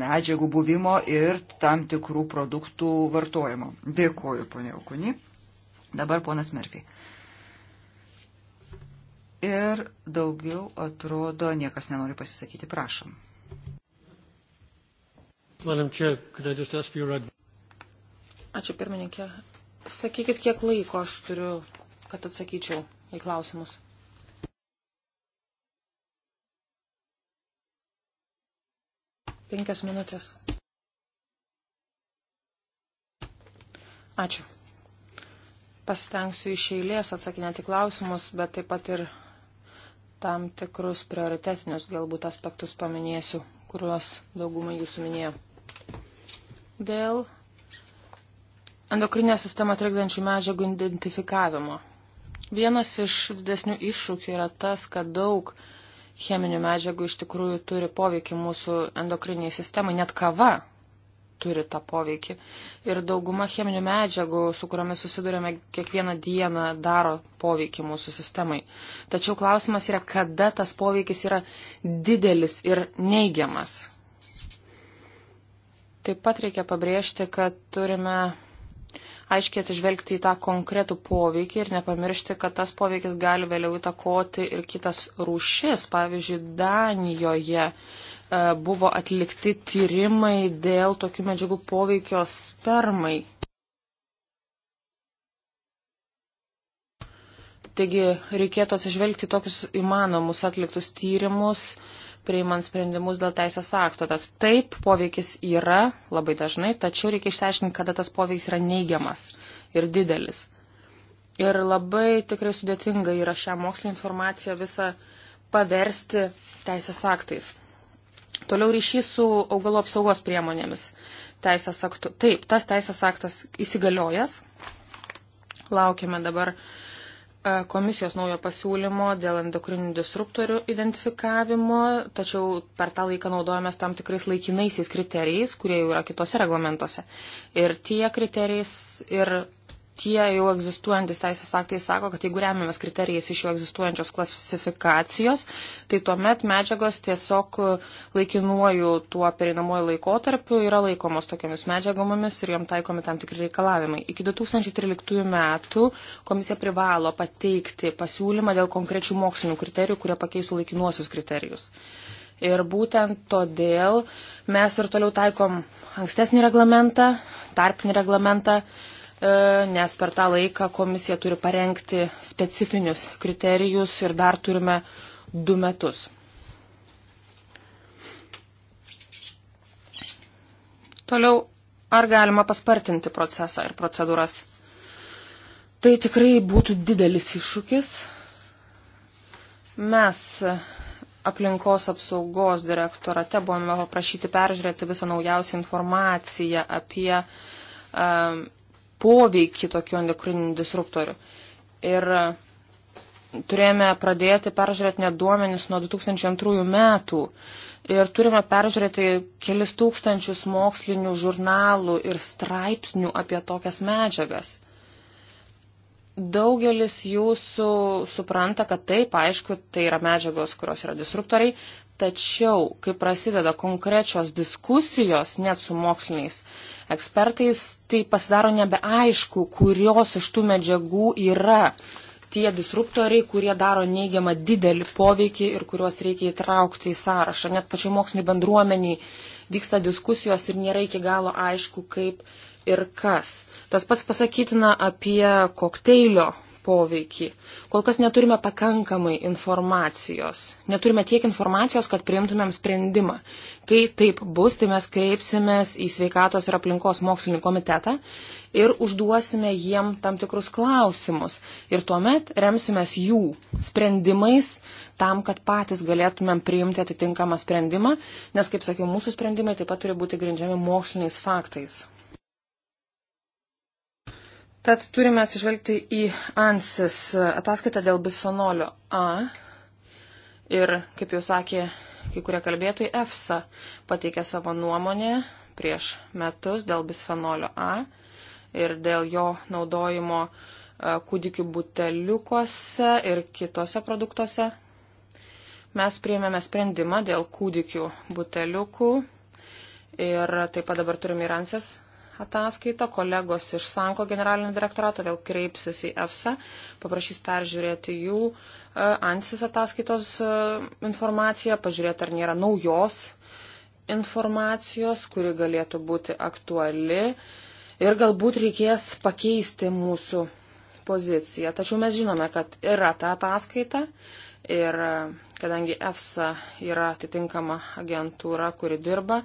medžiagų buvimo ir tam tikrų produktų vartojimo. Dėkuoju, ponia Aukuni. Dabar ponas Merfi. Ir daugiau atrodo, niekas nenori pasisakyti, prašom. Ačiū pirmininkė. Sakykit, kiek laiko aš turiu, kad atsakyčiau į klausimus. Penkias minutės. Ačiū. Pasitengsiu iš eilės atsakinėti klausimus, bet taip pat ir tam tikrus prioritetinius galbūt aspektus paminėsiu, kuriuos daugumą jūsų minėjo dėl endokrinę sistemą trikdančių medžiagų identifikavimo. Vienas iš didesnių iššūkių yra tas, kad daug cheminių medžiagų iš tikrųjų turi poveikį mūsų endokriniai sistemai, net kava turi tą poveikį. Ir dauguma cheminių medžiagų, su kuriomis susidurėme kiekvieną dieną, daro poveikį mūsų sistemai. Tačiau klausimas yra, kada tas poveikis yra didelis ir neigiamas. Taip pat reikia pabrėžti, kad turime aiškiai atsižvelgti į tą konkretų poveikį ir nepamiršti, kad tas poveikis gali vėliau įtakoti ir kitas rūšis. Pavyzdžiui, Danijoje e, buvo atlikti tyrimai dėl tokių medžiagų poveikio spermai. Taigi reikėtų atsižvelgti tokius įmanomus atliktus tyrimus priimant sprendimus dėl teisės akto. Tad taip, poveikis yra labai dažnai, tačiau reikia išsiaiškinti, kada tas poveikis yra neigiamas ir didelis. Ir labai tikrai sudėtinga yra šią mokslinį informaciją visą paversti teisės aktais. Toliau ryšys su augalo apsaugos priemonėmis. Teisės aktu. Taip, tas teisės aktas įsigaliojas. Laukiame dabar uh, E, komisijos naujo pasiūlymo dėl endokrininių disruptorių identifikavimo, tačiau per tą laiką naudojamės tam tikrais laikinaisiais kriterijais, kurie jau yra kitose reglamentuose. Ir tie kriterijais ir tie jau egzistuojantis teisės aktai sako, kad jeigu remiamės kriterijais iš jau egzistuojančios klasifikacijos, tai tuomet medžiagos tiesiog laikinuoju tuo perinamuoju laikotarpiu yra laikomos tokiamis medžiagomis ir jom taikomi tam tikri reikalavimai. Iki 2013 metų komisija privalo pateikti pasiūlymą dėl konkrečių mokslinių kriterijų, kurie pakeisų laikinuosius kriterijus. Ir būtent todėl mes ir toliau taikom ankstesnį reglamentą, tarpinį reglamentą, E, nes per tą laiką komisija turi parengti specifinius kriterijus ir dar turime du metus. Toliau, ar galima paspartinti procesą ir procedūras? Tai tikrai būtų didelis iššūkis. Mes aplinkos apsaugos direktorate buvome paprašyti peržiūrėti visą naujausią informaciją apie um, poveikį tokių endokrininių disruptorių. Ir turėjome pradėti peržiūrėti net duomenis nuo 2002 metų. Ir turime peržiūrėti kelis tūkstančius mokslinių žurnalų ir straipsnių apie tokias medžiagas. Daugelis jūsų supranta, kad taip, aišku, tai yra medžiagos, kurios yra disruptoriai, Tačiau, kai prasideda konkrečios diskusijos net su moksliniais ekspertais, tai pasidaro nebeaišku, kurios iš tų medžiagų yra tie disruptoriai, kurie daro neigiamą didelį poveikį ir kuriuos reikia įtraukti į sąrašą. Net pačiai moksliniai bendruomeniai vyksta diskusijos ir nėra iki galo aišku, kaip ir kas. Tas pats pasakytina apie kokteilio poveikį. Kol kas neturime pakankamai informacijos. Neturime tiek informacijos, kad priimtumėm sprendimą. Kai taip bus, tai mes kreipsimės į sveikatos ir aplinkos mokslinį komitetą ir užduosime jiem tam tikrus klausimus. Ir tuomet remsimės jų sprendimais tam, kad patys galėtumėm priimti atitinkamą sprendimą, nes, kaip sakiau, mūsų sprendimai taip pat turi būti grindžiami moksliniais faktais. Tad turime atsižvelgti į ANSIS ataskaitą dėl bisfenolio A ir, kaip jau sakė kai kurie kalbėtojai, EFSA pateikė savo nuomonę prieš metus dėl bisfenolio A ir dėl jo naudojimo e, kūdikių buteliukuose ir kitose produktuose. Mes priėmėme sprendimą dėl kūdikių buteliukų ir taip pat dabar turime ir ANSIS ataskaitą, kolegos iš Sanko generalinio direktorato vėl kreipsis į EFSA, paprašys peržiūrėti jų e, ANSIS ataskaitos e, informaciją, pažiūrėti, ar nėra naujos informacijos, kuri galėtų būti aktuali ir galbūt reikės pakeisti mūsų poziciją. Tačiau mes žinome, kad yra ta ataskaita ir e, kadangi EFSA yra atitinkama agentūra, kuri dirba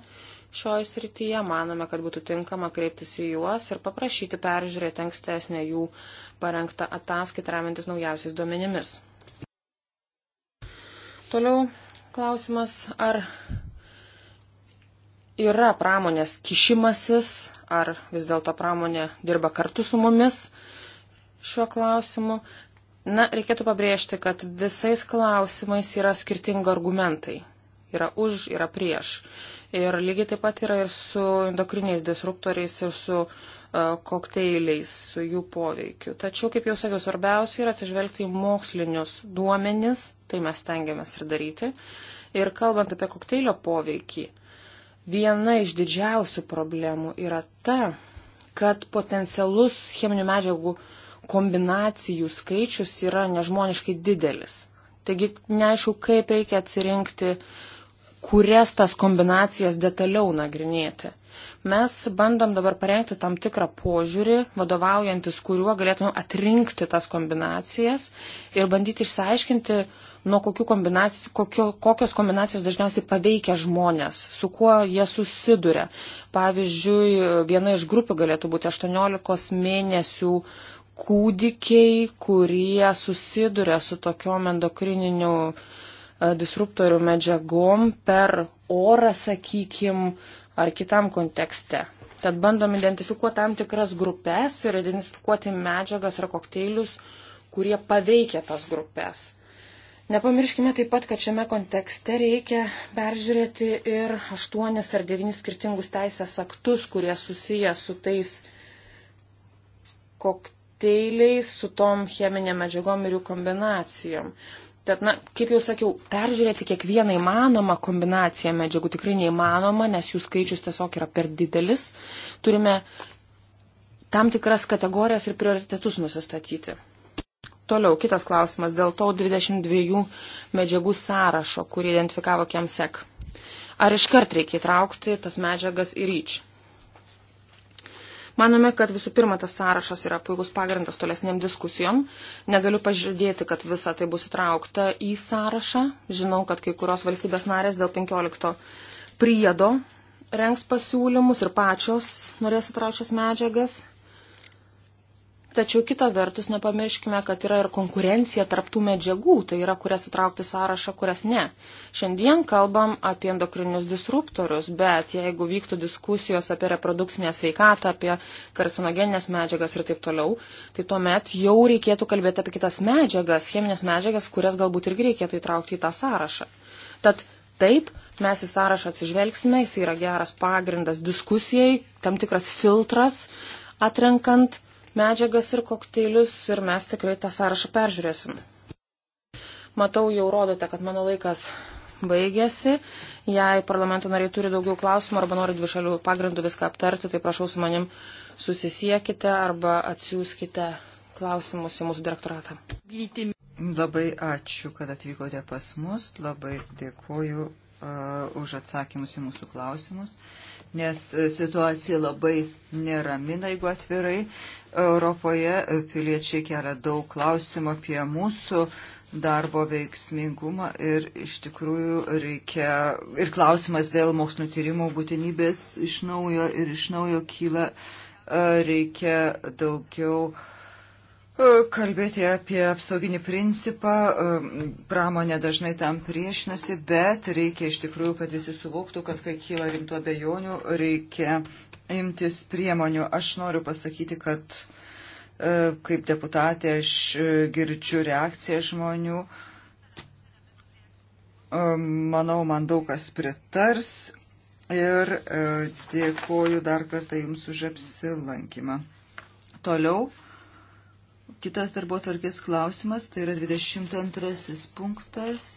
šioje srityje. Manome, kad būtų tinkama kreiptis į juos ir paprašyti peržiūrėti ankstesnę jų parengtą ataskaitą remiantis naujausiais duomenimis. Toliau klausimas, ar yra pramonės kišimasis, ar vis dėlto pramonė dirba kartu su mumis šiuo klausimu. Na, reikėtų pabrėžti, kad visais klausimais yra skirtingi argumentai. Yra už, yra prieš. Ir lygiai taip pat yra ir su endokriniais disruptoriais ir su e, kokteiliais, su jų poveikiu. Tačiau, kaip jau sakiau, svarbiausia yra atsižvelgti į mokslinius duomenis, tai mes tengiamės ir daryti. Ir kalbant apie kokteilio poveikį, viena iš didžiausių problemų yra ta, kad potencialus cheminių medžiagų kombinacijų skaičius yra nežmoniškai didelis. Taigi neaišku, kaip reikia atsirinkti uh, kurias tas kombinacijas detaliau nagrinėti. Mes bandom dabar parengti tam tikrą požiūrį, vadovaujantis kuriuo galėtume atrinkti tas kombinacijas ir bandyti išsiaiškinti, nuo kokių kombinacijų, kokio, kokios kombinacijos dažniausiai paveikia žmonės, su kuo jie susiduria. Pavyzdžiui, viena iš grupių galėtų būti 18 mėnesių kūdikiai, kurie susiduria su tokiom endokriniu E, disruptorių medžiagom per orą, sakykim, ar kitam kontekste. Tad bandom identifikuoti tam tikras grupės ir identifikuoti medžiagas ar kokteilius, kurie paveikia tas grupės. Nepamirškime taip pat, kad šiame kontekste reikia peržiūrėti ir aštuonis ar devynis skirtingus teisės aktus, kurie susiję su tais kokteiliais, su tom cheminėm medžiagom ir jų kombinacijom. Tad, na, kaip jau sakiau, peržiūrėti kiekvieną įmanomą kombinaciją medžiagų tikrai neįmanoma, nes jų skaičius tiesiog yra per didelis. Turime tam tikras kategorijas ir prioritetus nusistatyti. Toliau, kitas klausimas dėl to 22 medžiagų sąrašo, kurį identifikavo Kemsek. Ar iškart reikia įtraukti tas medžiagas į ryč? Manome, kad visų pirma tas sąrašas yra puikus pagrindas tolesniam diskusijom. Negaliu pažadėti, kad visa tai bus įtraukta į sąrašą. Žinau, kad kai kurios valstybės narės dėl 15 priedo rengs pasiūlymus ir pačios norės įtraukti šias medžiagas. Tačiau kita vertus nepamirškime, kad yra ir konkurencija tarptų medžiagų, tai yra kurias įtraukti sąrašą, kurias ne. Šiandien kalbam apie endokrinius disruptorius, bet jeigu vyktų diskusijos apie reprodukcinę sveikatą, apie karsinogeninės medžiagas ir taip toliau, tai tuomet jau reikėtų kalbėti apie kitas medžiagas, cheminės medžiagas, kurias galbūt irgi reikėtų įtraukti į tą sąrašą. Tad taip, mes į sąrašą atsižvelgsime, jis yra geras pagrindas diskusijai, tam tikras filtras atrenkant medžiagas ir kokteilius ir mes tikrai tą sąrašą peržiūrėsim. Matau, jau rodote, kad mano laikas baigėsi. Jei parlamento nariai turi daugiau klausimų arba nori dvišalių pagrindų viską aptarti, tai prašau su manim susisiekite arba atsiųskite klausimus į mūsų direktoratą. Labai ačiū, kad atvykote pas mus. Labai dėkuoju uh, už atsakymus į mūsų klausimus. Uh, nes situacija labai neramina, jeigu atvirai. Europoje piliečiai kelia daug klausimų apie mūsų darbo veiksmingumą ir iš tikrųjų reikia ir klausimas dėl mokslinio tyrimo būtinybės iš naujo ir iš naujo kyla reikia daugiau uh, E, kalbėti apie apsauginį principą. E, pramonė dažnai tam priešinasi, bet reikia iš tikrųjų, kad visi suvoktų, kad kai kyla rimtų abejonių, reikia imtis priemonių. Aš noriu pasakyti, kad e, kaip deputatė aš girdžiu reakciją žmonių. Manau, man daug kas pritars ir dėkoju dar kartą Jums už apsilankymą. Toliau kitas darbo tvarkės klausimas, tai yra 22 punktas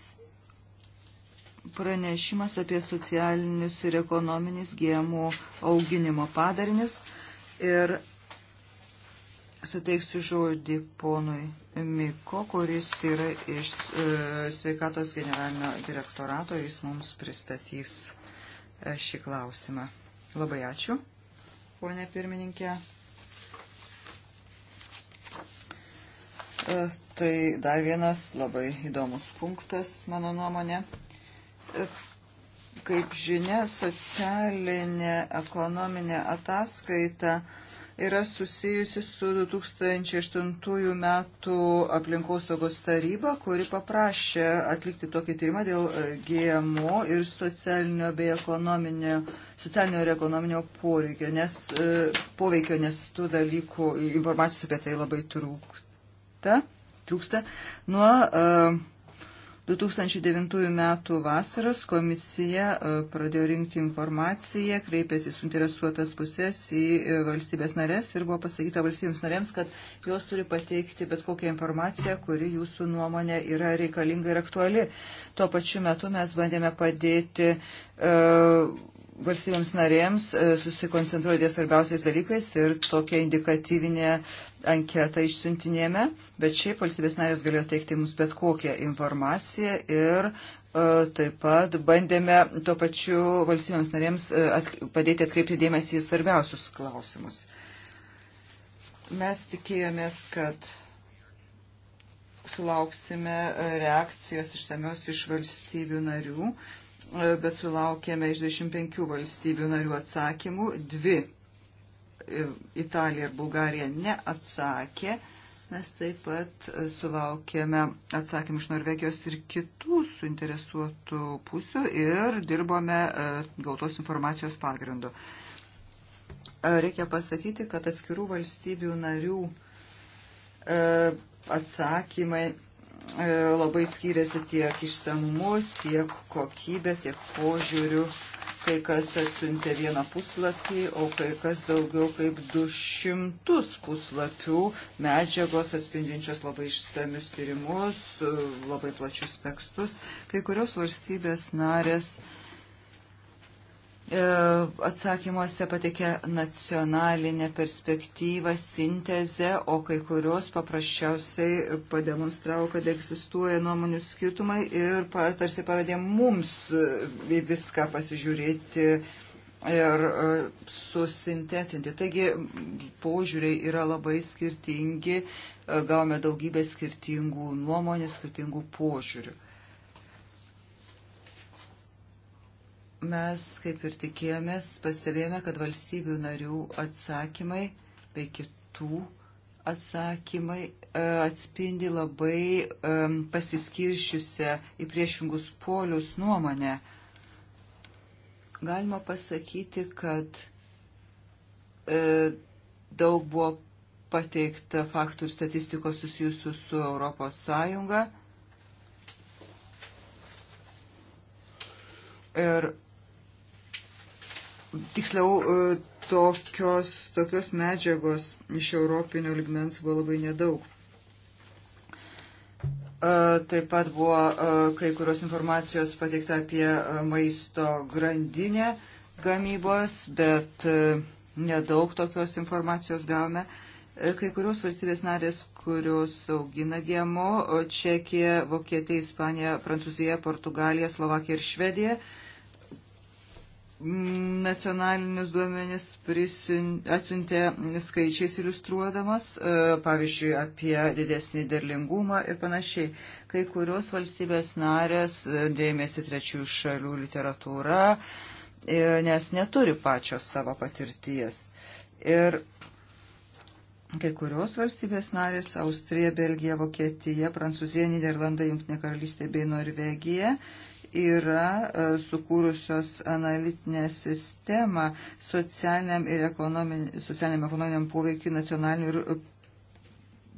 pranešimas apie socialinius ir ekonominis gėmų auginimo padarinius. Ir suteiksiu žodį ponui Miko, kuris yra iš e, sveikatos generalinio direktorato ir jis mums pristatys e, šį klausimą. Labai ačiū, ponė pirmininkė. E, tai dar vienas labai įdomus punktas, mano nuomonė. E, kaip žinia, socialinė ekonominė ataskaita yra susijusi su 2008 metų aplinkosaugos taryba, kuri paprašė atlikti tokį tyrimą dėl e, GMO ir socialinio, bei ekonominio, socialinio ir ekonominio poreikio, nes, poveikio, nes tų dalykų informacijos apie tai labai trūk, trūkta, trūksta nuo e, uh, 2009 metų vasaros komisija e, pradėjo rinkti informaciją, kreipėsi suinteresuotas pusės į e, valstybės narės ir buvo pasakyta valstybėms narėms, kad jos turi pateikti bet kokią informaciją, kuri jūsų nuomonė yra reikalinga ir aktuali. Tuo pačiu metu mes bandėme padėti. Uh, valstybėms narėms susikoncentruoti svarbiausiais dalykais ir tokia indikatyvinė anketą išsiuntinėme, bet šiaip valstybės narės galėjo teikti mums bet kokią informaciją ir e, taip pat bandėme tuo pačiu valstybėms narėms e, padėti atkreipti dėmesį į svarbiausius klausimus. Mes tikėjomės, kad sulauksime e, reakcijos išsamios iš valstybių narių, bet sulaukėme iš 25 valstybių narių atsakymų. Dvi Italija ir Bulgarija neatsakė. Mes taip pat e, sulaukėme atsakymų iš Norvegijos ir kitų suinteresuotų pusių ir dirbome e, gautos informacijos pagrindu. E, reikia pasakyti, kad atskirų valstybių narių atsakymai labai skiriasi tiek išsamumu, tiek kokybė, tiek požiūriu kai kas atsiuntė vieną puslapį, o kai kas daugiau kaip 200 puslapių medžiagos atspindinčios labai išsamius tyrimus, labai plačius tekstus. Kai kurios valstybės narės uh, E, atsakymuose patikė nacionalinę perspektyvą, sintezę, o kai kurios paprasčiausiai pademonstravo, kad egzistuoja nuomonių skirtumai ir tarsi pavadė mums viską pasižiūrėti ir e, susintetinti. Taigi požiūriai yra labai skirtingi, e, gavome daugybę skirtingų nuomonių, skirtingų požiūrių. Mes, kaip ir tikėjomės, pastebėjome, kad valstybių narių atsakymai bei kitų atsakymai e, atspindi labai e, pasiskiršiusią į priešingus polius nuomonę. Galima pasakyti, kad e, daug buvo pateikta faktų ir statistikos susijusių su Europos Sąjunga. Ir tiksliau, e, tokios, tokios medžiagos iš europinio ligmens buvo labai nedaug. E, taip pat buvo e, kai kurios informacijos pateikta apie maisto grandinę gamybos, bet nedaug tokios informacijos gavome. Kai kurios valstybės narės, kurios augina GMO - Čekija, Vokietija, Ispanija, Prancūzija, Portugalija, Slovakija ir Švedija nacionalinius duomenis atsiuntė skaičiais iliustruodamas, e, pavyzdžiui, apie didesnį derlingumą ir panašiai. Kai kurios valstybės narės e, dėmesį trečių šalių literatūra, e, nes neturi pačios savo patirties. Ir kai kurios valstybės narės - Austrija, Belgija, Vokietija, Prancūzija, Niderlandai, Junktinė karalystė bei Norvegija yra e, sukūrusios analitinę sistemą socialiniam ir ekonominiam, socialiniam ekonominiam poveikiu nacionaliniu ir e,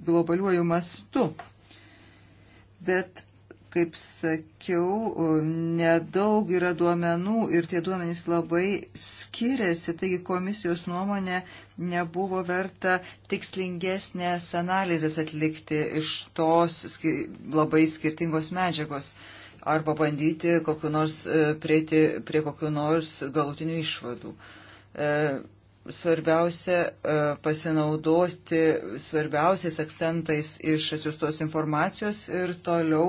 globaliuoju mastu. Bet, kaip sakiau, e, nedaug yra duomenų ir tie duomenys labai skiriasi, taigi komisijos nuomonė nebuvo verta tikslingesnės analizės atlikti iš tos labai skirtingos medžiagos arba bandyti kokiu nors, e, prieiti prie kokiu nors galutinių išvadų. E, svarbiausia e, pasinaudoti svarbiausiais akcentais iš atsiustos informacijos ir toliau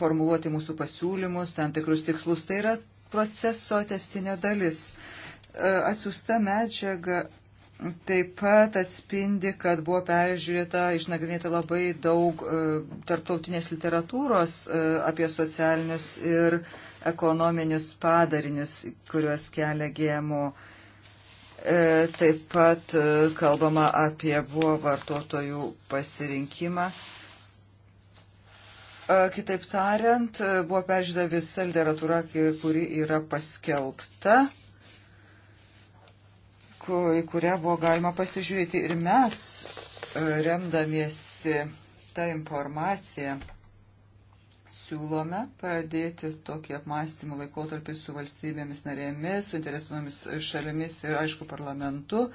formuluoti mūsų pasiūlymus, tam tikrus tikslus. Tai yra proceso testinė dalis. Atsiusta medžiaga taip pat atspindi, kad buvo peržiūrėta, išnagrinėta labai daug e, tarptautinės literatūros e, apie socialinius ir ekonominius padarinius, kuriuos kelia gėmo. E, taip pat kalbama apie buvo vartotojų pasirinkimą. Kitaip tariant, buvo peržiūrėta visa literatūra, kuri yra paskelbta į kurią buvo galima pasižiūrėti ir mes, e, remdamiesi tą informaciją, siūlome pradėti tokį apmąstymų laikotarpį su valstybėmis narėmis, su interesuomis šalimis ir, aišku, parlamentu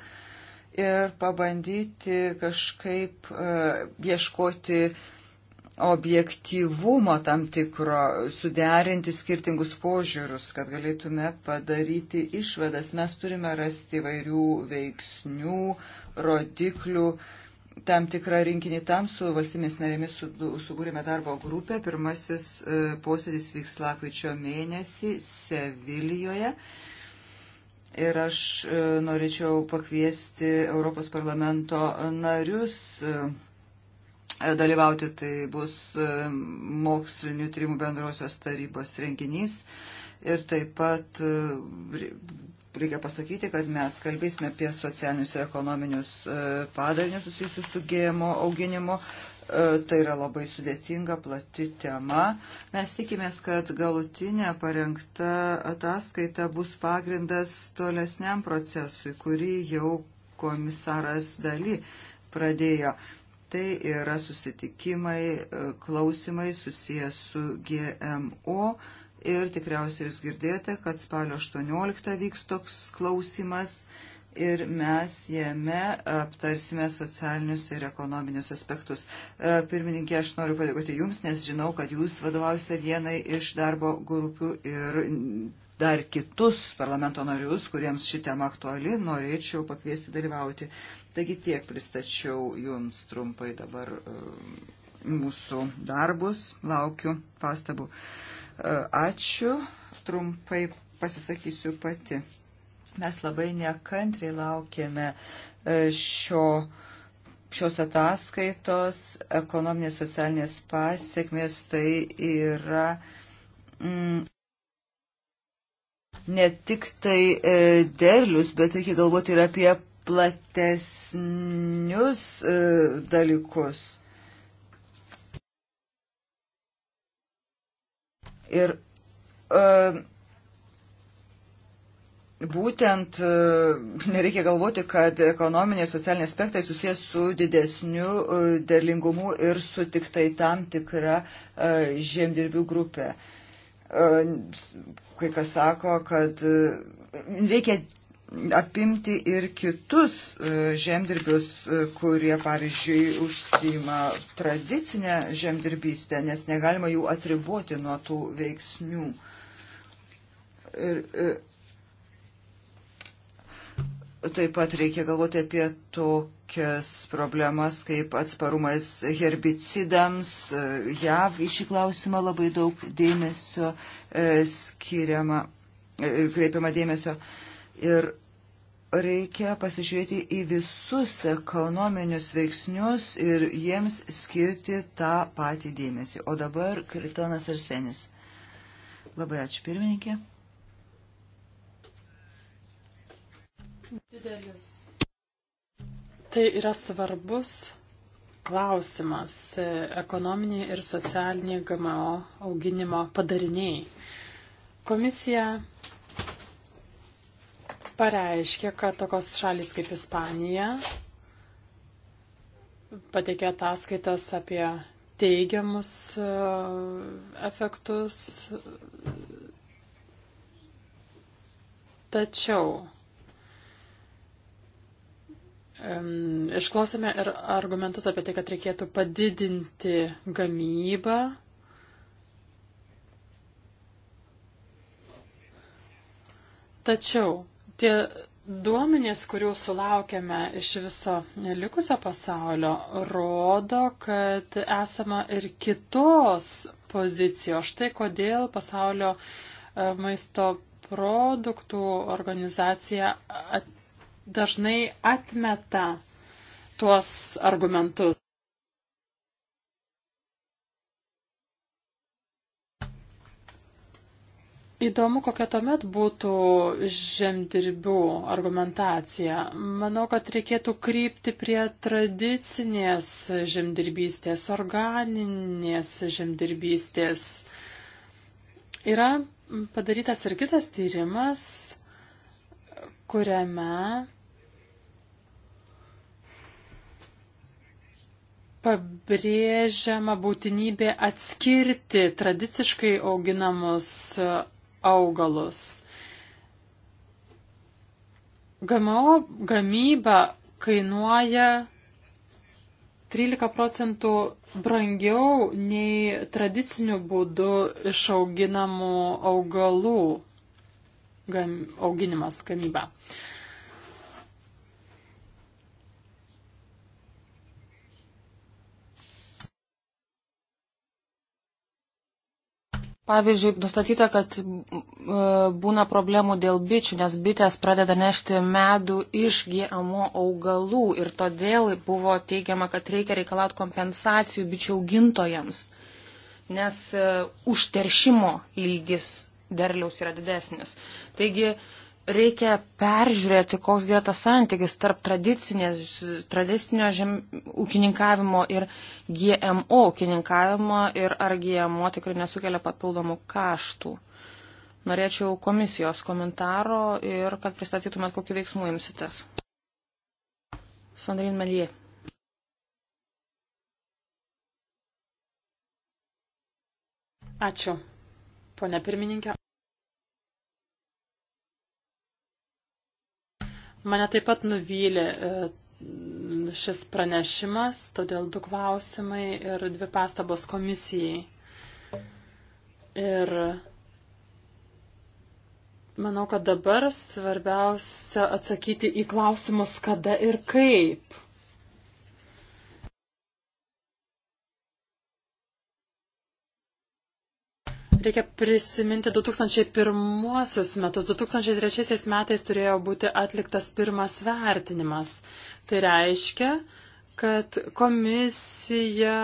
ir pabandyti kažkaip uh, ieškoti uh, objektyvumo tam tikro, suderinti skirtingus požiūrius, kad galėtume padaryti išvadas. Mes turime rasti įvairių veiksnių, rodiklių, tam tikrą rinkinį. Tam su valstybės narėmis subūrėme darbo grupę. Pirmasis e, posėdis vyks lakvičio mėnesį Sevilijoje. Ir aš e, norėčiau pakviesti Europos parlamento narius e, dalyvauti. Tai bus e, mokslinių tyrimų bendrosios tarybos renginys. Ir taip pat e, reikia pasakyti, kad mes kalbėsime apie socialinius ir ekonominius e, padarinius susijusius su gėjimo auginimu. Tai yra labai sudėtinga, plati tema. Mes tikimės, kad galutinė parengta ataskaita bus pagrindas tolesniam procesui, kurį jau komisaras daly pradėjo. Uh, tai yra susitikimai, e, klausimai susijęs su GMO ir tikriausiai jūs girdėjote, kad spalio 18 vyks toks klausimas ir mes jame aptarsime socialinius ir ekonominius aspektus. E, pirmininkė, aš noriu padėkoti Jums, nes žinau, kad Jūs vadovausite vienai iš darbo grupių ir dar kitus parlamento narius, kuriems ši tema aktuali, norėčiau pakviesti dalyvauti Taigi tiek pristačiau jums trumpai dabar e, mūsų darbus, laukiu pastabų. E, ačiū, trumpai pasisakysiu pati. Mes labai nekantriai laukėme e, šio, šios ataskaitos, ekonominės socialinės pasiekmės, tai yra mm, ne tik tai derlius, bet reikia galvoti ir apie platesnius e, dalykus. Ir e, būtent e, nereikia galvoti, kad ekonominiai socialiniai aspektai susijęs su didesniu derlingumu ir su tik tai tam tikra žemdirbių grupė. Kai kas sako, kad reikia apimti ir kitus e, žemdirbius, e, kurie, pavyzdžiui, užsima tradicinę žemdirbystę, nes negalima jų atribuoti nuo tų veiksnių. Ir, e, Taip pat reikia galvoti apie tokias problemas kaip atsparumas herbicidams. JAV į šį klausimą labai daug dėmesio skiriama, kreipiama dėmesio. E, Ir reikia pasižiūrėti į visus ekonominius veiksnius ir jiems skirti tą patį dėmesį. O dabar Kritonas Arsenis. Labai ačiū pirmininkė. Didelis. Tai yra svarbus klausimas ekonominiai ir socialiniai GMO auginimo padariniai. Komisija pareiškė, kad tokios šalis kaip Ispanija pateikė ataskaitas apie teigiamus e, efektus. Tačiau Išklausėme ir argumentus apie tai, kad reikėtų padidinti gamybą. Tačiau Tie duomenys, kurių sulaukėme iš viso likusio pasaulio, rodo, kad esama ir kitos pozicijos. Štai kodėl pasaulio e, maisto produktų organizacija dažnai atmeta tuos argumentus. Įdomu, kokia tuomet būtų žemdirbių argumentacija. Manau, kad reikėtų krypti prie tradicinės žemdirbystės, organinės žemdirbystės. Yra padarytas ir kitas tyrimas, kuriame pabrėžiama būtinybė atskirti tradiciškai auginamus augalus. GMO gamyba kainuoja 13 procentų brangiau nei tradiciniu būdu išauginamų augalų gam, auginimas gamyba. Uh, Pavyzdžiui, nustatyta, kad e, būna problemų dėl bičių, nes bitės pradeda nešti medų iš GMO augalų ir todėl buvo teigiama, kad reikia reikalauti kompensacijų bičių augintojams, nes e, užteršimo lygis derliaus yra didesnis. Taigi reikia peržiūrėti, koks yra tas santykis tarp tradicinio žem, ūkininkavimo ir GMO ūkininkavimo ir ar GMO tikrai nesukelia papildomų kaštų. Norėčiau komisijos komentaro ir kad pristatytumėt, kokiu veiksmu imsitės. Sandrin Melie. Ačiū, ponia pirmininkė. Mane taip pat nuvylė e, šis pranešimas, todėl du klausimai ir dvi pastabos komisijai. Ir manau, kad dabar svarbiausia atsakyti į klausimus kada ir kaip. Reikia prisiminti 2001 metus. 2003 metais turėjo būti atliktas pirmas vertinimas. Tai reiškia, kad komisija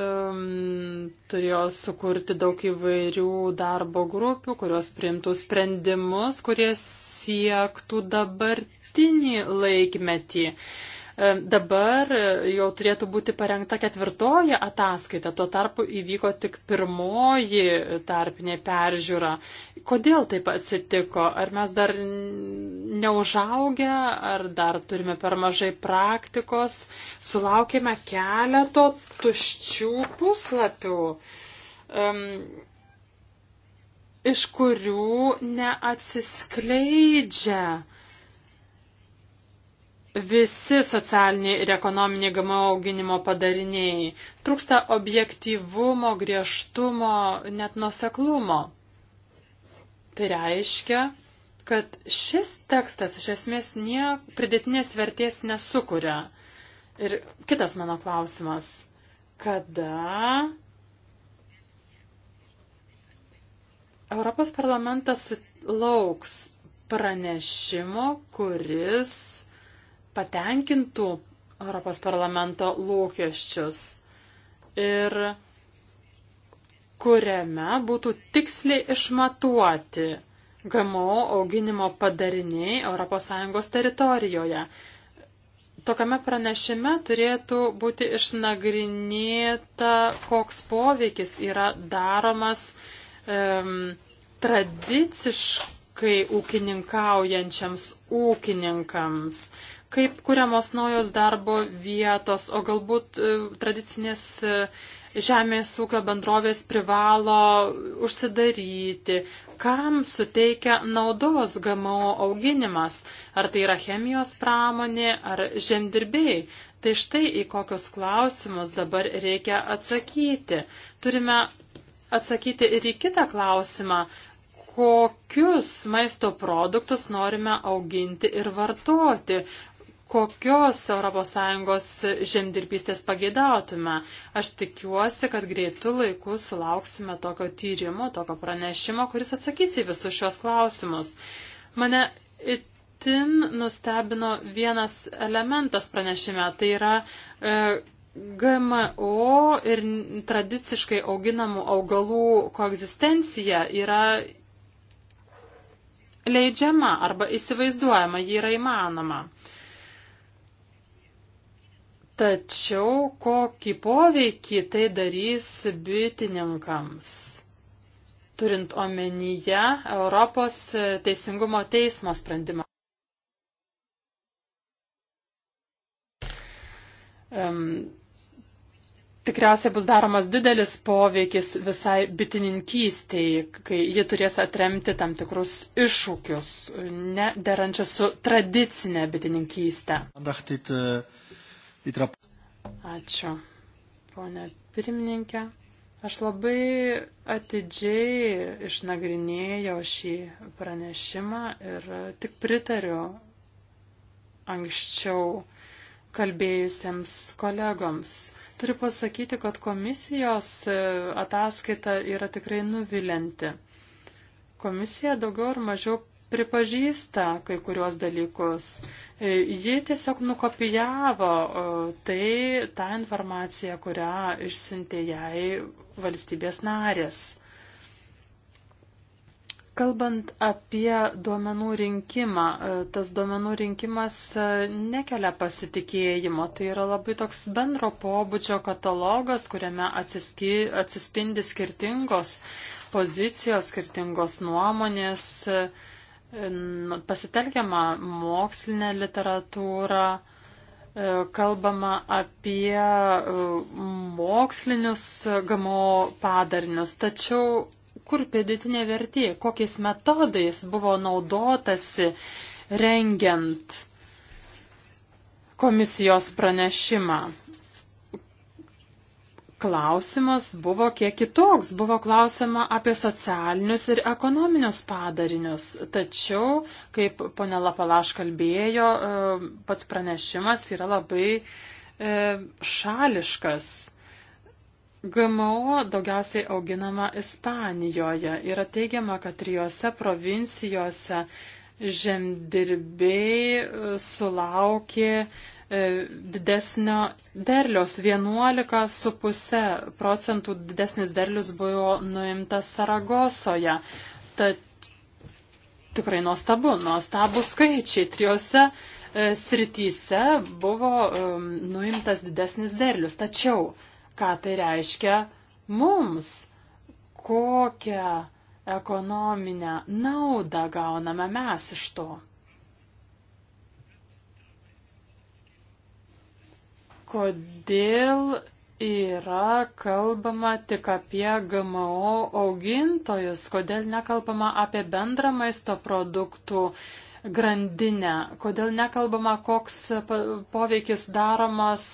um, turėjo sukurti daug įvairių darbo grupių, kurios priimtų sprendimus, kurie siektų dabartinį laikmetį. Uh, E, dabar jau turėtų būti parengta ketvirtoji ataskaita, tuo tarpu įvyko tik pirmoji tarpinė peržiūra. Kodėl taip atsitiko? Ar mes dar neužaugę, ar dar turime per mažai praktikos? Sulaukėme keleto tuščių puslapių. Um, iš kurių neatsiskleidžia uh, visi socialiniai ir ekonominiai GMO auginimo padariniai. Trūksta objektyvumo, griežtumo, net nuseklumo. Tai reiškia, kad šis tekstas iš esmės nie pridėtinės vertės nesukuria. Ir kitas mano klausimas. Kada Europos parlamentas lauks pranešimo, kuris patenkintų Europos parlamento lūkesčius ir kuriame būtų tiksliai išmatuoti GMO auginimo padariniai ES teritorijoje. Tokiame pranešime turėtų būti išnagrinėta, koks poveikis yra daromas um, tradiciškai ūkininkaujančiams ūkininkams kaip kuriamos naujos darbo vietos, o galbūt e, tradicinės e, žemės ūkio bendrovės privalo užsidaryti. Kam suteikia naudos GMO auginimas? Ar tai yra chemijos pramonė, ar žemdirbėjai? Tai štai į kokius klausimus dabar reikia atsakyti. Turime atsakyti ir į kitą klausimą, kokius maisto produktus norime auginti ir vartoti, kokios ES žemdirbystės pageidautume. Aš tikiuosi, kad greitų laikų sulauksime tokio tyrimo, tokio pranešimo, kuris atsakys į visus šios klausimus. Mane itin nustebino vienas elementas pranešime, tai yra e, GMO ir tradiciškai auginamų augalų koegzistencija yra leidžiama arba įsivaizduojama, ji yra įmanoma. E, Tačiau kokį poveikį tai darys bitininkams? Turint omenyje Europos teisingumo teismo sprendimą. Um, tikriausiai bus daromas didelis poveikis visai bitininkystėj, kai ji turės atremti tam tikrus iššūkius, nederančius su tradicinė bitininkystė. Dacht, dit, uh... Ačiū, ponė pirmininkė. Aš labai atidžiai išnagrinėjau šį pranešimą ir tik pritariu anksčiau kalbėjusiems kolegoms. Turiu pasakyti, kad komisijos e, ataskaita yra tikrai nuvilinti. Komisija daugiau ar mažiau pripažįsta kai kurios dalykus. E, ji tiesiog nukopijavo e, tai, tą informaciją, kurią išsintė jai valstybės narės. Kalbant apie duomenų rinkimą, e, tas duomenų rinkimas nekelia pasitikėjimo. Tai yra labai toks bendro pobūdžio katalogas, kuriame atsiski, atsispindi skirtingos pozicijos, skirtingos nuomonės pasitelkiama mokslinė literatūra, e, kalbama apie e, mokslinius GMO padarinius. Tačiau kur pridėtinė vertė, kokiais metodais buvo naudotasi rengiant komisijos pranešimą? klausimas buvo kiek kitoks. Buvo klausima apie socialinius ir ekonominius padarinius. Tačiau, kaip ponė Lapalaš kalbėjo, e, pats pranešimas yra labai e, šališkas. GMO daugiausiai auginama Ispanijoje. Yra teigiama, kad trijose provincijose žemdirbiai e, sulaukė E, didesnio derliaus. 11,5 procentų didesnis derlius buvo nuimtas Saragosoje. Tad tikrai nuostabu, nuostabu skaičiai. Trijose e, srityse buvo e, nuimtas didesnis derlius. Tačiau, ką tai reiškia mums? Kokią ekonominę naudą gauname mes iš to? kodėl yra kalbama tik apie GMO augintojus, kodėl nekalbama apie bendrą maisto produktų grandinę, kodėl nekalbama, koks poveikis daromas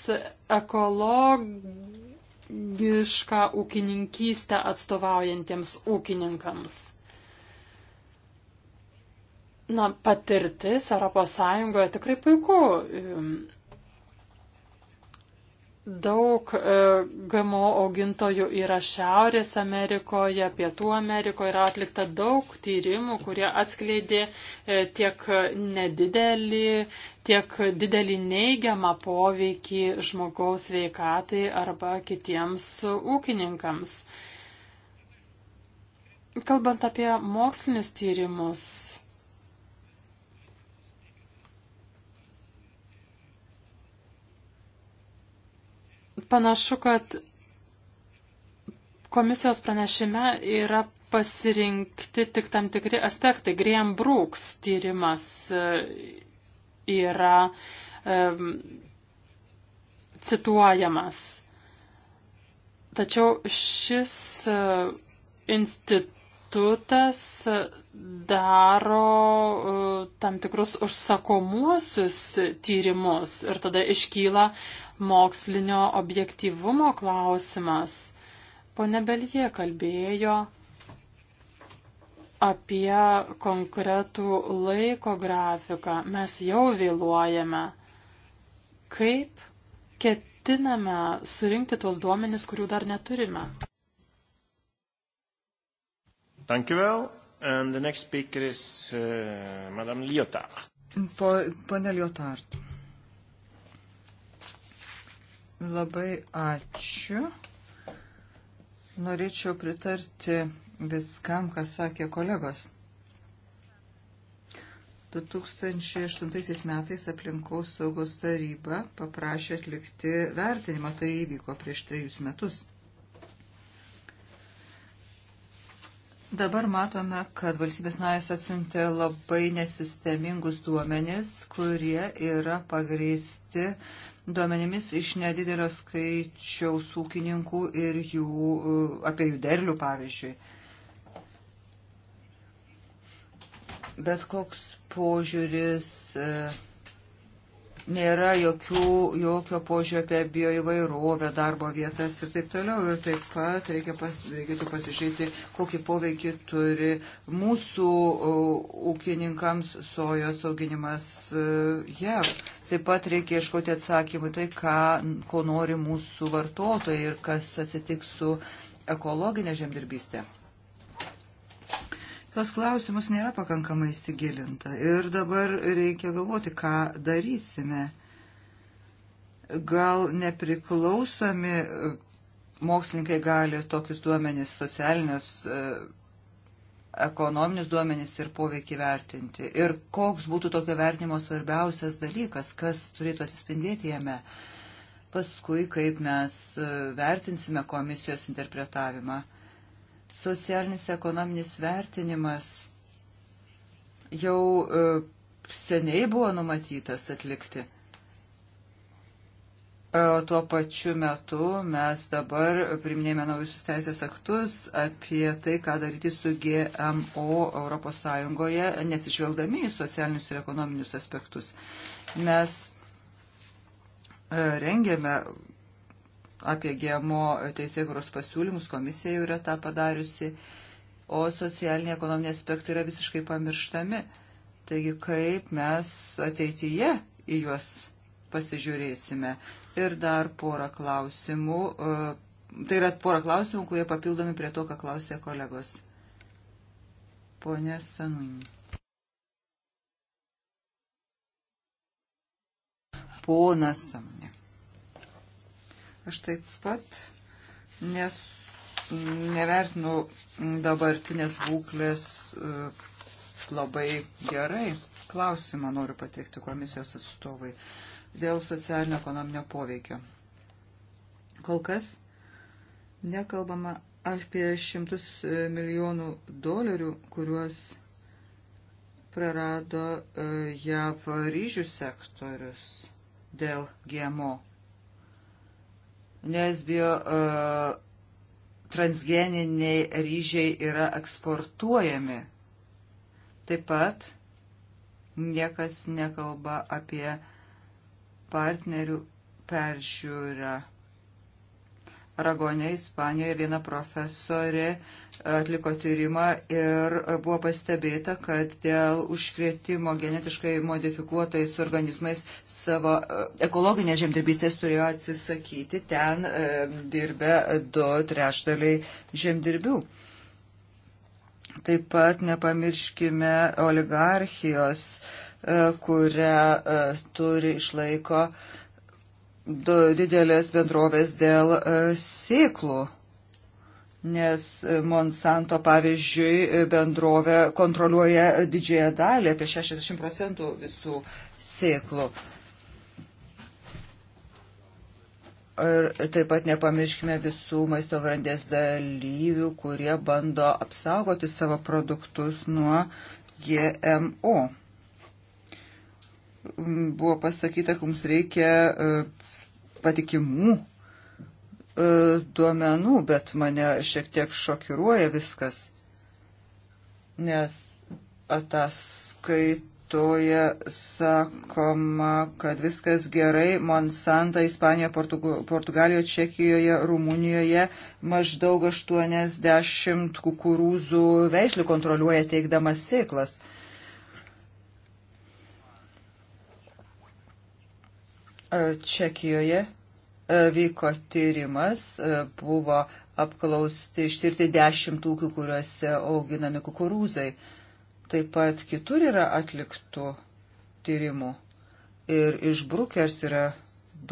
ekologišką ūkininkystę atstovaujantiems ūkininkams. Na, patirtis ES tikrai puiku Daug e, GMO augintojų yra Šiaurės Amerikoje, Pietų Amerikoje, yra atlikta daug tyrimų, kurie atskleidė e, tiek nedidelį, tiek didelį neigiamą poveikį žmogaus veikatai arba kitiems ūkininkams. Kalbant apie mokslinius tyrimus, Panašu, kad komisijos pranešime yra pasirinkti tik tam tikri aspektai. Graham Brooks tyrimas e, yra um, cituojamas. Tačiau šis e, institutas daro e, tam tikrus užsakomuosius tyrimus ir tada iškyla uh, mokslinio objektyvumo klausimas. Pone Belie kalbėjo apie konkretų laiko grafiką. Mes jau vėluojame. Kaip ketiname surinkti tuos duomenis, kurių dar neturime? Dankjewel. And the next speaker is uh, Madame Lyotard. Po, Pone Lyotard. Labai ačiū. Norėčiau pritarti viskam, ką sakė kolegos. 2008 metais aplinkos saugos taryba paprašė atlikti vertinimą, tai įvyko prieš trejus metus. Dabar matome, kad valstybės narės atsiuntė labai nesistemingus duomenis, kurie yra pagrįsti duomenimis iš nedidelio skaičiaus ūkininkų ir jų, e, apie jų derlių pavyzdžiui. Bet koks požiūris. E, nėra jokių, jokio požiūrio apie bioįvairovę, darbo vietas ir taip toliau. Ir taip pat reikia pas, reikėtų pasižiūrėti, kokį poveikį turi mūsų ūkininkams sojos auginimas e, jav. Taip pat reikia iškoti atsakymų tai, ką, ko nori mūsų vartotojai ir kas atsitiks su ekologinė žemdirbystė. Tos klausimus nėra pakankamai įsigilinta ir dabar reikia galvoti, ką darysime. Gal nepriklausomi e, mokslininkai gali tokius duomenis, socialinius, e, ekonominius duomenis ir poveikį vertinti. Ir koks būtų tokio vertinimo svarbiausias dalykas, kas turėtų atsispindėti jame. Paskui, kaip mes e, vertinsime komisijos interpretavimą. Socialinis ekonominis vertinimas jau e, seniai buvo numatytas atlikti. E, o tuo pačiu metu mes dabar priminėjame naujus teisės aktus apie tai, ką daryti su GMO ES, nesižvelgdami į socialinius ir ekonominius aspektus. Mes e, rengėme apie GMO teisėkuros pasiūlymus, komisija jau yra tą padariusi, o socialiniai ekonominiai aspektai yra visiškai pamirštami. Taigi kaip mes ateityje į juos pasižiūrėsime. Ir dar porą klausimų. E, tai yra porą klausimų, kurie papildomi prie to, ką klausė kolegos. Pone Sanuinį. Ponas Sanuinį. Aš taip pat nes, nevertinu dabartinės būklės e, labai gerai. Klausimą noriu pateikti komisijos atstovai dėl socialinio ekonominio poveikio. Kol kas nekalbama apie šimtus e, milijonų dolerių, kuriuos prarado e, JAV ryžių sektorius dėl GMO Nesbio uh, e, transgeniniai ryžiai yra eksportuojami. Taip pat niekas nekalba apie partnerių peržiūrą Aragonė, Ispanijoje viena profesorė e, atliko tyrimą ir e, buvo pastebėta, kad dėl užkrėtimo genetiškai modifikuotais organizmais savo e, ekologinės žemdirbystės turėjo atsisakyti, ten dirbė du trešdaliai žemdirbių. Taip pat nepamirškime oligarchijos, kurią turi išlaiko laiko du didelės bendrovės dėl e, sėklų. Nes e, Monsanto, pavyzdžiui, e, bendrovė kontroliuoja didžiąją dalį, apie 60 procentų visų sėklų. Ir taip pat nepamirškime visų maisto grandės dalyvių, kurie bando apsaugoti savo produktus nuo GMO. Buvo pasakyta, kad mums reikia patikimų e, duomenų, bet mane šiek tiek šokiruoja viskas, nes ataskaitoje sakoma, kad viskas gerai Monsanta Ispanijoje, Portugu, Portugalijoje, Čekijoje, Rumunijoje maždaug 80 kukurūzų veislių kontroliuoja teikdamas sėklas. Čekijoje vyko tyrimas, buvo apklausti ištirti dešimt ūkių, kuriuose auginami kukurūzai. Taip pat kitur yra atliktų tyrimų. Ir iš Brukers yra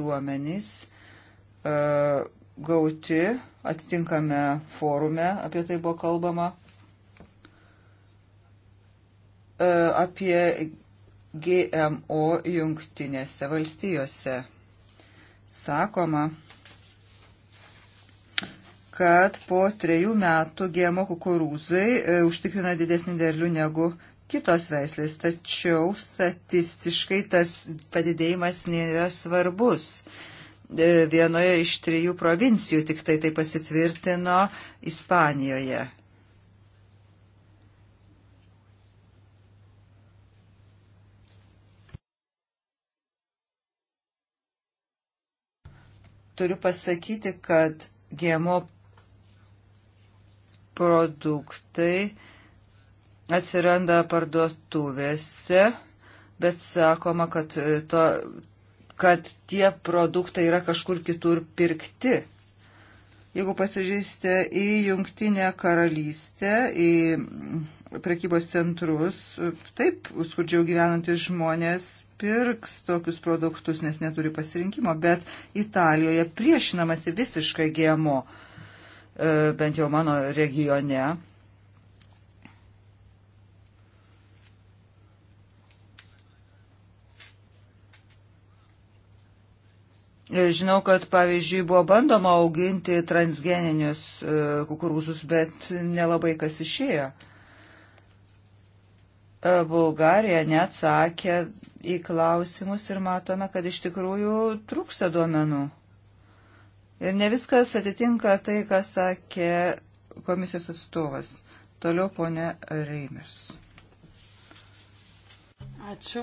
duomenys e, gauti atitinkame forume, apie tai buvo kalbama, e, apie GMO jungtinėse valstijose. Sakoma, kad po trejų metų GMO kukurūzai e, užtikrina didesnį derlių negu kitos veislės, tačiau statistiškai tas padidėjimas nėra svarbus. E, vienoje iš trijų provincijų tik tai tai pasitvirtino Ispanijoje. turiu pasakyti, kad GMO produktai atsiranda parduotuvėse, bet sakoma, kad, e, to, kad tie produktai yra kažkur kitur pirkti. Jeigu pasižiūrėsite į Jungtinę karalystę, į prekybos centrus, taip, skurdžiau gyvenantis žmonės pirks tokius produktus, nes neturi pasirinkimo, bet Italijoje priešinamasi visiškai GMO, e, bent jau mano regione. Ir e, žinau, kad pavyzdžiui buvo bandoma auginti transgeninius e, kukurūzus, bet nelabai kas išėjo. E, Bulgarija neatsakė į klausimus ir matome, kad iš tikrųjų trūksta duomenų. Ir ne viskas atitinka tai, ką sakė komisijos atstovas. Toliau ponė Reimers. Ačiū.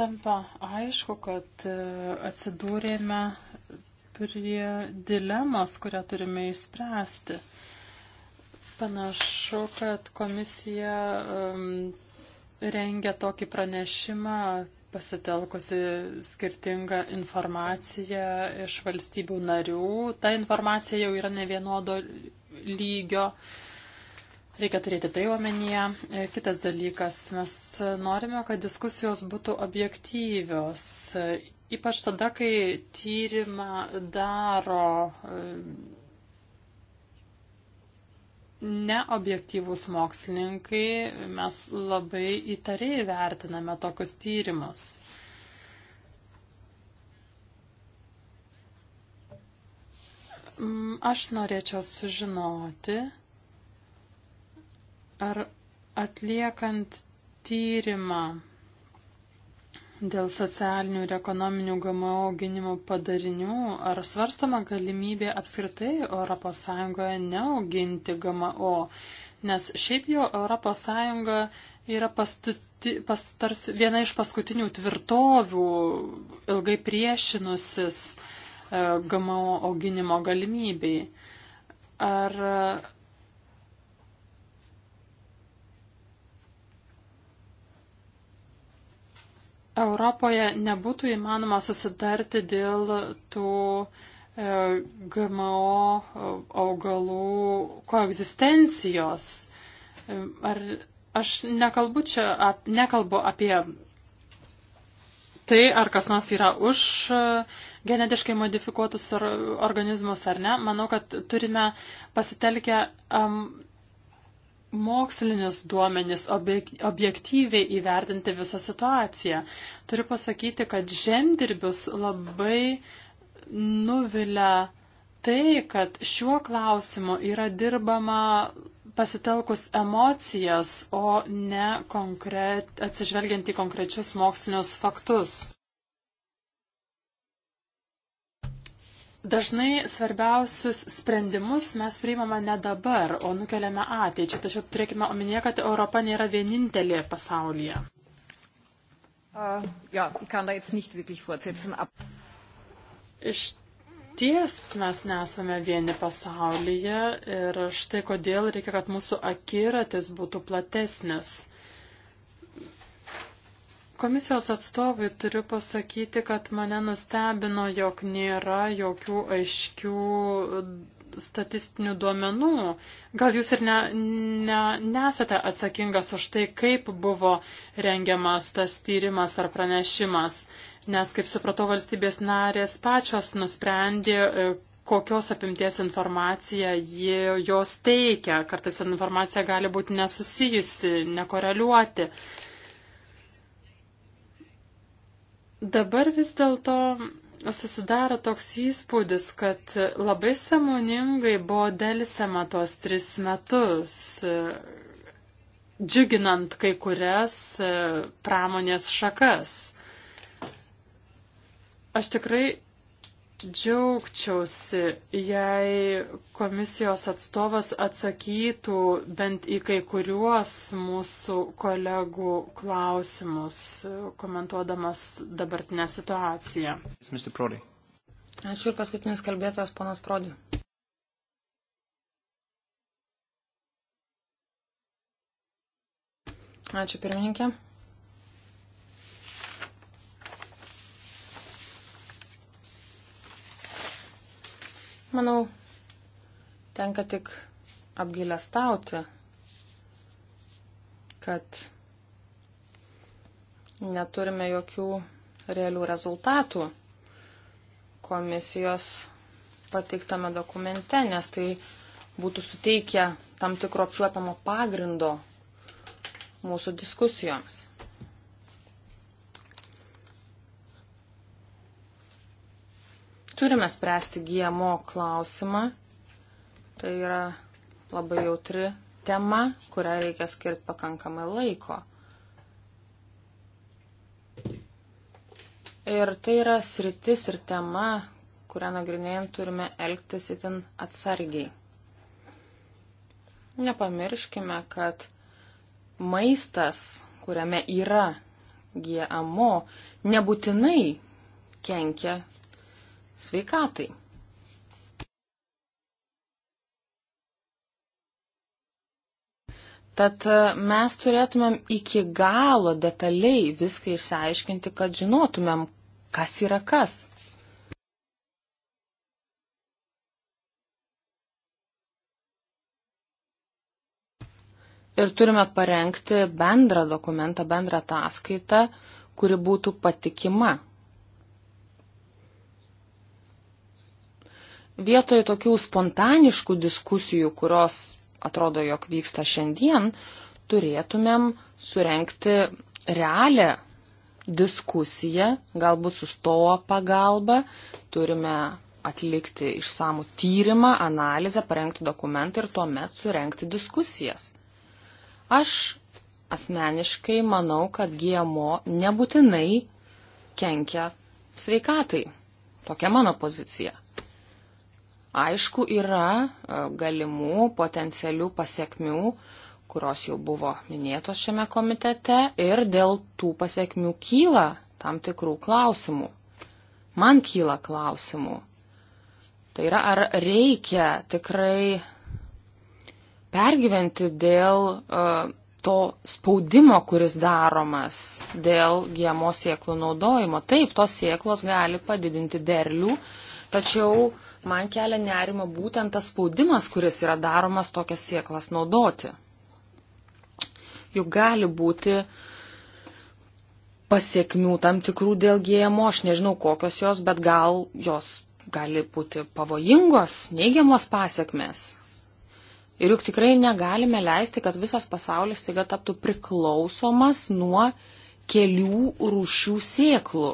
Tampa aišku, kad e, atsidūrėme prie dilemos, kurią turime išspręsti. Uh, Panašu, kad komisija um, rengia tokį pranešimą pasitelkusi skirtingą informaciją iš valstybių narių. Ta informacija jau yra ne vienodo lygio. Reikia turėti tai omenyje. E, kitas dalykas, mes norime, kad diskusijos būtų objektyvios, e, ypač tada, kai tyrimą daro e, neobjektyvūs mokslininkai, mes labai įtariai vertiname tokius tyrimus. Mm, aš norėčiau sužinoti, ar atliekant tyrimą dėl socialinių ir ekonominių GMO auginimo padarinių, ar svarstama galimybė apskritai ES neauginti GMO, nes šiaip jau ES yra pastuti, pas, tars, viena iš paskutinių tvirtovių ilgai priešinusis e, GMO auginimo galimybei. Ar Europoje nebūtų įmanoma susitarti dėl tų e, GMO e, augalų koegzistencijos. E, ar aš nekalbu čia, ap, nekalbu apie tai, ar kas nors yra už genetiškai modifikuotus organizmus ar ne. Manau, kad turime pasitelkę um, mokslinius duomenis, objektyviai įvertinti visą situaciją. Turiu pasakyti, kad žemdirbius labai nuvilia tai, kad šiuo klausimu yra dirbama pasitelkus emocijas, o ne konkret, atsižvelgiant į konkrečius mokslinius faktus. Dažnai svarbiausius sprendimus mes priimame ne dabar, o nukeliame ateičiai. Tačiau turėkime omenyje, kad Europa nėra vienintelė pasaulyje. Uh, ja, Iš ties mes nesame vieni pasaulyje ir štai kodėl reikia, kad mūsų akiratis būtų platesnis. Komisijos atstovui turiu pasakyti, kad mane nustebino, jog nėra jokių aiškių statistinių duomenų. Gal jūs ir ne, ne, nesate atsakingas už tai, kaip buvo rengiamas tas tyrimas ar pranešimas, nes, kaip supratau, valstybės narės pačios nusprendė, e, kokios apimties informaciją jie jos teikia. Kartais informacija gali būti nesusijusi, nekoreliuoti. Dabar vis dėlto susidaro toks įspūdis, kad labai samoningai buvo dėlisiama tuos tris metus, džiuginant kai kurias e, pramonės šakas. Aš tikrai džiaugčiausi, jei komisijos atstovas atsakytų bent į kai kuriuos mūsų kolegų klausimus, komentuodamas dabartinę situaciją. Ačiū ir paskutinis kalbėtojas, ponas Prodi. Ačiū pirmininkė. Manau, tenka tik apgailę stauti, kad neturime jokių realių rezultatų komisijos pateiktame dokumente, nes tai būtų suteikę tam tikro apčiuopiamo pagrindo mūsų diskusijoms. Turime spręsti GMO klausimą. Tai yra labai jautri tema, kurią reikia skirti pakankamai laiko. Ir tai yra sritis ir tema, kurią nagrinėjant turime elgtis itin atsargiai. Nepamirškime, kad maistas, kuriame yra GMO, nebūtinai kenkia sveikatai. Tad e, mes turėtumėm iki galo detaliai viską išsiaiškinti, kad žinotumėm, kas yra kas. Ir turime parengti bendrą dokumentą, bendrą ataskaitą, kuri būtų patikima, vietoj tokių spontaniškų diskusijų, kurios atrodo, jog vyksta šiandien, turėtumėm surenkti realią diskusiją, galbūt sustojo pagalba, turime atlikti išsamų tyrimą, analizę, parengti dokumentą ir tuomet surenkti diskusijas. Aš asmeniškai manau, kad GMO nebūtinai kenkia sveikatai. Tokia mano pozicija. Aišku, yra e, galimų potencialių pasiekmių, kurios jau buvo minėtos šiame komitete ir dėl tų pasiekmių kyla tam tikrų klausimų. Man kyla klausimų. Tai yra, ar reikia tikrai pergyventi dėl uh, to spaudimo, kuris daromas dėl GMO sieklų naudojimo. Taip, tos sieklos gali padidinti derlių, tačiau uh, man kelia nerima būtent tas spaudimas, kuris yra daromas tokias sieklas naudoti. Juk gali būti pasiekmių tam tikrų dėl gėjimo, aš nežinau kokios jos, bet gal jos gali būti pavojingos, neigiamos pasiekmes. Ir juk tikrai negalime leisti, kad visas pasaulis taiga taptų priklausomas nuo kelių rūšių sėklų.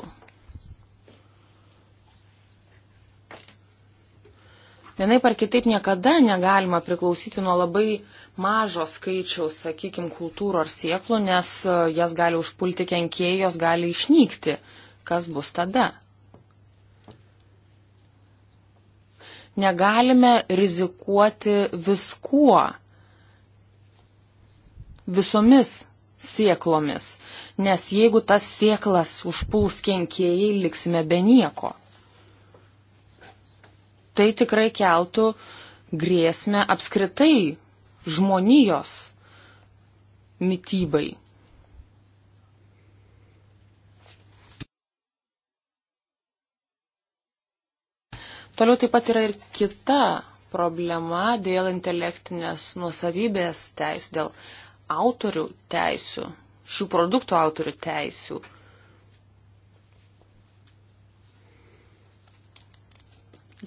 vienai par kitaip niekada negalima priklausyti nuo labai mažo skaičiaus, sakykime, kultūrų ar sieklų, nes e, jas gali užpulti kenkėjai, jos gali išnykti. Kas bus tada? Negalime rizikuoti viskuo, visomis sieklomis, nes jeigu tas sieklas užpuls kenkėjai, liksime be nieko tai tikrai keltų grėsmę apskritai žmonijos mytybai. Toliau taip pat yra ir kita problema dėl intelektinės nusavybės teisų, dėl autorių teisų, šių produktų autorių teisų.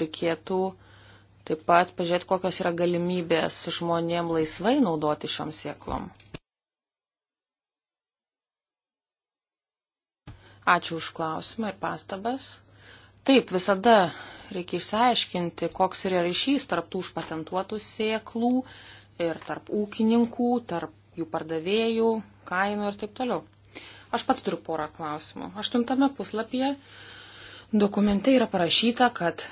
reikėtų taip pat pažiūrėti, kokios yra galimybės žmonėm laisvai naudoti šiom sieklom. Ačiū už klausimą ir pastabas. Taip, visada reikia išsiaiškinti, koks yra ryšys tarp tų užpatentuotų sieklų ir tarp ūkininkų, tarp jų pardavėjų, kainų ir taip toliau. Aš pats turiu porą klausimų. Aštuntame puslapyje dokumente yra parašyta, kad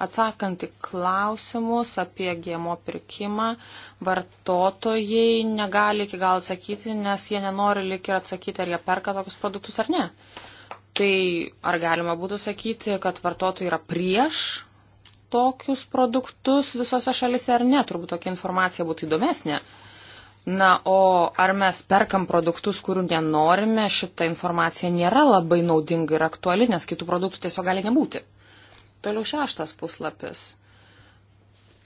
Atsakant į klausimus apie GMO pirkimą, vartotojai negali iki gal atsakyti, nes jie nenori lik ir atsakyti, ar jie perka tokius produktus ar ne. Tai ar galima būtų sakyti, kad vartotojai yra prieš tokius produktus visose šalise ar ne? Turbūt tokia informacija būtų įdomesnė. Na, o ar mes perkam produktus, kurių nenorime, šita informacija nėra labai naudinga ir aktuali, nes kitų produktų tiesiog gali nebūti. Toliau šeštas puslapis.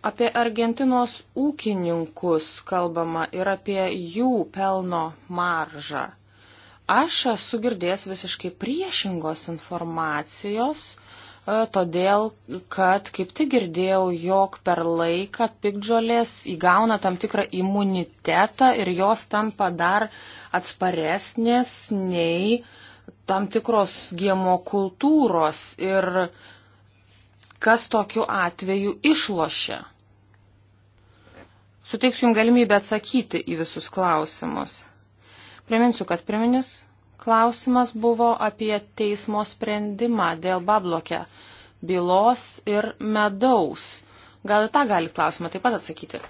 Apie Argentinos ūkininkus kalbama ir apie jų pelno maržą. Aš esu girdėjęs visiškai priešingos informacijos, e, todėl kad kaip tik girdėjau, jog per laiką pikdžolės įgauna tam tikrą imunitetą ir jos tampa dar atsparesnės nei tam tikros gėmo kultūros. Ir uh, kas tokiu atveju išlošia. Suteiksiu Jums galimybę atsakyti į visus klausimus. Priminsiu, kad priminis klausimas buvo apie teismo sprendimą dėl bablokė bylos ir medaus. Gal į tą gali klausimą taip pat atsakyti?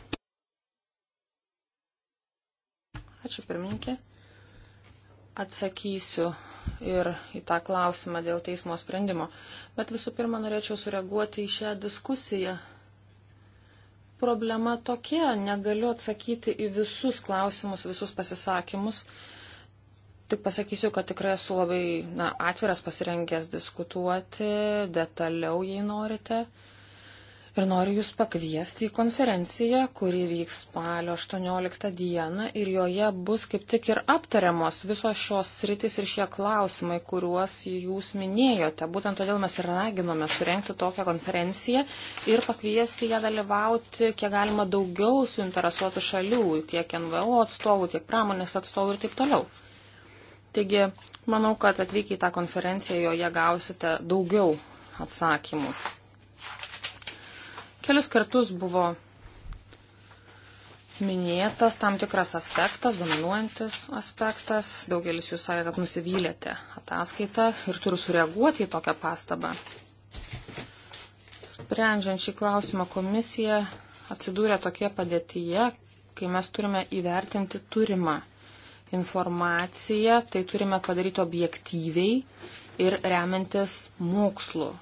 Ačiū pirmininkė atsakysiu ir į tą klausimą dėl teismo sprendimo. Bet visų pirma, norėčiau sureaguoti į šią diskusiją. Problema tokia, negaliu atsakyti į visus klausimus, visus pasisakymus. Tik pasakysiu, kad tikrai esu labai na, atviras pasirengęs diskutuoti detaliau, jei norite. Uh, ir noriu Jūs pakviesti į konferenciją, kuri vyks spalio 18 dieną ir joje bus kaip tik ir aptariamos visos šios sritis ir šie klausimai, kuriuos Jūs minėjote. Būtent todėl mes ir raginome surenkti tokią konferenciją ir pakviesti ją dalyvauti kiek galima daugiau suinteresuotų šalių, tiek NVO atstovų, tiek pramonės atstovų ir taip toliau. Taigi, manau, kad atvykę į tą konferenciją joje gausite daugiau atsakymų. Kelis kartus buvo minėtas tam tikras aspektas, dominuojantis aspektas. Daugelis jūs sakė, kad nusivylėte ataskaitą ir turiu sureaguoti į tokią pastabą. Sprendžiant šį klausimą, komisija atsidūrė tokie padėtyje, kai mes turime įvertinti turimą informaciją, tai turime padaryti objektyviai ir remiantis mokslu.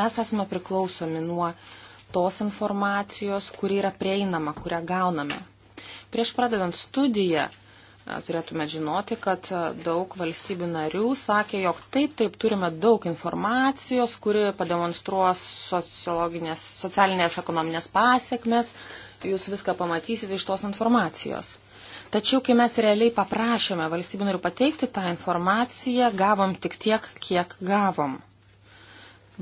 Mes esame priklausomi nuo uh, tos informacijos, kuri yra prieinama, kurią gauname. Prieš pradedant studiją e, turėtume žinoti, kad e, daug valstybių narių sakė, jog taip, taip turime daug informacijos, kuri pademonstruos socialinės ekonominės pasiekmes, jūs viską pamatysite iš tos informacijos. Tačiau, kai mes realiai paprašėme valstybių narių pateikti tą informaciją, gavom tik tiek, kiek gavom.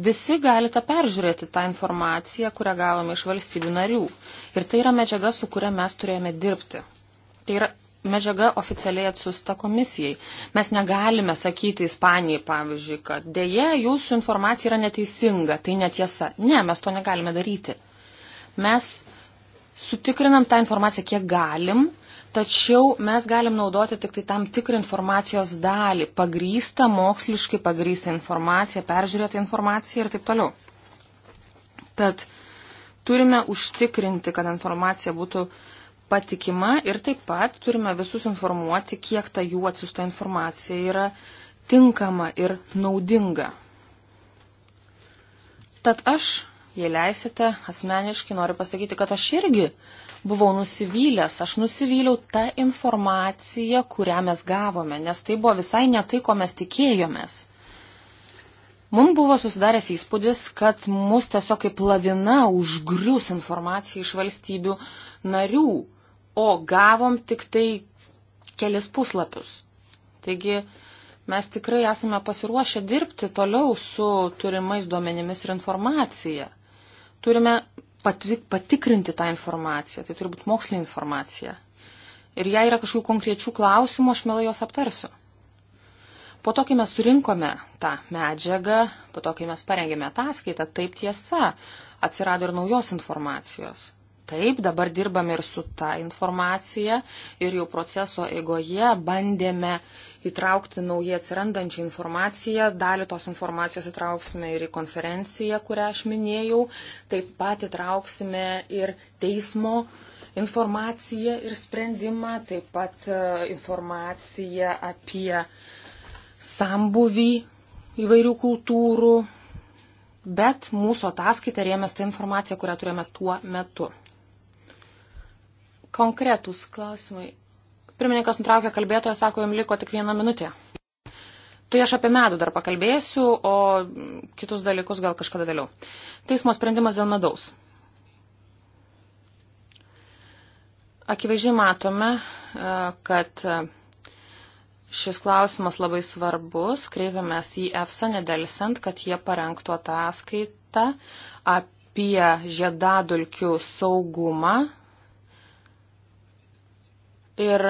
Visi galite peržiūrėti tą informaciją, kurią gavome iš valstybių narių. Ir tai yra medžiaga, su kuria mes turėjome dirbti. Tai yra medžiaga oficialiai atsiusta komisijai. Mes negalime sakyti Ispanijai, pavyzdžiui, kad dėje jūsų informacija yra neteisinga, tai netiesa. Ne, mes to negalime daryti. Mes sutikrinam tą informaciją, kiek galim tačiau mes galim naudoti tik tai tam tikrą informacijos dalį, pagrystą, moksliškai pagrystą informaciją, peržiūrėtą informaciją ir taip toliau. Tad turime užtikrinti, kad informacija būtų patikima ir taip pat turime visus informuoti, kiek ta jų atsiusta informacija yra tinkama ir naudinga. Tad aš, jei leisite, asmeniškai noriu pasakyti, kad aš irgi uh, buvau nusivylęs, aš nusivyliau tą informaciją, kurią mes gavome, nes tai buvo visai ne tai, ko mes tikėjomės. Mums buvo susidaręs įspūdis, kad mus tiesiog kaip lavina užgrius informacija iš valstybių narių, o gavom tik tai kelis puslapius. Taigi mes tikrai esame pasiruošę dirbti toliau su turimais duomenimis ir informacija. Turime patikrinti tą informaciją, tai turi būti mokslinė informacija. Ir jei yra kažkokių konkrečių klausimų, aš mielai jos aptarsiu. Po to, kai mes surinkome tą medžiagą, po to, kai mes parengėme ataskaitą, taip tiesa, atsirado ir naujos informacijos. Taip, dabar dirbam ir su ta informacija ir jau proceso eigoje bandėme įtraukti naujai atsirandančią informaciją. Dalį tos informacijos įtrauksime ir į konferenciją, kurią aš minėjau. Taip pat įtrauksime ir teismo informaciją ir sprendimą, taip pat e, informaciją apie sambuvį įvairių kultūrų. Bet mūsų ataskaita rėmės tą informaciją, kurią turėjome tuo metu. Konkretūs klausimai. Pirmininkas nutraukė kalbėtoją, sako, jums liko tik vieną minutę. Tai aš apie medų dar pakalbėsiu, o kitus dalykus gal kažkada vėliau. Teismo sprendimas dėl medaus. Akivaizdžiai matome, e, kad e, šis klausimas labai svarbus. Kreipiamės į EFSA nedelsant, kad jie parengtų ataskaitą apie žiedadulkių saugumą Ir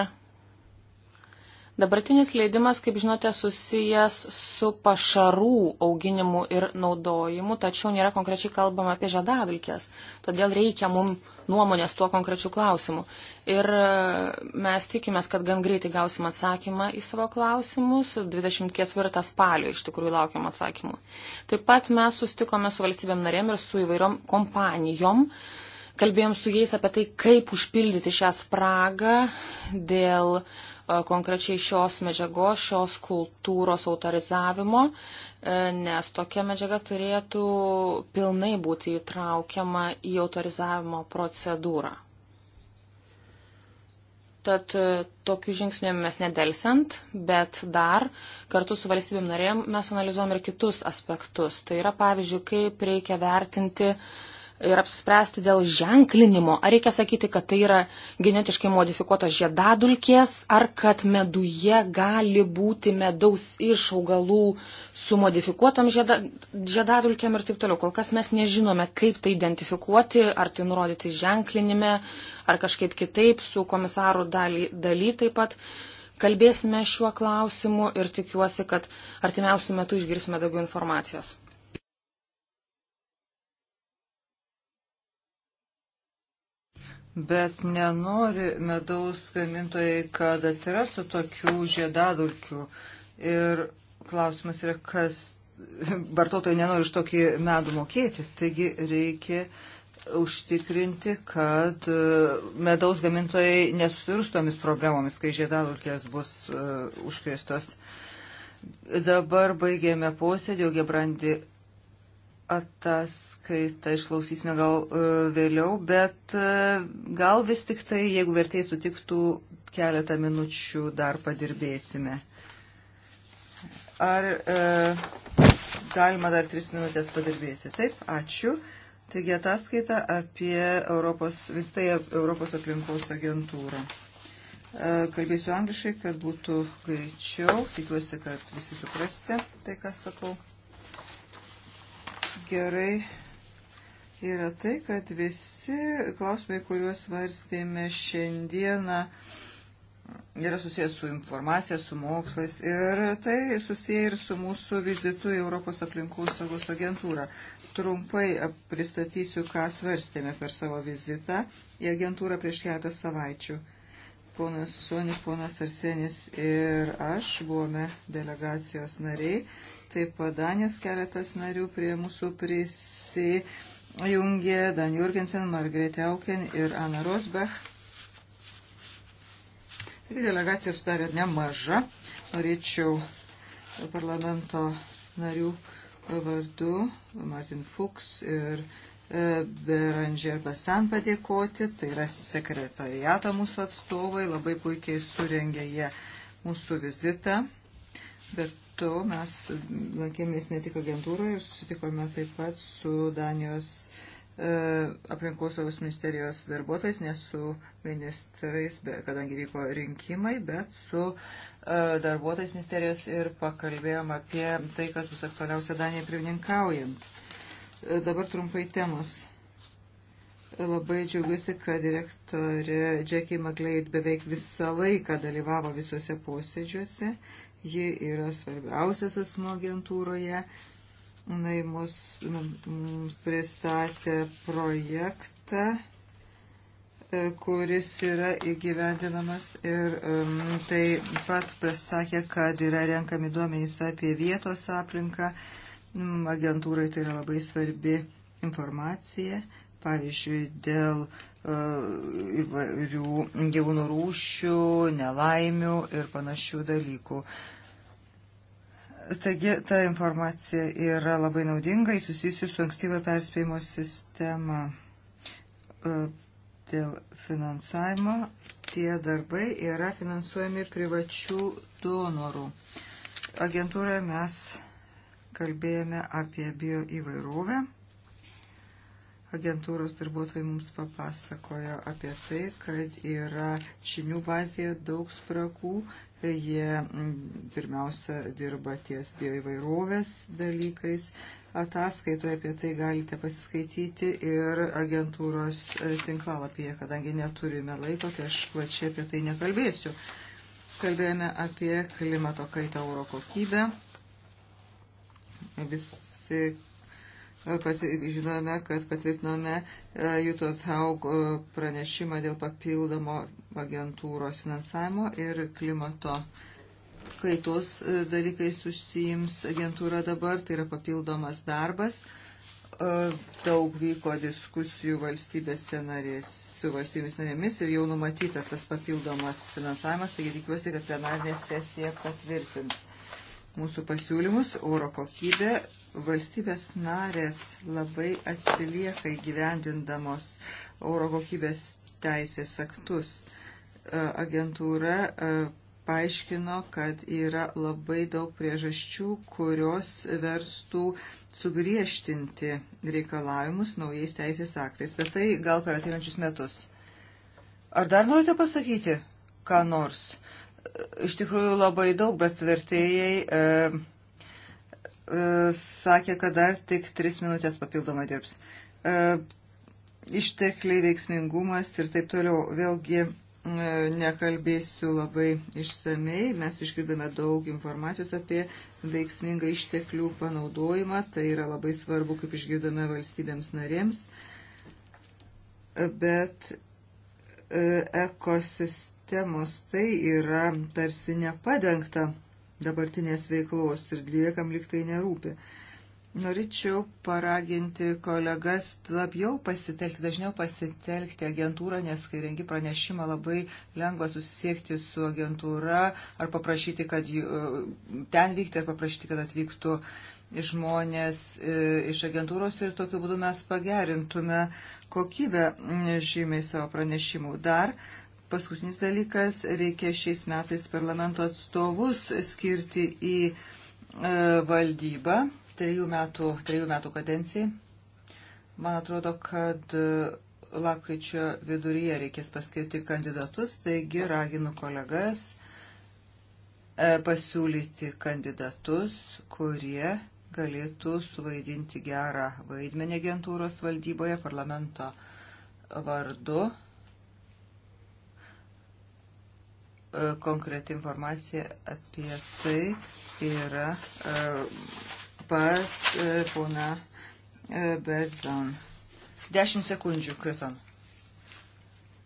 dabartinis leidimas, kaip žinote, susijęs su pašarų auginimu ir naudojimu, tačiau nėra konkrečiai kalbama apie žadadulkės. Todėl reikia mums nuomonės tuo konkrečiu klausimu. Ir e, mes tikimės, kad gan greitai gausim atsakymą į savo klausimus. 24 spalio iš tikrųjų laukiam atsakymų. Taip pat mes sustikome su valstybėm narėm ir su įvairiom kompanijom. Uh, Kalbėjom su jais apie tai, kaip užpildyti šią spragą dėl e, konkrečiai šios medžiagos, šios kultūros autorizavimo, e, nes tokia medžiaga turėtų pilnai būti įtraukiama į autorizavimo procedūrą. Tad e, tokių žingsnių mes nedelsiant, bet dar kartu su valstybėm narėm mes analizuojam ir kitus aspektus. Tai yra, pavyzdžiui, kaip reikia vertinti uh, ir apsispręsti dėl ženklinimo. Ar reikia sakyti, kad tai yra genetiškai modifikuotos žiedadulkės, ar kad meduje gali būti medaus iš augalų su modifikuotom žieda, žiedadulkėm ir taip toliau. Kol kas mes nežinome, kaip tai identifikuoti, ar tai nurodyti ženklinime, ar kažkaip kitaip su komisaru daly, daly taip pat kalbėsime šiuo klausimu ir tikiuosi, kad artimiausių metų išgirsime daugiau informacijos. bet nenori medaus gamintojai, kad atsirastų tokių žiedadulkių. Ir klausimas yra, kas vartotojai nenori už tokį medų mokėti. Taigi reikia užtikrinti, kad e, medaus gamintojai nesusirs tomis problemomis, kai žiedadulkės bus uh, užkrėstos. Dabar baigėme posėdį, Gebrandi ataskaitą išklausysime gal e, vėliau, bet e, gal vis tik tai, jeigu vertėjai sutiktų, keletą minučių dar padirbėsime. Ar e, galima dar tris minutės padirbėti? Taip, ačiū. Taigi ataskaita apie Europos, vis tai Europos aplinkos agentūrą. E, kalbėsiu angliškai, kad būtų greičiau. Tikiuosi, kad visi suprasite tai, ką sakau gerai yra tai, kad visi klausimai, kuriuos varstėme šiandieną, yra susijęs su informacija, su mokslais ir tai susiję ir su mūsų vizitu į Europos aplinkos saugos agentūrą. Trumpai pristatysiu, ką svarstėme per savo vizitą į agentūrą prieš keletą savaičių. Ponas Sonis, ponas Arsenis ir aš buvome delegacijos nariai taip pat Danijos keletas narių prie mūsų prisijungė Dan Jurgensen, Margrethe Auken ir Ana Rosbach. Taigi delegacija sudarė nemaža. Norėčiau parlamento narių vardu Martin Fuchs ir e, Beranger Basan padėkoti. Tai yra sekretariato mūsų atstovai, labai puikiai surengė jie mūsų vizitą. Bet metu mes lankėmės ne tik agentūroje ir susitikome taip pat su Danijos e, aplinkosaugos ministerijos darbuotojais, ne su ministrais, kadangi vyko rinkimai, bet su e, darbuotojais ministerijos ir pakalbėjom apie tai, kas bus aktualiausia Danijai pirmininkaujant. E, dabar trumpai temos. Labai džiaugiuosi, kad direktorė Jackie McLeod beveik visą laiką dalyvavo visuose posėdžiuose Ji yra svarbiausias asmo agentūroje. Jis mus, mums pristatė projektą e, kuris yra įgyvendinamas ir um, taip pat pasakė, kad yra renkami duomenys apie vietos aplinką. Mm, agentūrai tai yra labai svarbi informacija, pavyzdžiui, dėl uh, įvairių gyvūnų rūšių, nelaimių ir panašių dalykų. Uh, Taigi ta informacija yra labai naudinga, susijusi su ankstyvo perspėjimo sistema e, dėl finansavimo. Tie darbai yra finansuojami privačių donorų. Agentūroje mes kalbėjome apie bio įvairovę. Agentūros darbuotojai mums papasakojo apie tai, kad yra žinių bazėje daug spragų Jie pirmiausia dirba ties bioįvairovės dalykais. Ataskaitoje apie tai galite pasiskaityti ir agentūros e, tinklalapyje, kadangi neturime laiko, tai aš plačiai apie tai nekalbėsiu. Kalbėjome apie klimato kaitą oro kokybę. Visi Pat, žinome, kad patvirtinome e, Jūtos Haug e, pranešimą dėl papildomo agentūros finansavimo ir klimato kaitos e, dalykais užsiims agentūra dabar, tai yra papildomas darbas. Daug vyko diskusijų valstybėse narės, su valstybės narėmis ir jau numatytas tas papildomas finansavimas, taigi tikiuosi, kad plenarinė sesija patvirtins mūsų pasiūlymus, oro kokybė Valstybės narės labai atsilieka įgyvendindamos oro kokybės teisės aktus. E, agentūra e, paaiškino, kad yra labai daug priežasčių, kurios verstų sugriežtinti reikalavimus naujais teisės aktais, bet tai gal per ateinančius metus. Ar dar norite pasakyti, ką nors? E, iš tikrųjų labai daug, bet vertėjai e, E, sakė, kad dar tik tris minutės papildomai dirbs. E, ištekliai, veiksmingumas ir taip toliau. Vėlgi e, nekalbėsiu labai išsamei. Mes išgirdome daug informacijos apie veiksmingą išteklių panaudojimą. Tai yra labai svarbu, kaip išgirdome valstybėms narėms. Bet ekosistemos tai yra tarsi nepadengta dabartinės veiklos ir liekam liktai nerūpi. Norėčiau paraginti kolegas labiau pasitelkti, dažniau pasitelkti agentūrą, nes kai rengi pranešimą labai lengva susisiekti su agentūra ar paprašyti, kad e, ten vykti ar paprašyti, kad atvyktų žmonės e, iš agentūros ir tokiu būdu mes pagerintume kokybę žymiai savo pranešimų. Dar paskutinis dalykas, reikia šiais metais parlamento atstovus skirti į e, valdybą trejų metų, trejų metų kadencijai. Man atrodo, kad e, lapkričio viduryje reikės paskirti kandidatus, taigi raginu kolegas e, pasiūlyti kandidatus, kurie galėtų suvaidinti gerą vaidmenį agentūros valdyboje parlamento vardu E, konkreti informacija apie tai yra e, pas e, pona Berzon. Dešimt sekundžių, Kriton.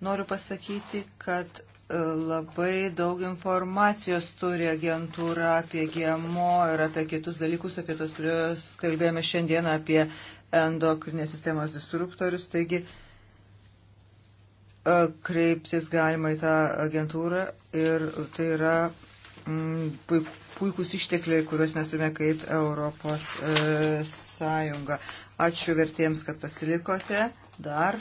Noriu pasakyti, kad labai daug informacijos turi agentūra apie GMO ir apie kitus dalykus, apie tos, kuriuos kalbėjome šiandien, apie endokrinės sistemos disruptorius. Taigi, uh, E, kreiptis galima į tą agentūrą ir tai yra mm, puikūs ištekliai, kuriuos mes turime kaip Europos e, Sąjunga. Ačiū vertėjams, kad pasilikote dar.